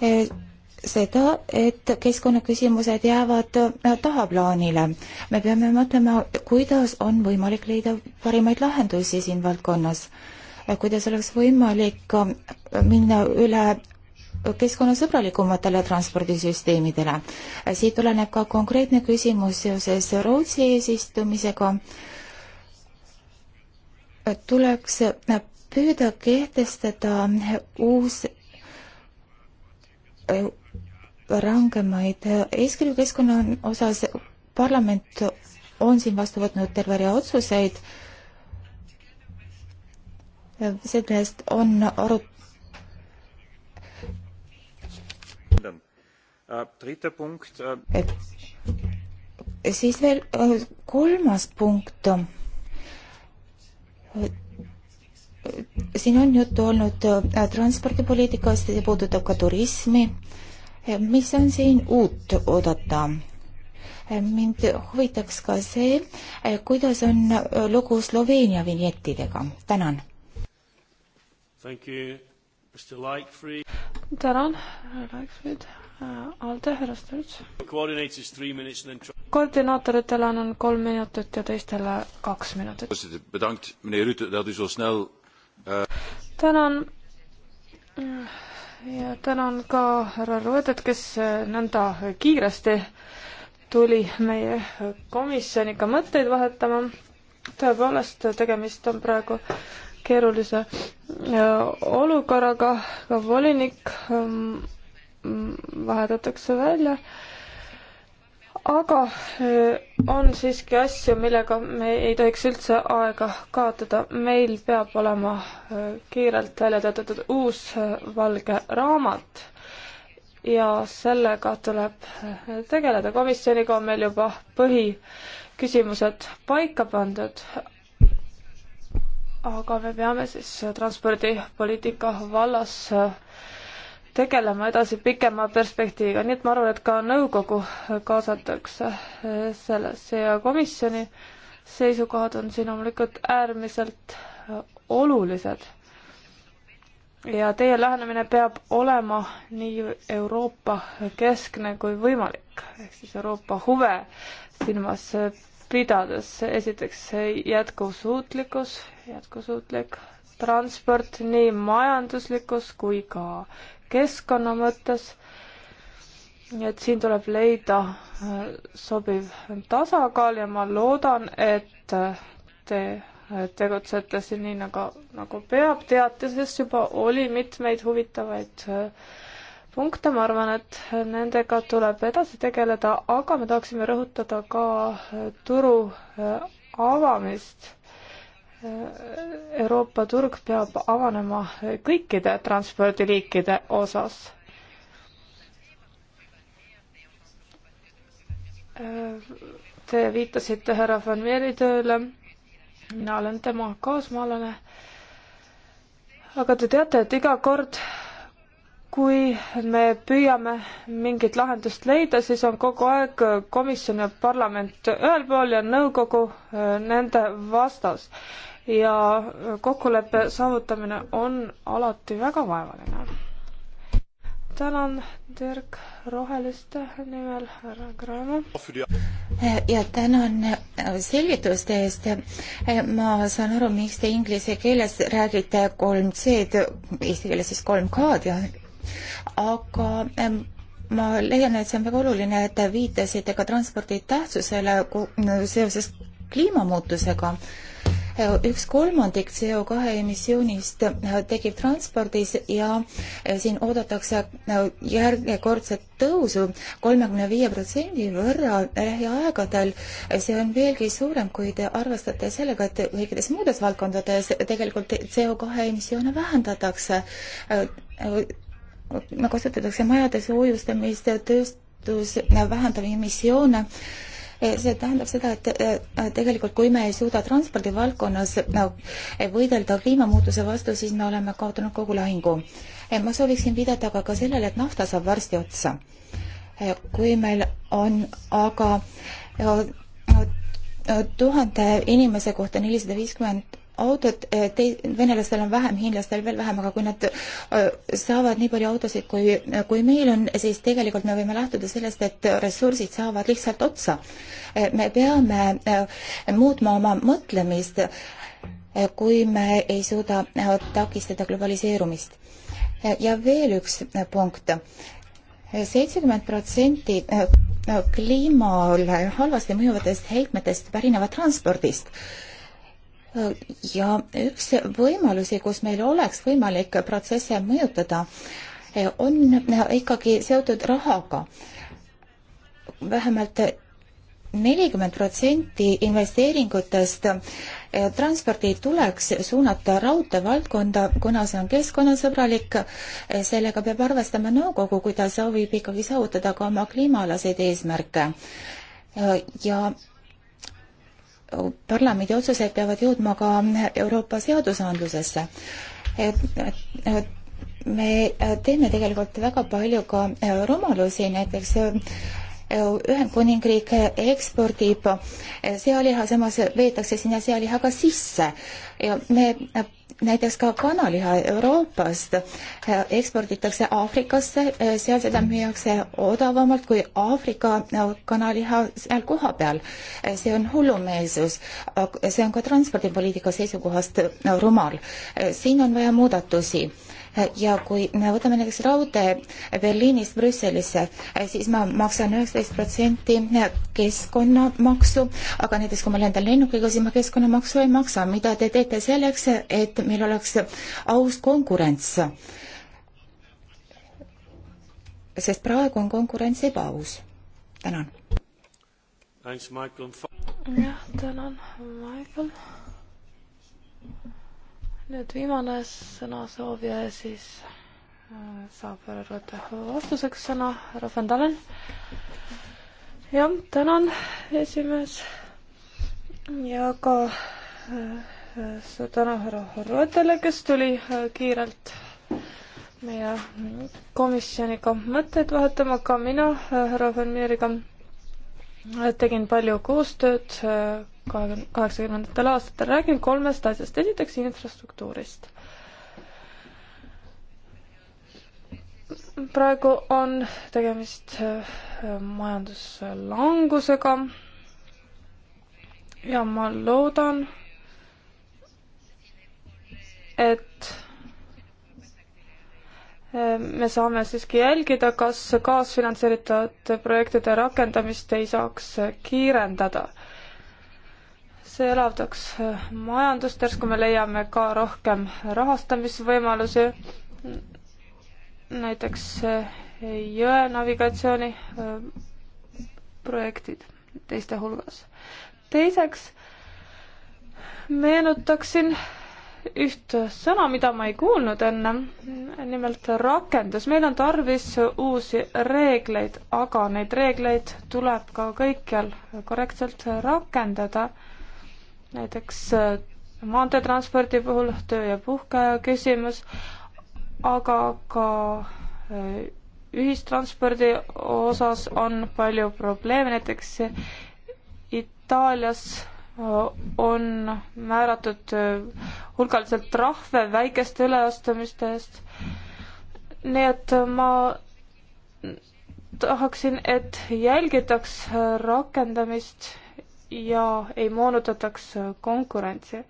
eh, seda, et keskkonnaküsimused jäävad eh, tahaplaanile. me peame mõtlema, kuidas on võimalik leida parimaid lahendusi siin valdkonnas. Eh, kuidas oleks võimalik minna üle keskkonnasõbralikumatele transpordisüsteemidele. siit tuleneb ka konkreetne küsimus seoses Rootsi eesistumisega. tuleks püüda kehtestada uus rangemaid eeskirju keskkonna osas. parlament on siin vastu võtnud terve rea otsuseid. sellest on arut-, Äh, et siis veel äh, kolmas punkt. siin on juttu olnud äh, transpordipoliitikast, see puudutab ka turismi. mis on siin uut oodata? mind huvitaks ka see, kuidas on lugu Sloveenia vinjettidega. tänan. tänan, härra Laikfried. Äh, Alde härrastajad. koordinaatoritele annan kolm minutit ja teistele kaks minutit. Eh, tänan ja tänan ka härra Roedet, kes eh, nõnda kiiresti tuli meie komisjoniga mõtteid vahetama. tõepoolest, tegemist on praegu keerulise eh, olukorraga, ka volinik ehm, Mm, vahetatakse välja. aga äh, on siiski asju, millega me ei tohiks üldse aega kaotada. meil peab olema äh, kiirelt välja töötatud uus äh, valge raamat ja sellega tuleb tegeleda. komisjoniga on meil juba põhiküsimused paika pandud, aga me peame siis transpordipoliitika vallas tegelema edasi pikema perspektiiviga, nii et ma arvan, et ka nõukogu kaasatakse eh, sellesse ja komisjoni seisukohad on siin loomulikult äärmiselt eh, olulised. ja teie lähenemine peab olema nii Euroopa keskne kui võimalik, ehk siis Euroopa huve silmas pidades, esiteks jätkusuutlikkus, jätkusuutlik transport nii majanduslikus kui ka keskkonna mõttes. nii et siin tuleb leida äh, sobiv tasakaal ja ma loodan, et äh, te äh, tegutsete siin nii nagu, nagu peab. teatises juba oli mitmeid huvitavaid punkte, ma arvan, et nendega tuleb edasi tegeleda, aga me tahaksime rõhutada ka turu avamist Euroopa turg peab avanema kõikide transpordiliikide osas. Te viitasite härra Van Veeri tööle, mina olen tema kaasmaalane. aga te teate, et iga kord, kui me püüame mingit lahendust leida, siis on kogu aeg komisjon ja parlament ühel pool ja nõukogu äh, nende vastas ja kokkuleppe saavutamine on alati väga vaevaline. tänan Dirk Roheliste nimel, härra Graemo. ja tänan selgituste eest. ma saan aru, miks te inglise keeles räägite kolm C-d, eesti keeles siis kolm K-d ja aga ma leian, et see on väga oluline, et te viitasite ka transpordi tähtsusele seoses kliimamuutusega üks kolmandik CO2 emissioonist tekib transpordis ja eh, siin oodatakse eh, järjekordset tõusu kolmekümne viie protsendi võrra lähiaegadel. Eh, see on veelgi suurem, kui te arvestate sellega, et kõikides muudes valdkondades tegelikult CO2 emissioone vähendatakse. kasutatakse majade soojustamist, tööstus vähendab emissioone Eh, see tähendab seda, et eh, tegelikult kui me ei suuda transpordivaldkonnas eh, võidelda kliimamuutuse vastu, siis me oleme kaotanud kogu lahingu. ma sooviksin viidata aga ka sellele, et nafta saab varsti otsa. kui meil on aga tuhande inimese kohta nelisada viiskümmend autot, eh, tei-, venelastel on vähem, hiinlastel veel vähem, aga kui nad eh, saavad nii palju autosid, kui, eh, kui meil on, siis tegelikult me võime lähtuda sellest, et ressursid saavad lihtsalt otsa. me peame muutma oma mõtlemist, kui me ei suuda takistada globaliseerumist. ja veel üks punkt. seitsekümmend protsenti kliimale halvasti mõjuvatest heitmetest pärinevad transpordist ja üks võimalusi, kus meil oleks võimalik protsesse mõjutada, eh, on ikkagi seotud rahaga vähemalt. vähemalt nelikümmend protsenti investeeringutest eh, transpordi tuleks suunata raudtee valdkonda, kuna see on keskkonnasõbralik. Eh, sellega peab arvestama nõukogu, kui ta soovib ikkagi saavutada ka oma kliimaalaseid eesmärke. ja parlamendi otsused peavad jõudma ka Euroopa seadusandlusesse. me teeme tegelikult väga palju ka rumalusi, näiteks Ühendkuningriik ekspordib sealiha, samas veetakse sinna sealiha ka sisse ja me näiteks ka kanaliha Euroopast eksporditakse Aafrikasse, seal seda müüakse odavamalt kui Aafrika kanaliha seal kohapeal. see on hullumeelsus, see on ka transpordipoliitika seisukohast rumal. siin on vaja muudatusi ja kui me võtame näiteks raudtee Berliinist Brüsselisse, eh, siis ma maksan üheksateist protsenti keskkonnamaksu, aga näiteks kui ma lendan lennukiga, siis ma keskkonnamaksu ei maksa. mida te teete selleks, et meil oleks aus konkurents? sest praegu on konkurents ebaaus. tänan. jah, tänan, Michael nüüd viimane sõnasoovija ja siis äh, saab härra Roteho vastuseks sõna, härra Fandalen. jah, tänan, esimees. ja ka äh, äh, suur tänu härra Rotele, kes tuli kiirelt meie komisjoniga mõtteid vahetama, ka mina härra Vermeeriga tegin palju koostööd äh, kaheksakümnendatel aastatel, räägin kolmest asjast. esiteks infrastruktuurist. praegu on tegemist äh, majanduslangusega ja ma loodan, et me saame siiski jälgida, kas kaasfinantseeritavate projektide rakendamist ei saaks kiirendada. see elavdaks majandust, järsku me leiame ka rohkem rahastamisvõimalusi, näiteks jõe navigatsiooni äh, projektid teiste hulgas. teiseks meenutaksin üht sõna, mida ma ei kuulnud enne, nimelt rakendus. meil on tarvis uusi reegleid, aga neid reegleid tuleb ka kõikjal korrektselt rakendada. näiteks äh, maanteetranspordi puhul töö ja puhkeaja küsimus, aga ka äh, ühistranspordi osas on palju probleeme, näiteks Itaalias on määratud äh, hulgaliselt trahve väikeste üleastumiste eest. nii et ma tahaksin, et jälgitaks äh, rakendamist ja ei moonutataks äh, konkurentsi.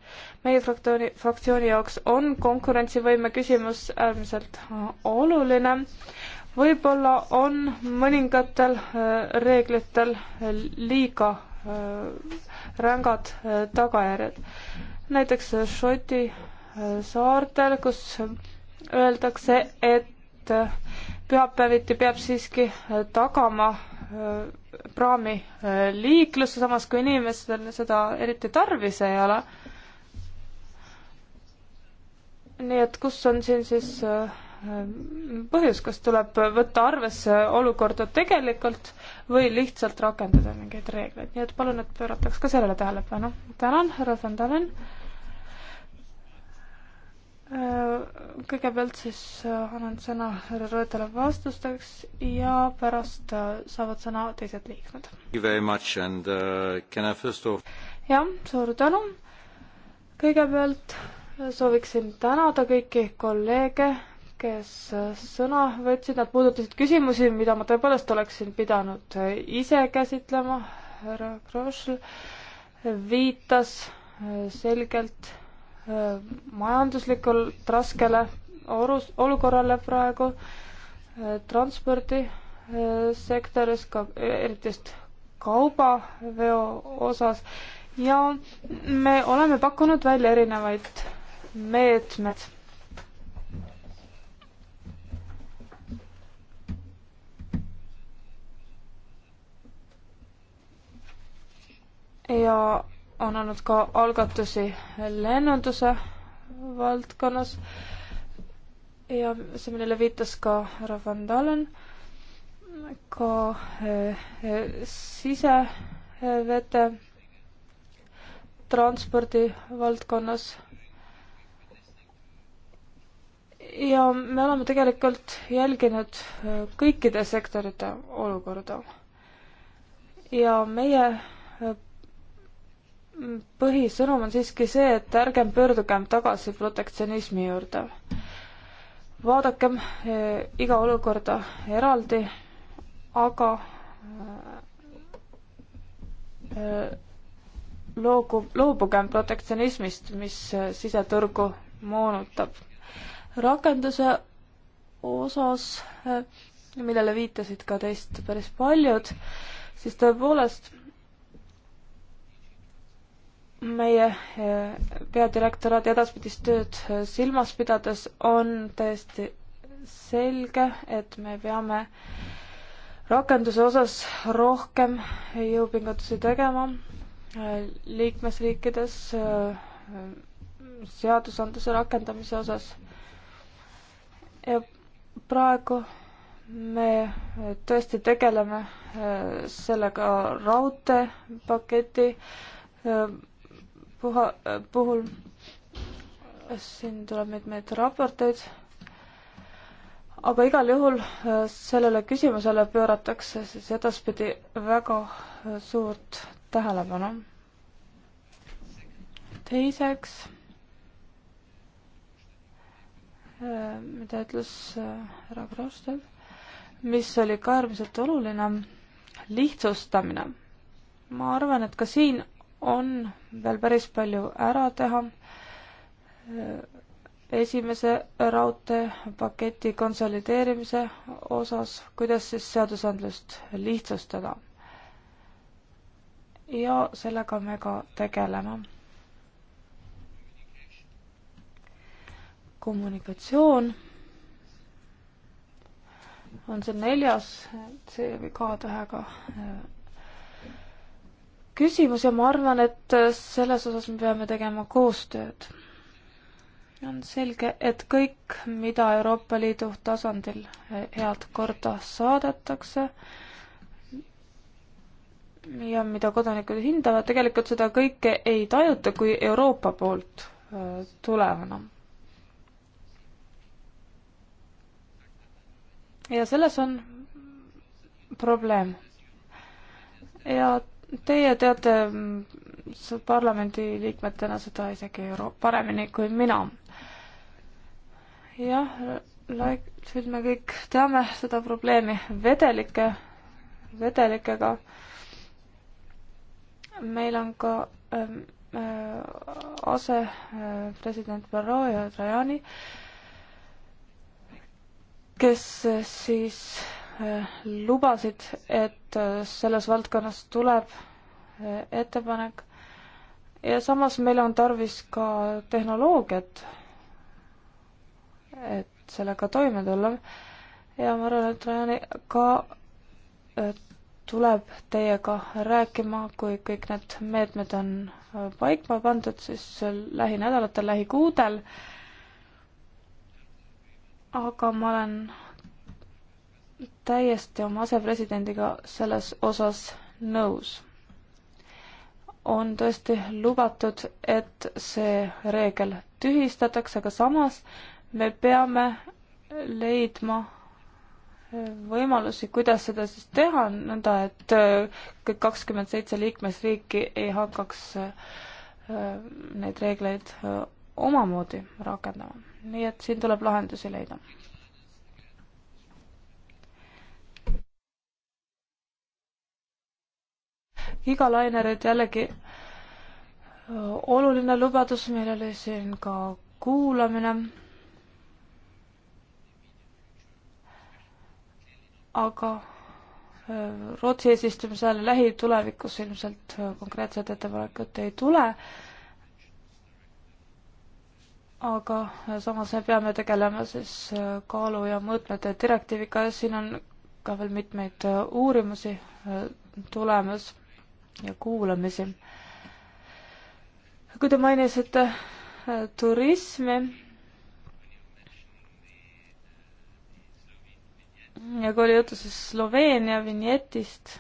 meie fraktsiooni, fraktsiooni jaoks on konkurentsivõime küsimus äärmiselt oluline. võib-olla on mõningatel reeglitel liiga Äh, rängad äh, tagajärjed. näiteks äh, Šoti saartel, kus öeldakse, et pühapäeviti peab siiski tagama praami liikluse, samas kui inimestel seda eriti tarvis ei ole. nii et kus on siin siis äh, põhjus, kas tuleb võtta arvesse olukorda tegelikult või lihtsalt rakendada mingeid reegleid, nii et palun, et pöörataks ka sellele tähelepanu. tänan, härra von Dalen. Äh, kõigepealt siis äh, annan sõna härra Rõõtale vastusteks ja pärast äh, saavad sõna teised liikmed. Uh, jah, suur tänu. kõigepealt sooviksin tänada kõiki kolleege kes sõna võtsid, nad puudutasid küsimusi, mida ma tõepoolest oleksin pidanud ise käsitlema. härra Krošl viitas äh, selgelt äh, majanduslikult raskele orus, olukorrale praegu äh, transpordisektoris, ka eriti just kaubaveo osas ja me oleme pakkunud välja erinevaid meetmed ja on olnud ka algatusi lennunduse valdkonnas ja see, millele viitas ka härra Van Dalen, ka eh, sisevete transpordi valdkonnas. ja me oleme tegelikult jälginud eh, kõikide sektorite olukorda. ja meie eh, põhisõnum on siiski see, et ärgem pöördugem tagasi protektsionismi juurde. vaadakem e, iga olukorda eraldi, aga e, loogu, loobugem protektsionismist, mis e, siseturgu moonutab. rakenduse osas, millele viitasid ka teist päris paljud, siis tõepoolest meie eh, peadirektoraat edaspidist tööd eh, silmas pidades on täiesti selge, et me peame rakenduse osas rohkem jõupingutusi tegema eh, liikmesriikides seadusandluse rakendamise osas. ja praegu me tõesti tegeleme sellega raudteepaketi puha, puhul siin tuleb mitmeid raporteid, aga igal juhul äh, sellele küsimusele pööratakse siis edaspidi väga äh, suurt tähelepanu. teiseks, äh, mida ütles härra Krossel, mis oli ka äärmiselt oluline, lihtsustamine. ma arvan, et ka siin on veel päris palju ära teha. esimese raudteepaketi konsolideerimise osas, kuidas siis seadusandlust lihtsustada. ja sellega me ka tegeleme. kommunikatsioon on see neljas CV2 tähega küsimus ja ma arvan, et selles osas me peame tegema koostööd. on selge, et kõik, mida Euroopa Liidu tasandil head korda saadetakse ja mida kodanikud hindavad, tegelikult seda kõike ei tajuta kui Euroopa poolt äh, tulevana. ja selles on probleem ja Teie teate mm, parlamendiliikmetena seda isegi paremini kui mina. jah, laik-, nüüd me kõik teame seda probleemi vedelike, vedelikega. meil on ka ähm, äh, asepresident äh, Barro ja Trajani, kes äh, siis äh, lubasid, et äh, selles valdkonnas tuleb äh, ettepanek ja samas meil on tarvis ka tehnoloogiat, et sellega toime tulla. ja ma arvan, et Rajani ka äh, tuleb teiega rääkima, kui kõik need meetmed on paika pandud, siis lähinädalatel, lähikuudel. aga ma olen täiesti oma asepresidendiga selles osas nõus. on tõesti lubatud, et see reegel tühistatakse, aga samas me peame leidma võimalusi, kuidas seda siis teha, nõnda et äh, kõik kakskümmend seitse liikmesriiki ei hakkaks äh, neid reegleid äh, omamoodi rakendama. nii et siin tuleb lahendusi leida igalainereid jällegi oluline lubadus, meil oli siin ka kuulamine. aga Rootsi eesistumise ajal lähitulevikus ilmselt konkreetset ettepanekut ei tule. aga samas me peame tegelema siis kaalu ja mõõtmete direktiiviga, siin on ka veel mitmeid uurimusi tulemas ja kuulamisi. kui te mainisite äh, turismi ja kui oli juttu siis Sloveenia vinjetist,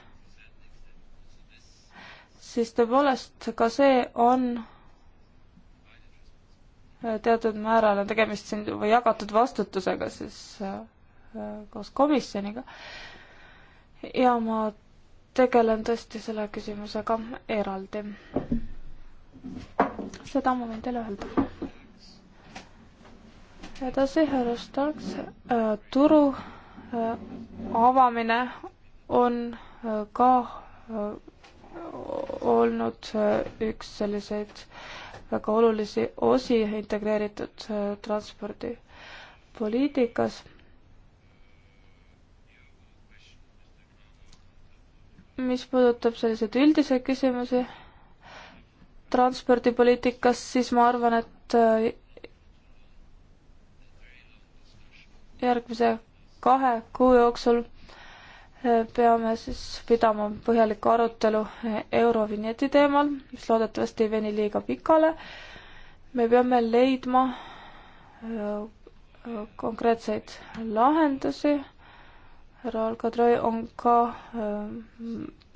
siis tõepoolest ka see on äh, teatud määral on tegemist siin või jagatud vastutusega siis äh, koos komisjoniga. ja ma tegelen tõesti selle küsimusega eraldi. seda ma võin teile öelda. edasi, härra Starks, äh, turu äh, avamine on äh, ka olnud üks selliseid väga olulisi osi integreeritud transpordipoliitikas mis puudutab selliseid üldiseid küsimusi transpordipoliitikas, siis ma arvan, et äh, järgmise kahe kuu jooksul äh, peame siis pidama põhjaliku arutelu äh, Eurovinjeti teemal, mis loodetavasti ei veni liiga pikale. me peame leidma konkreetseid lahendusi härra Alcadroy on ka äh,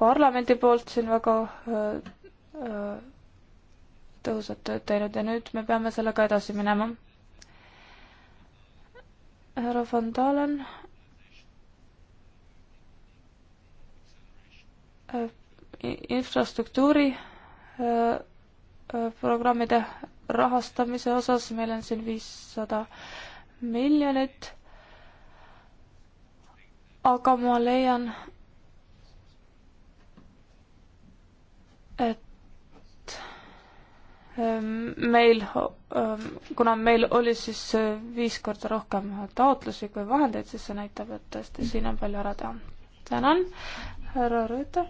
parlamendi poolt siin väga äh, äh, tõhusat tööd teinud ja nüüd me peame sellega edasi minema. härra Van Dalen infrastruktuuri programmide rahastamise osas meil on siin viissada miljonit aga ma leian, et ähm, meil, ähm, kuna meil oli siis äh, viis korda rohkem taotlusi kui vahendeid, siis see näitab, et tõesti siin on palju ära teha. tänan, härra Rüütel.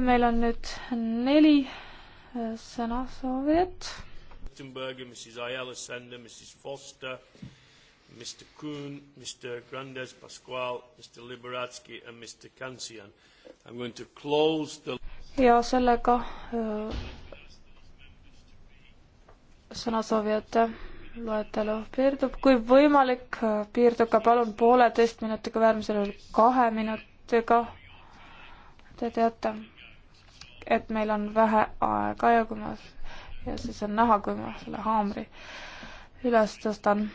meil on nüüd neli äh, sõnasoovijat. Mrs Ayala Sender, Mrs Foster, Mr. Kuhn, Mr. Grandes Pascual, Mr. Liberatsky and Mr. Kansian. I'm going to close the... ja sellega äh, sõnasoovijate loetelu piirdub, kui võimalik, äh, piirduge palun pooleteist minutiga, äärmisel juhul kahe minutiga. Te teate, et meil on vähe aega ja kui ma, ja siis on näha, kui ma selle haamri üles tõstan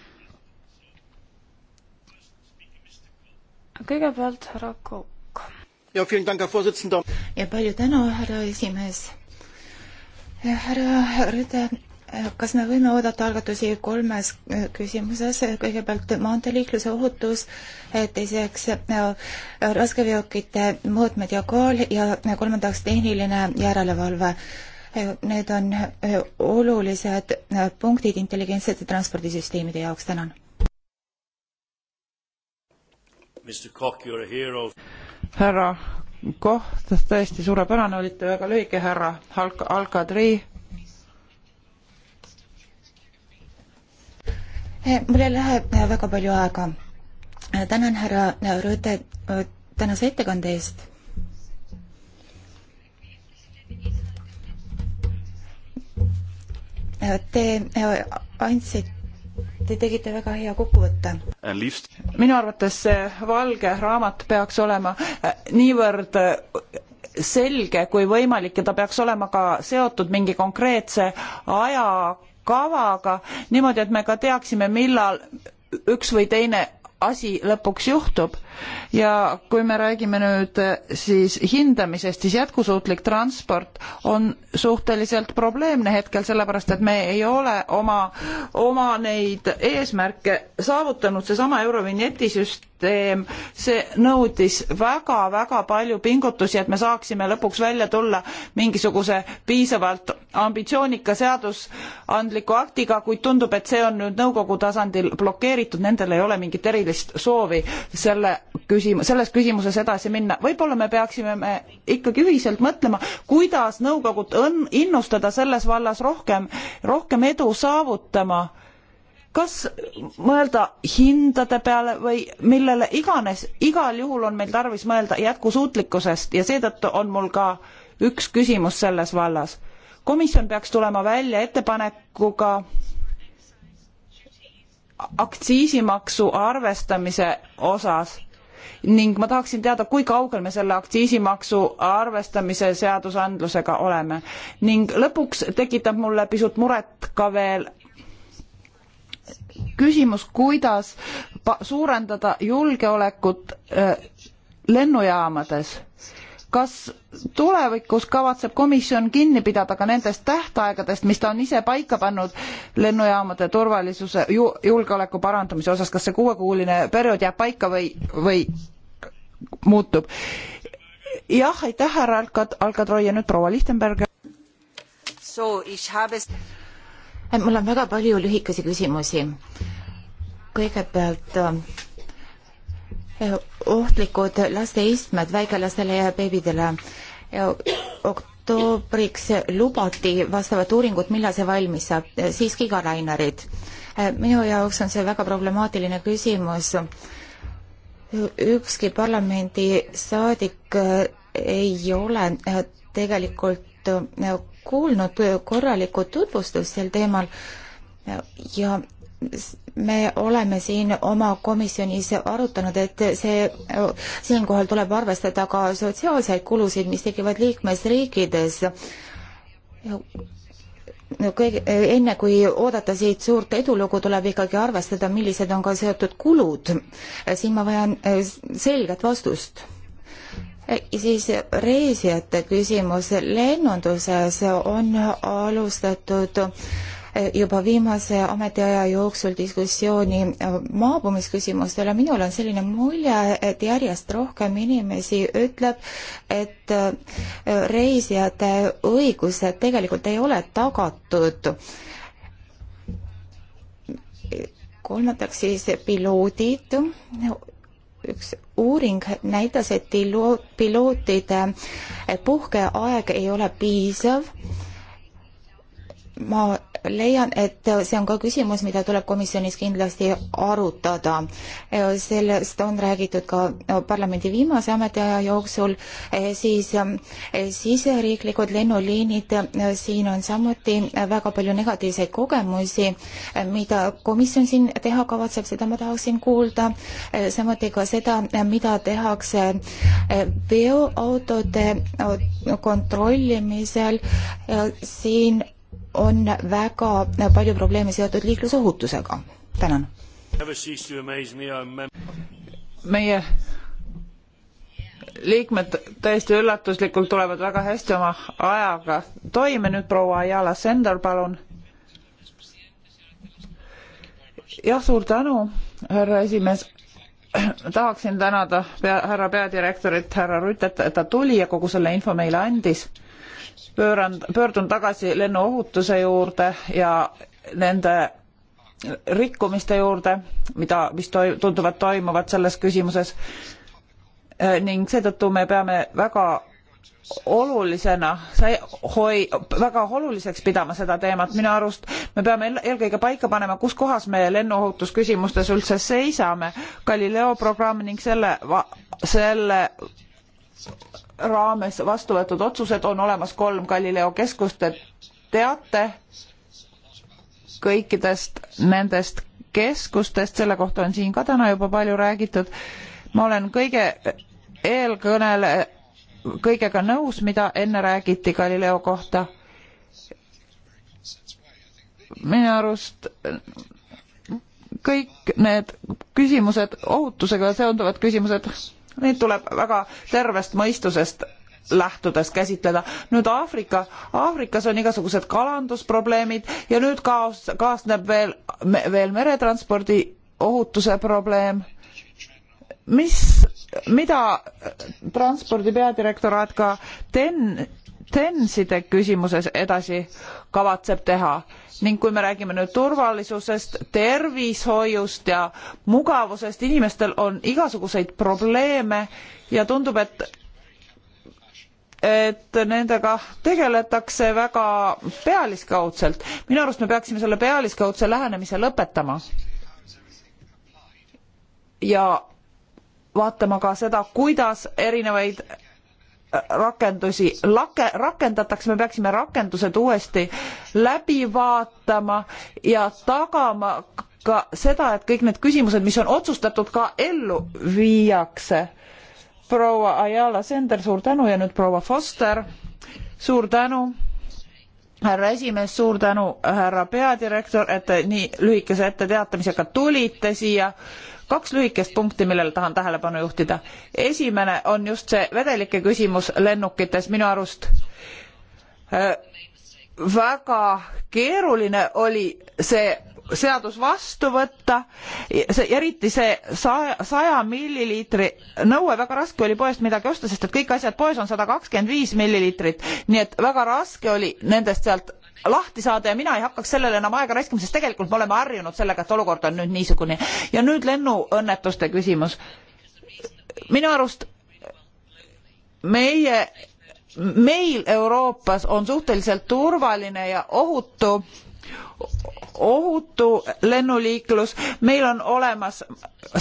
kõigepealt härra Kokk. ja palju tänu, härra esimees. härra Rõde, kas me võime oodata algatusi kolmes küsimuses, kõigepealt maanteeliikluse ohutus, teiseks äh, raskeveokite mõõtmed ja kaal ja kolmandaks tehniline järelevalve äh, Need on äh, olulised punktid intelligentsete transpordisüsteemide jaoks, tänan. härra Koh, tõesti suurepärane, olite väga lühike, härra Al-, Al-Kadri. Eh, mul ei lähe eh, väga palju aega. Eh, tänan härra Rõõte tänase ettekande eest Te andsite, te tegite väga hea kokkuvõtte minu arvates see valge raamat peaks olema äh, niivõrd äh, selge kui võimalik ja ta peaks olema ka seotud mingi konkreetse ajakavaga niimoodi et me ka teaksime millal üks või teine asi lõpuks juhtub ja kui me räägime nüüd eh, siis hindamisest, siis jätkusuutlik transport on suhteliselt probleemne hetkel, sellepärast et me ei ole oma, oma neid eesmärke saavutanud, seesama Eurovinjeti süsteem, see nõudis väga-väga palju pingutusi, et me saaksime lõpuks välja tulla mingisuguse piisavalt ambitsioonika seadusandliku aktiga, kuid tundub, et see on nüüd nõukogu tasandil blokeeritud, nendel ei ole mingit erilist soovi selle küsimus, selles küsimuses edasi minna. võib-olla me peaksime me ikkagi ühiselt mõtlema, kuidas nõukogud on, innustada selles vallas rohkem, rohkem edu saavutama. kas mõelda hindade peale või millele iganes, igal juhul on meil tarvis mõelda jätkusuutlikkusest ja seetõttu on mul ka üks küsimus selles vallas. komisjon peaks tulema välja ettepanekuga aktsiisimaksu arvestamise osas ning ma tahaksin teada, kui kaugel me selle aktsiisimaksu arvestamise seadusandlusega oleme. ning lõpuks tekitab mulle pisut muret ka veel küsimus, kuidas suurendada julgeolekut äh, lennujaamades kas tulevikus kavatseb komisjon kinni pidada ka nendest tähtaegadest, mis ta on ise paika pannud lennujaamade turvalisuse ju,, julgeoleku parandamise osas, kas see kuuekuuline periood jääb paika või, või muutub? jah, aitäh, härra Alkat-, Alkatroi ja nüüd proua Lichtenberg. Habe... mul on väga palju lühikesi küsimusi. kõigepealt ohtlikud laste istmed väikelastele ja beebidele. oktoobriks lubati vastavat uuringut, millal see valmis saab, siiski ka Rainarid. minu jaoks on see väga problemaatiline küsimus. ükski parlamendisaadik ei ole tegelikult kuulnud korralikku tutvustust sel teemal ja me oleme siin oma komisjonis arutanud, et see, siinkohal tuleb arvestada ka sotsiaalseid kulusid, mis tekivad liikmesriikides. kõige, enne kui oodata siit suurt edulugu, tuleb ikkagi arvestada, millised on ka seotud kulud. siin ma vajan eh, selget vastust eh, siis reisijate küsimus lennunduses on alustatud äh, juba viimase ametiaja jooksul diskussiooni äh, maabumisküsimustele, minul on selline mulje, et järjest rohkem inimesi ütleb, et äh, reisijate õigused tegelikult ei ole tagatud kolmandaks siis piloodid. üks uuring näitas, et piloot, pilootide äh, puhkeaeg ei ole piisav. ma leian, et see on ka küsimus, mida tuleb komisjonis kindlasti arutada. sellest on räägitud ka parlamendi viimase ametiaja jooksul, siis ehm, siseriiklikud lennuliinid, siin on samuti väga palju negatiivseid kogemusi, mida komisjon siin teha kavatseb, seda ma tahaksin kuulda, samuti ka seda, mida tehakse veoautode kontrollimisel, siin on väga palju probleeme seotud liiklusohutusega. tänan. meie liikmed täiesti üllatuslikult tulevad väga hästi oma ajaga toime. nüüd proua Ayala Sender, palun. jah, suur tänu, härra esimees. tahaksin tänada pea, härra peadirektorit, härra Rütet, et ta tuli ja kogu selle info meile andis pöörand, pöördun tagasi lennuohutuse juurde ja nende rikkumiste juurde, mida, mis toi-, tunduvad toimuvat selles küsimuses äh, ning seetõttu me peame väga olulisena sai hoi- väga oluliseks pidama seda teemat minu arust me peame eelkõige paika panema kus kohas me lennuohutusküsimustes üldse seisame galileo programm ning selle va- selle raames vastu võetud otsused, on olemas kolm Galileo keskust, et teate kõikidest nendest keskustest, selle kohta on siin ka täna juba palju räägitud. ma olen kõige eelkõnele, kõigega nõus, mida enne räägiti Galileo kohta. minu arust kõik need küsimused, ohutusega seonduvad küsimused Neid tuleb väga tervest mõistusest lähtudes käsitleda. nüüd Aafrika, Aafrikas on igasugused kalandusprobleemid ja nüüd kaos, kaasneb veel, veel meretranspordi ohutuse probleem. mis, mida transpordi peadirektoraat ka TEN TENSide küsimuses edasi kavatseb teha ning kui me räägime nüüd turvalisusest, tervishoiust ja mugavusest, inimestel on igasuguseid probleeme ja tundub, et et nendega tegeletakse väga pealiskaudselt. minu arust me peaksime selle pealiskaudse lähenemise lõpetama. ja vaatama ka seda, kuidas erinevaid rakendusi lake, rakendatakse, me peaksime rakendused uuesti läbi vaatama ja tagama ka seda, et kõik need küsimused, mis on otsustatud, ka ellu viiakse. proua Ayala Sender, suur tänu ja nüüd proua Foster, suur tänu härra esimees, suur tänu, härra peadirektor, et te nii lühikese etteteatamisega tulite siia kaks lühikest punkti millele tahan tähelepanu juhtida esimene on just see vedelike küsimus lennukites minu arust äh, väga keeruline oli see seadus vastu võtta eriti see saja milliliitri nõue väga raske oli poest midagi osta sest et kõik asjad poes on sada kakskümmend viis milliliitrit nii et väga raske oli nendest sealt lahti saada ja mina ei hakkaks sellele enam aega raiskama sest tegelikult me oleme harjunud sellega et olukord on nüüd niisugune ja nüüd lennuõnnetuste küsimus minu arust meie meil euroopas on suhteliselt turvaline ja ohutu ohutu lennuliiklus meil on olemas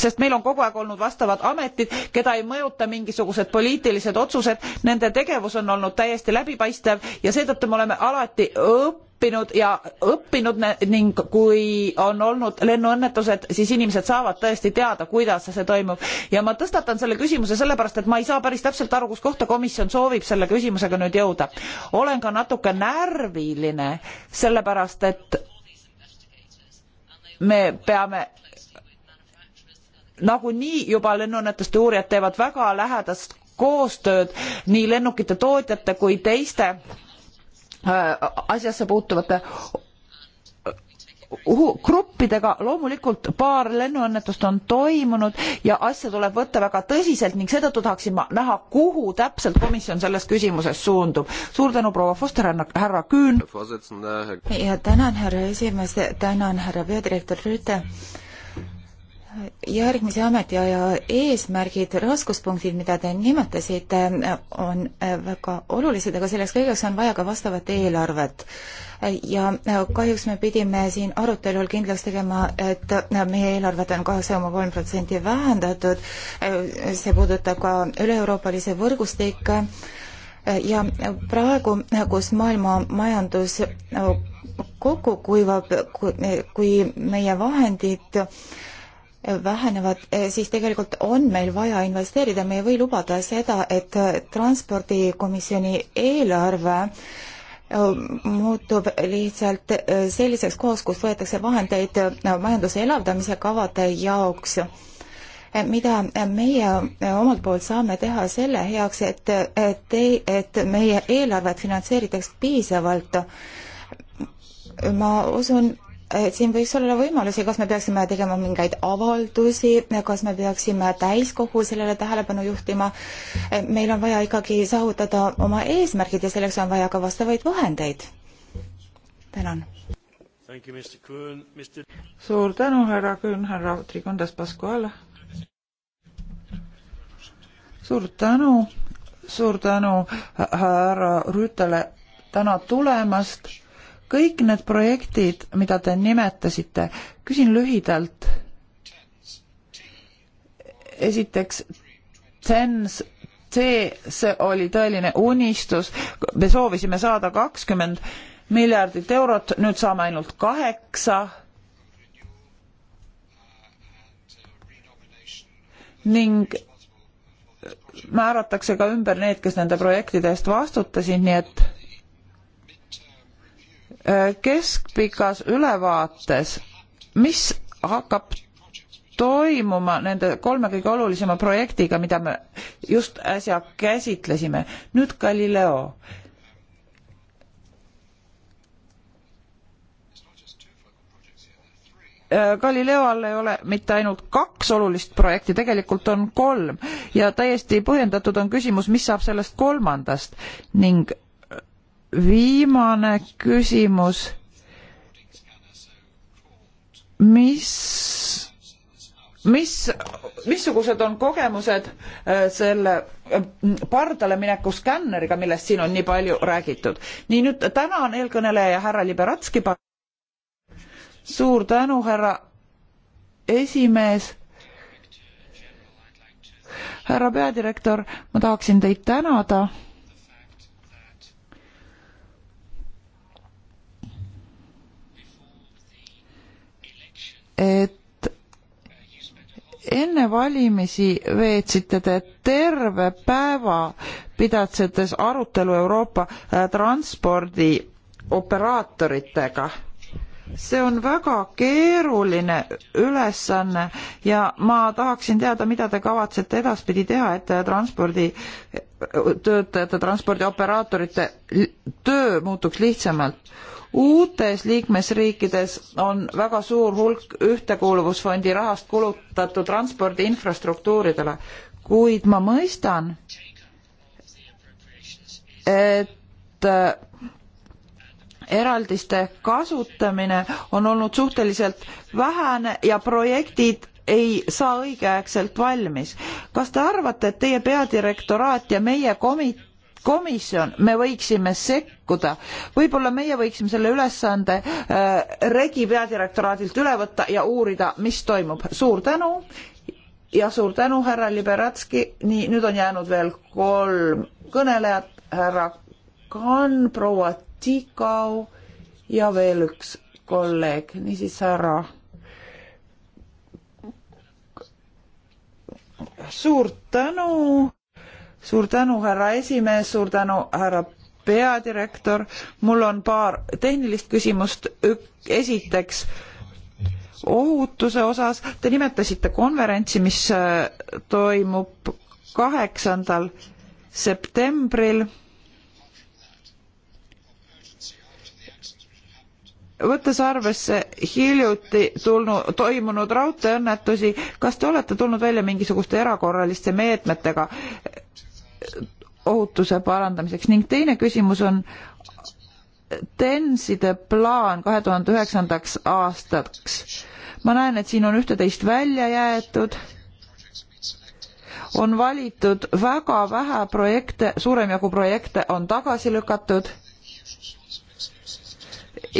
sest meil on kogu aeg olnud vastavad ametid keda ei mõjuta mingisugused poliitilised otsused nende tegevus on olnud täiesti läbipaistev ja seetõttu me oleme alati õppinud õppinud ja õppinud ning kui on olnud lennuõnnetused, siis inimesed saavad tõesti teada, kuidas see toimub. ja ma tõstatan selle küsimuse sellepärast, et ma ei saa päris täpselt aru, kus kohta komisjon soovib selle küsimusega nüüd jõuda. olen ka natuke närviline, sellepärast et me peame nagunii juba lennuõnnetuste uurijad teevad väga lähedast koostööd nii lennukite tootjate kui teiste Äh, asjasse puutuvate gruppidega loomulikult paar lennuõnnetust on toimunud ja asja tuleb võtta väga tõsiselt ning seetõttu tahaksin ma näha kuhu täpselt komisjon selles küsimuses suundub suur tänu proua Foster härra Küün ja tänan härra esimees tänan härra peadirektor Rüütel järgmise ametiaja eesmärgid, raskuspunktid, mida te nimetasite, on äh, väga olulised, aga selleks kõigeks on vaja ka vastavat eelarvet. Äh, ja äh, kahjuks me pidime siin arutelul kindlaks tegema, et meie eelarved on kaheksa koma kolm protsenti vähendatud, see puudutab ka üle-euroopalisi võrgustikke ja praegu, kus maailma majandus kokku kuivab, kui meie vahendid vähenevad, eh, siis tegelikult on meil vaja investeerida, me ei või lubada seda, et eh, transpordikomisjoni eelarve eh, muutub lihtsalt selliseks kohaks, kus võetakse vahendeid majanduse elavdamise kavade jaoks mida meie omalt poolt saame teha selle heaks, et, et te, et meie eelarvet finantseeritaks piisavalt. ma usun, Äh, et siin võiks olla võimalusi, kas me peaksime tegema mingeid avaldusi, kas me peaksime täiskogu sellele tähelepanu juhtima. Äh, meil on vaja ikkagi saavutada oma eesmärgid ja selleks on vaja ka vastavaid vahendeid. tänan. suur tänu, härra Küün, härra Trigondas Pascual. suur tänu, suur tänu härra Rüütele täna tulemast kõik need projektid, mida te nimetasite, küsin lühidalt. esiteks, CENS, see, see oli tõeline unistus, me soovisime saada kakskümmend miljardit eurot, nüüd saame ainult kaheksa ning määratakse ka ümber need, kes nende projektide eest vastutasid, nii et Äh, keskpikas ülevaates, mis hakkab toimuma nende kolme kõige olulisema projektiga, mida me just äsja käsitlesime. nüüd Galileo. Äh, Galileo all ei ole mitte ainult kaks olulist projekti, tegelikult on kolm ja täiesti põhjendatud on küsimus, mis saab sellest kolmandast ning viimane küsimus. mis, mis, missugused on kogemused äh, selle äh, pardale mineku skänneriga, millest siin on nii palju räägitud? nii nüüd tänan eelkõneleja härra Liberatski. suur tänu, härra esimees. härra peadirektor, ma tahaksin teid tänada et enne valimisi veetsite te terve päeva pidatsedes arutelu Euroopa äh, transpordioperaatoritega see on väga keeruline ülesanne ja ma tahaksin teada, mida te kavatsete edaspidi teha, et äh, transpordi äh, töötajate, transpordioperaatorite töö muutuks lihtsamalt uutes liikmesriikides on väga suur hulk ühtekuuluvusfondi rahast kulutatud transpordi infrastruktuuridele, kuid ma mõistan, et äh, eraldiste kasutamine on olnud suhteliselt vähene ja projektid ei saa õigeaegselt valmis. kas te arvate, et teie peadirektoraat ja meie komitee komisjon, me võiksime sekkuda, võib-olla meie võiksime selle ülesande äh, regi peadirektoraadilt üle võtta ja uurida, mis toimub. suur tänu ja suur tänu, härra Liberatski. nii, nüüd on jäänud veel kolm kõnelejat, härra Kann, proua Tikau ja veel üks kolleeg, niisiis härra. suur tänu suur tänu, härra esimees, suur tänu, härra peadirektor. mul on paar tehnilist küsimust. esiteks ohutuse osas. Te nimetasite konverentsi, mis äh, toimub kaheksandal septembril. võttes arvesse hiljuti tulnud, toimunud raudteeõnnetusi, kas te olete tulnud välja mingisuguste erakorraliste meetmetega ohutuse parandamiseks ning teine küsimus on TENSide plaan kahe tuhande üheksandaks aastaks. ma näen, et siin on ühte-teist välja jäetud, on valitud väga vähe projekte, suurem jagu projekte on tagasi lükatud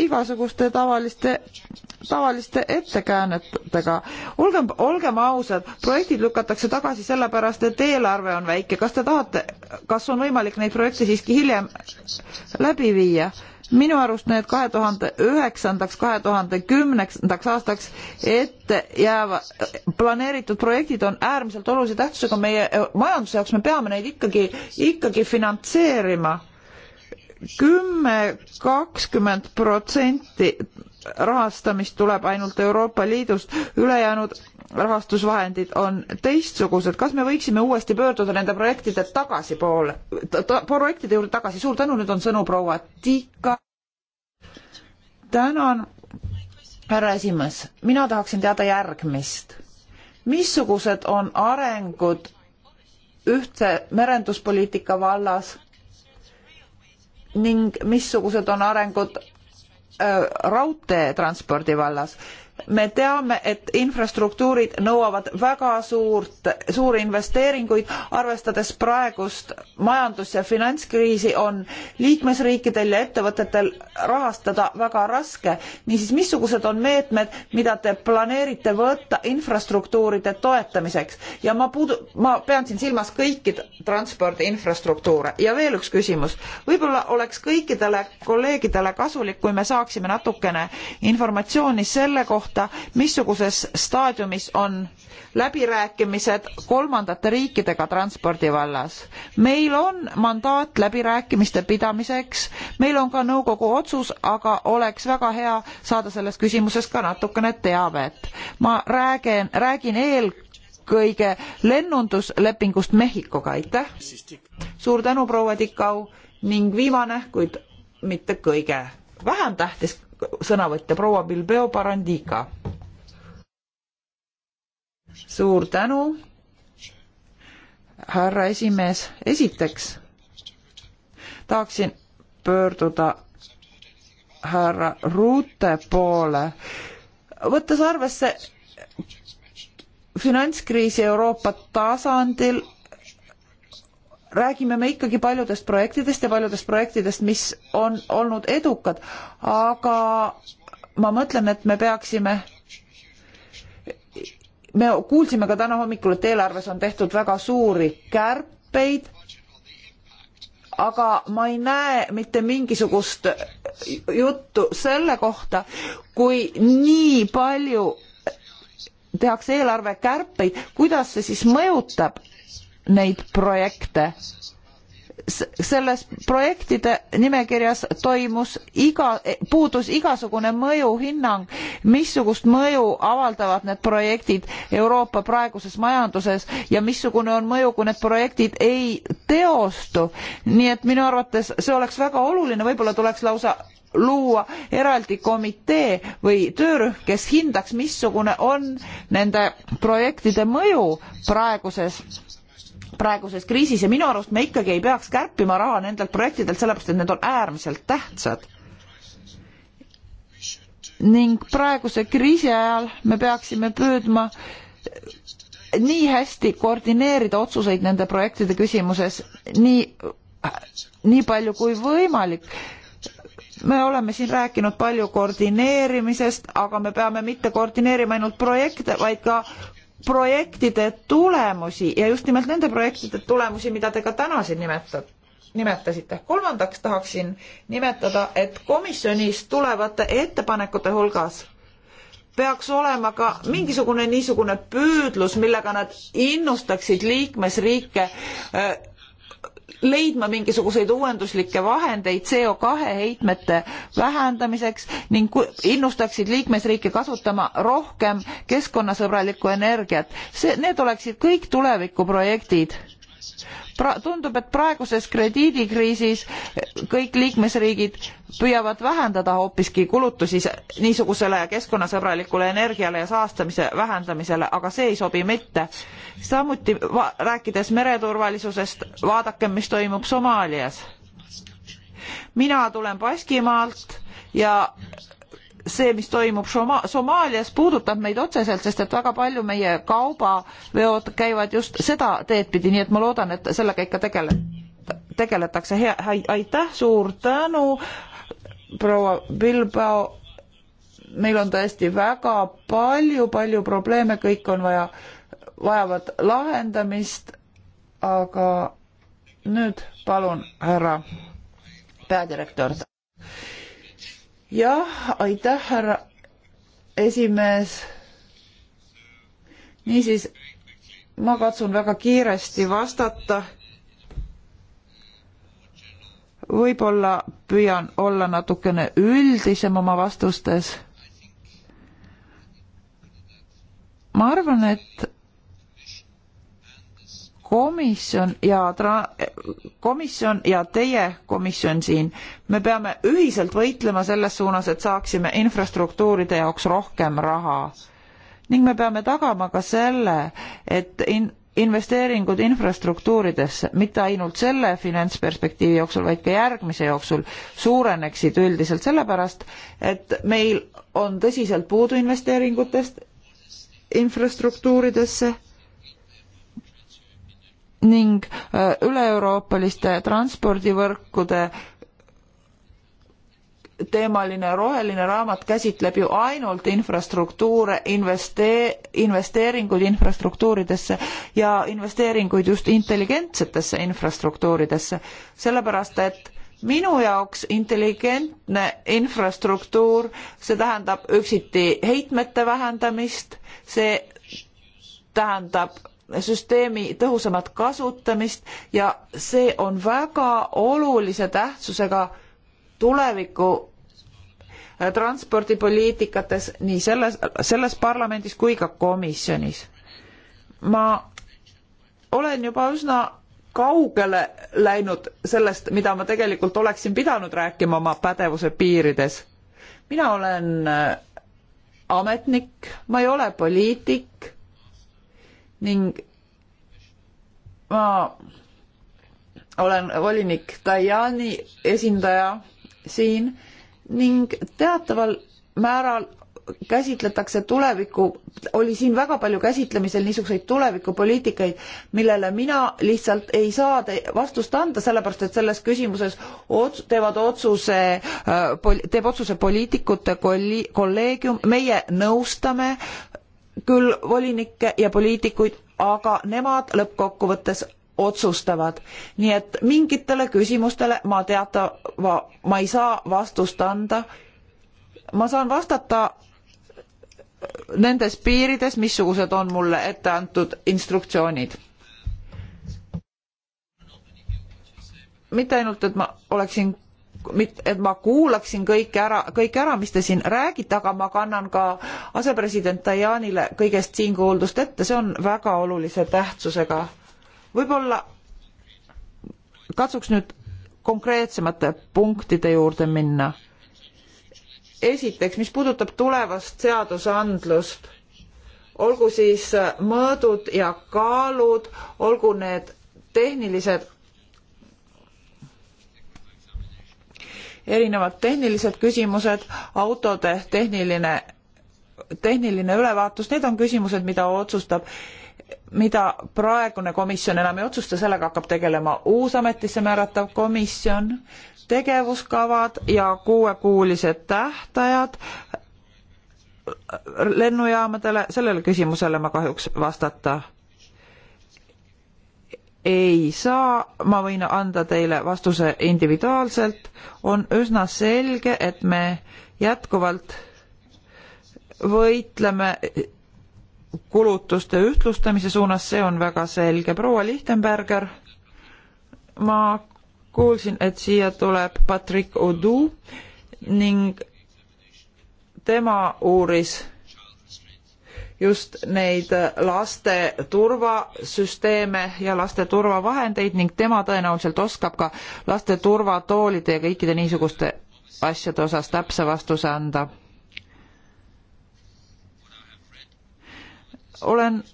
igasuguste tavaliste tavaliste ettekäänetega. olgem, olgem ausad, projektid lükatakse tagasi sellepärast, et eelarve on väike. kas te tahate, kas on võimalik neid projekte siiski hiljem läbi viia? minu arust need kahe tuhande üheksandaks, kahe tuhande kümnendaks aastaks ette jääva, planeeritud projektid on äärmiselt olulise tähtsusega meie eh, majanduse jaoks, me peame neid ikkagi, ikkagi finantseerima kümme, kakskümmend protsenti rahastamist tuleb ainult Euroopa Liidust, ülejäänud rahastusvahendid on teistsugused. kas me võiksime uuesti pöörduda nende projektide tagasi poole ta,, ta, projektide juurde tagasi? suur tänu, nüüd on sõnu proua Tiika. tänan, härra esimees. mina tahaksin teada järgmist. missugused on arengud ühtse merenduspoliitika vallas ning missugused on arengud Äh, raudteetranspordi vallas me teame, et infrastruktuurid nõuavad väga suurt, suuri investeeringuid, arvestades praegust majandus- ja finantskriisi on liikmesriikidel ja ettevõtetel rahastada väga raske. niisiis, missugused on meetmed, mida te planeerite võtta infrastruktuuride toetamiseks ja ma puudu-, ma pean siin silmas kõiki transpordi infrastruktuure ja veel üks küsimus. võib-olla oleks kõikidele kolleegidele kasulik, kui me saaksime natukene informatsiooni selle kohta, kohta, missuguses staadiumis on läbirääkimised kolmandate riikidega transpordi vallas. meil on mandaat läbirääkimiste pidamiseks, meil on ka nõukogu otsus, aga oleks väga hea saada selles küsimuses ka natukene teavet. ma räägin, räägin eelkõige lennunduslepingust Mehhikoga, aitäh! suur tänu, proua Tikau ning viimane, kuid mitte kõige vähem tähtis sõnavõtja proua Bilbeo Barandika. suur tänu, härra esimees, esiteks tahaksin pöörduda härra Ruute poole, võttes arvesse finantskriisi Euroopa tasandil räägime me ikkagi paljudest projektidest ja paljudest projektidest, mis on olnud edukad, aga ma mõtlen, et me peaksime, me kuulsime ka täna hommikul, et eelarves on tehtud väga suuri kärpeid, aga ma ei näe mitte mingisugust juttu selle kohta, kui nii palju tehakse eelarvekärpeid, kuidas see siis mõjutab neid projekte. selles projektide nimekirjas toimus iga, puudus igasugune mõjuhinnang, missugust mõju avaldavad need projektid Euroopa praeguses majanduses ja missugune on mõju, kui need projektid ei teostu. nii et minu arvates see oleks väga oluline, võib-olla tuleks lausa luua eraldi komitee või töörühm, kes hindaks, missugune on nende projektide mõju praeguses praeguses kriisis ja minu arust me ikkagi ei peaks kärpima raha nendelt projektidelt, sellepärast et need on äärmiselt tähtsad. ning praeguse kriisi ajal me peaksime püüdma nii hästi koordineerida otsuseid nende projektide küsimuses, nii, nii palju kui võimalik me oleme siin rääkinud palju koordineerimisest, aga me peame mitte koordineerima ainult projekte, vaid ka projektide tulemusi ja just nimelt nende projektide tulemusi, mida te ka täna siin nimetate nimetasite. kolmandaks tahaksin nimetada, et komisjonist tulevate ettepanekute hulgas peaks olema ka mingisugune niisugune püüdlus, millega nad innustaksid liikmesriike äh, leidma mingisuguseid uuenduslikke vahendeid CO2 heitmete vähendamiseks ning innustaksid liikmesriike kasutama rohkem keskkonnasõbralikku energiat. see, need oleksid kõik tulevikuprojektid pra-, tundub, et praeguses krediidikriisis kõik liikmesriigid püüavad vähendada hoopiski kulutusi niisugusele keskkonnasõbralikule energiale ja saastamise vähendamisele, aga see ei sobi mitte. samuti va-, rääkides mereturvalisusest, vaadakem, mis toimub Somaalias. mina tulen Baskimaalt ja see, mis toimub Soma Somaalias, puudutab meid otseselt, sest et väga palju meie kaubaveod käivad just seda teed pidi, nii et ma loodan, et sellega ikka tegele-, tegeletakse hea, aitäh, suur tänu, proua Bilbao, meil on tõesti väga palju-palju probleeme, kõik on vaja, vajavad lahendamist, aga nüüd palun, härra peadirektor jah, aitäh, härra esimees. niisiis, ma katsun väga kiiresti vastata. võib-olla püüan olla natukene üldisem oma vastustes. ma arvan, et komisjon ja tra-, komisjon ja teie komisjon siin, me peame ühiselt võitlema selles suunas, et saaksime infrastruktuuride jaoks rohkem raha. ning me peame tagama ka selle, et in-, investeeringud infrastruktuuridesse, mitte ainult selle finantsperspektiivi jooksul, vaid ka järgmise jooksul, suureneksid üldiselt sellepärast, et meil on tõsiselt puudu investeeringutest infrastruktuuridesse ning äh, üle-euroopaliste transpordivõrkude teemaline roheline raamat käsitleb ju ainult infrastruktuure investee- investeeringuid infrastruktuuridesse ja investeeringuid just intelligentsetesse infrastruktuuridesse sellepärast et minu jaoks intelligentne infrastruktuur see tähendab üksiti heitmete vähendamist see tähendab süsteemi tõhusamat kasutamist ja see on väga olulise tähtsusega tuleviku äh, transpordipoliitikates nii selles, selles parlamendis kui ka komisjonis. ma olen juba üsna kaugele läinud sellest, mida ma tegelikult oleksin pidanud rääkima oma pädevuse piirides. mina olen äh, ametnik, ma ei ole poliitik ning ma olen volinik Tajani esindaja siin ning teataval määral käsitletakse tuleviku, oli siin väga palju käsitlemisel niisuguseid tulevikupoliitikaid, millele mina lihtsalt ei saa vastust anda, sellepärast et selles küsimuses ots-, teevad otsuse, äh, teeb otsuse poliitikute kolli-, kolleegium, meie nõustame küll volinikke ja poliitikuid, aga nemad lõppkokkuvõttes otsustavad. nii et mingitele küsimustele ma teatava, ma ei saa vastust anda. ma saan vastata nendes piirides, missugused on mulle ette antud instruktsioonid. mitte ainult, et ma oleksin et ma kuulaksin kõike ära, kõike ära, mis te siin räägite, aga ma kannan ka asepresident Tajanile kõigest siin kuuldust ette, see on väga olulise tähtsusega. võib-olla katsuks nüüd konkreetsemate punktide juurde minna. esiteks, mis puudutab tulevast seadusandlust, olgu siis mõõdud ja kaalud, olgu need tehnilised erinevad tehnilised küsimused, autode tehniline, tehniline ülevaatus, need on küsimused, mida otsustab mida praegune komisjon enam ei otsusta, sellega hakkab tegelema uus ametisse määratav komisjon, tegevuskavad ja kuuekuulised tähtajad lennujaamadele, sellele küsimusele ma kahjuks vastata ei saa, ma võin anda teile vastuse individuaalselt, on üsna selge, et me jätkuvalt võitleme kulutuste ühtlustamise suunas, see on väga selge. proua Lichtenberger, ma kuulsin, et siia tuleb Patrick Odu ning tema uuris just neid laste turvasüsteeme ja laste turvavahendeid ning tema tõenäoliselt oskab ka laste turvatoolide ja kõikide niisuguste asjade osas täpse vastuse anda. olen,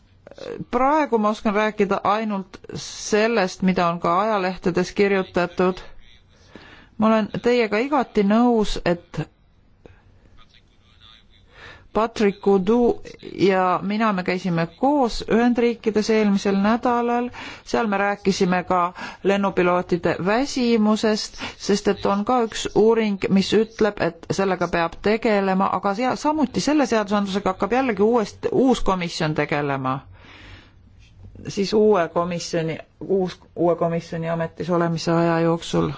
praegu ma oskan rääkida ainult sellest, mida on ka ajalehtedes kirjutatud. ma olen teiega igati nõus, et Patrick Kudu ja mina, me käisime koos Ühendriikides eelmisel nädalal, seal me rääkisime ka lennupilootide väsimusest, sest et on ka üks uuring, mis ütleb, et sellega peab tegelema, aga sea-, samuti selle seadusandlusega hakkab jällegi uuest, uus komisjon tegelema. siis uue komisjoni, uus, uue komisjoni ametis olemise aja jooksul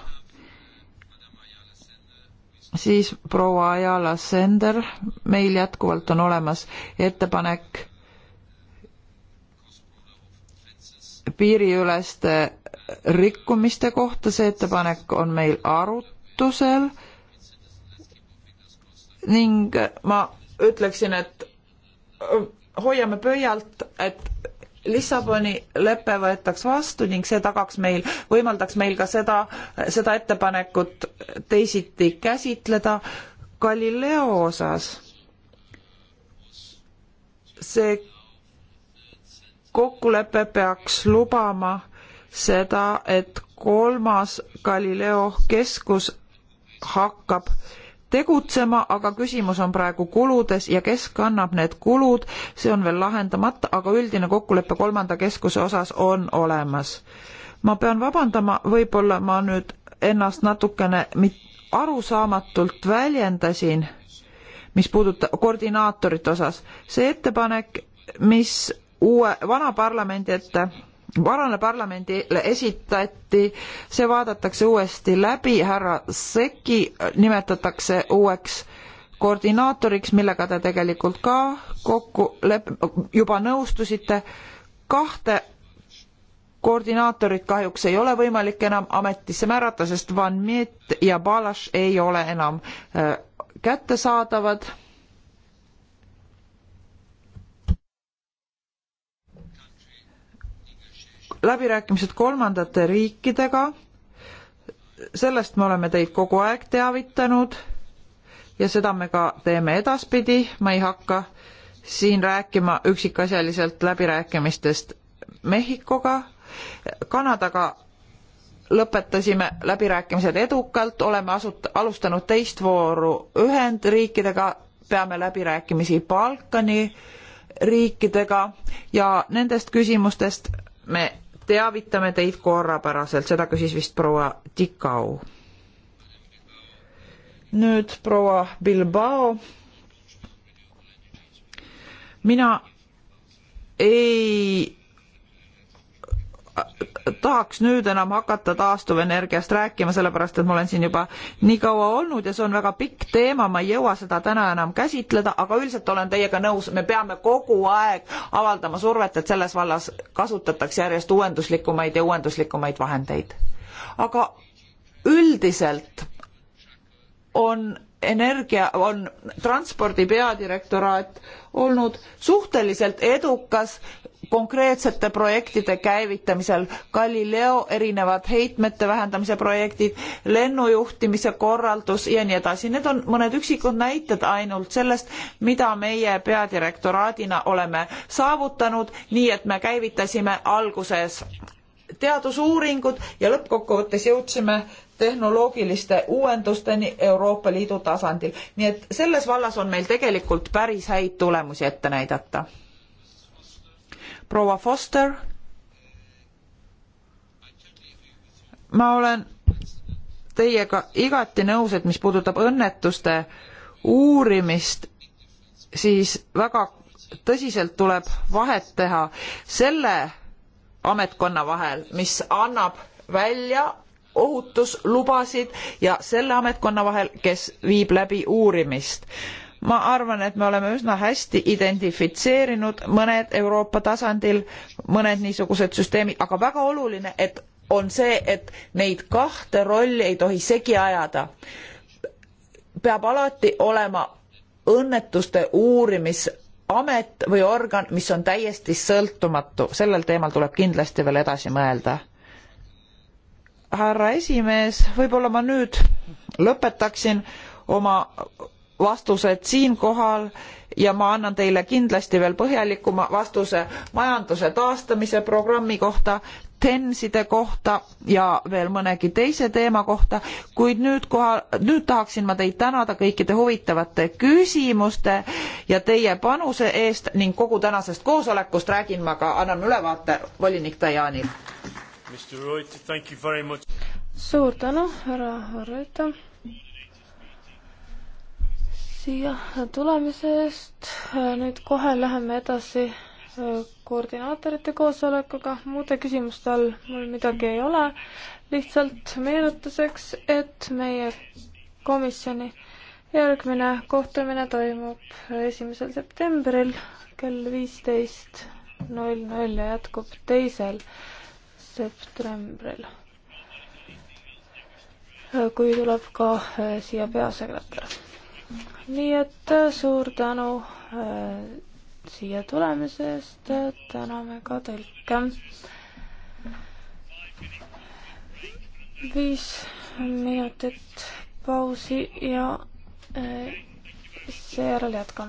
siis proua Ajala Sender, meil jätkuvalt on olemas ettepanek piiriüleste rikkumiste kohta, see ettepanek on meil arutusel ning ma ütleksin, et hoiame pöialt, et Lissaboni lepe võetaks vastu ning see tagaks meil, võimaldaks meil ka seda, seda ettepanekut teisiti käsitleda Galileo osas. see kokkulepe peaks lubama seda, et kolmas Galileo keskus hakkab äh, tegutsema, aga küsimus on praegu kuludes ja kes kannab need kulud, see on veel lahendamata, aga üldine kokkulepe kolmanda keskuse osas on olemas. ma pean vabandama, võib-olla ma nüüd ennast natukene arusaamatult väljendasin, mis puudutab koordinaatorite osas. see ettepanek, mis uue, vana parlamendi ette varane parlamendile esitati, see vaadatakse uuesti läbi, härra Seki nimetatakse uueks koordinaatoriks, millega te tegelikult ka kokku lep-, juba nõustusite. kahte koordinaatorit kahjuks ei ole võimalik enam ametisse määrata, sest Van Miet ja Balas ei ole enam äh, kättesaadavad läbirääkimised kolmandate riikidega, sellest me oleme teid kogu aeg teavitanud ja seda me ka teeme edaspidi, ma ei hakka siin rääkima üksikasjaliselt läbirääkimistest Mehhikoga, Kanadaga lõpetasime läbirääkimised edukalt, oleme asut-, alustanud teist vooru Ühendriikidega, peame läbirääkimisi Balkani riikidega ja nendest küsimustest me teavitame teid korrapäraselt, seda küsis vist proua Tikau. nüüd proua Bilbao. mina ei tahaks nüüd enam hakata taastuvenergiast rääkima, sellepärast et ma olen siin juba nii kaua olnud ja see on väga pikk teema, ma ei jõua seda täna enam käsitleda, aga üldiselt olen teiega nõus, me peame kogu aeg avaldama survet, et selles vallas kasutatakse järjest uuenduslikumaid ja uuenduslikumaid vahendeid. aga üldiselt on energia, on transpordi peadirektoraat olnud suhteliselt edukas konkreetsete projektide käivitamisel Galileo erinevad heitmete vähendamise projektid, lennujuhtimise korraldus ja nii edasi. Need on mõned üksikud näited ainult sellest, mida meie peadirektoraadina oleme saavutanud, nii et me käivitasime alguses teadusuuringud ja lõppkokkuvõttes jõudsime tehnoloogiliste uuendusteni Euroopa Liidu tasandil. nii et selles vallas on meil tegelikult päris häid tulemusi ette näidata proua Foster. ma olen teiega igati nõus, et mis puudutab õnnetuste uurimist, siis väga tõsiselt tuleb vahet teha selle ametkonna vahel, mis annab välja ohutuslubasid ja selle ametkonna vahel, kes viib läbi uurimist ma arvan, et me oleme üsna hästi identifitseerinud mõned Euroopa tasandil mõned niisugused süsteemid, aga väga oluline, et on see, et neid kahte rolli ei tohi segi ajada. peab alati olema õnnetuste uurimisamet või organ, mis on täiesti sõltumatu, sellel teemal tuleb kindlasti veel edasi mõelda. härra esimees, võib-olla ma nüüd lõpetaksin oma vastused siinkohal ja ma annan teile kindlasti veel põhjalikuma vastuse majanduse taastamise programmi kohta TENSide kohta ja veel mõnegi teise teema kohta, kuid nüüd koha, nüüd tahaksin ma teid tänada kõikide huvitavate küsimuste ja teie panuse eest ning kogu tänasest koosolekust räägin ma ka, annan ülevaate volinik Dajanil. suur tänu, härra Reuter siia tulemise eest. nüüd kohe läheme edasi äh, koordinaatorite koosolekuga, muude küsimuste all mul midagi ei ole. lihtsalt meenutuseks, et meie komisjoni järgmine kohtumine toimub esimesel septembril kell viisteist null null ja jätkub teisel septembril äh, kui tuleb ka äh, siia peasekretär nii et äh, suur tänu äh, siia tulemise eest, täname ka tõlke. viis minutit pausi ja äh, seejärel jätkame.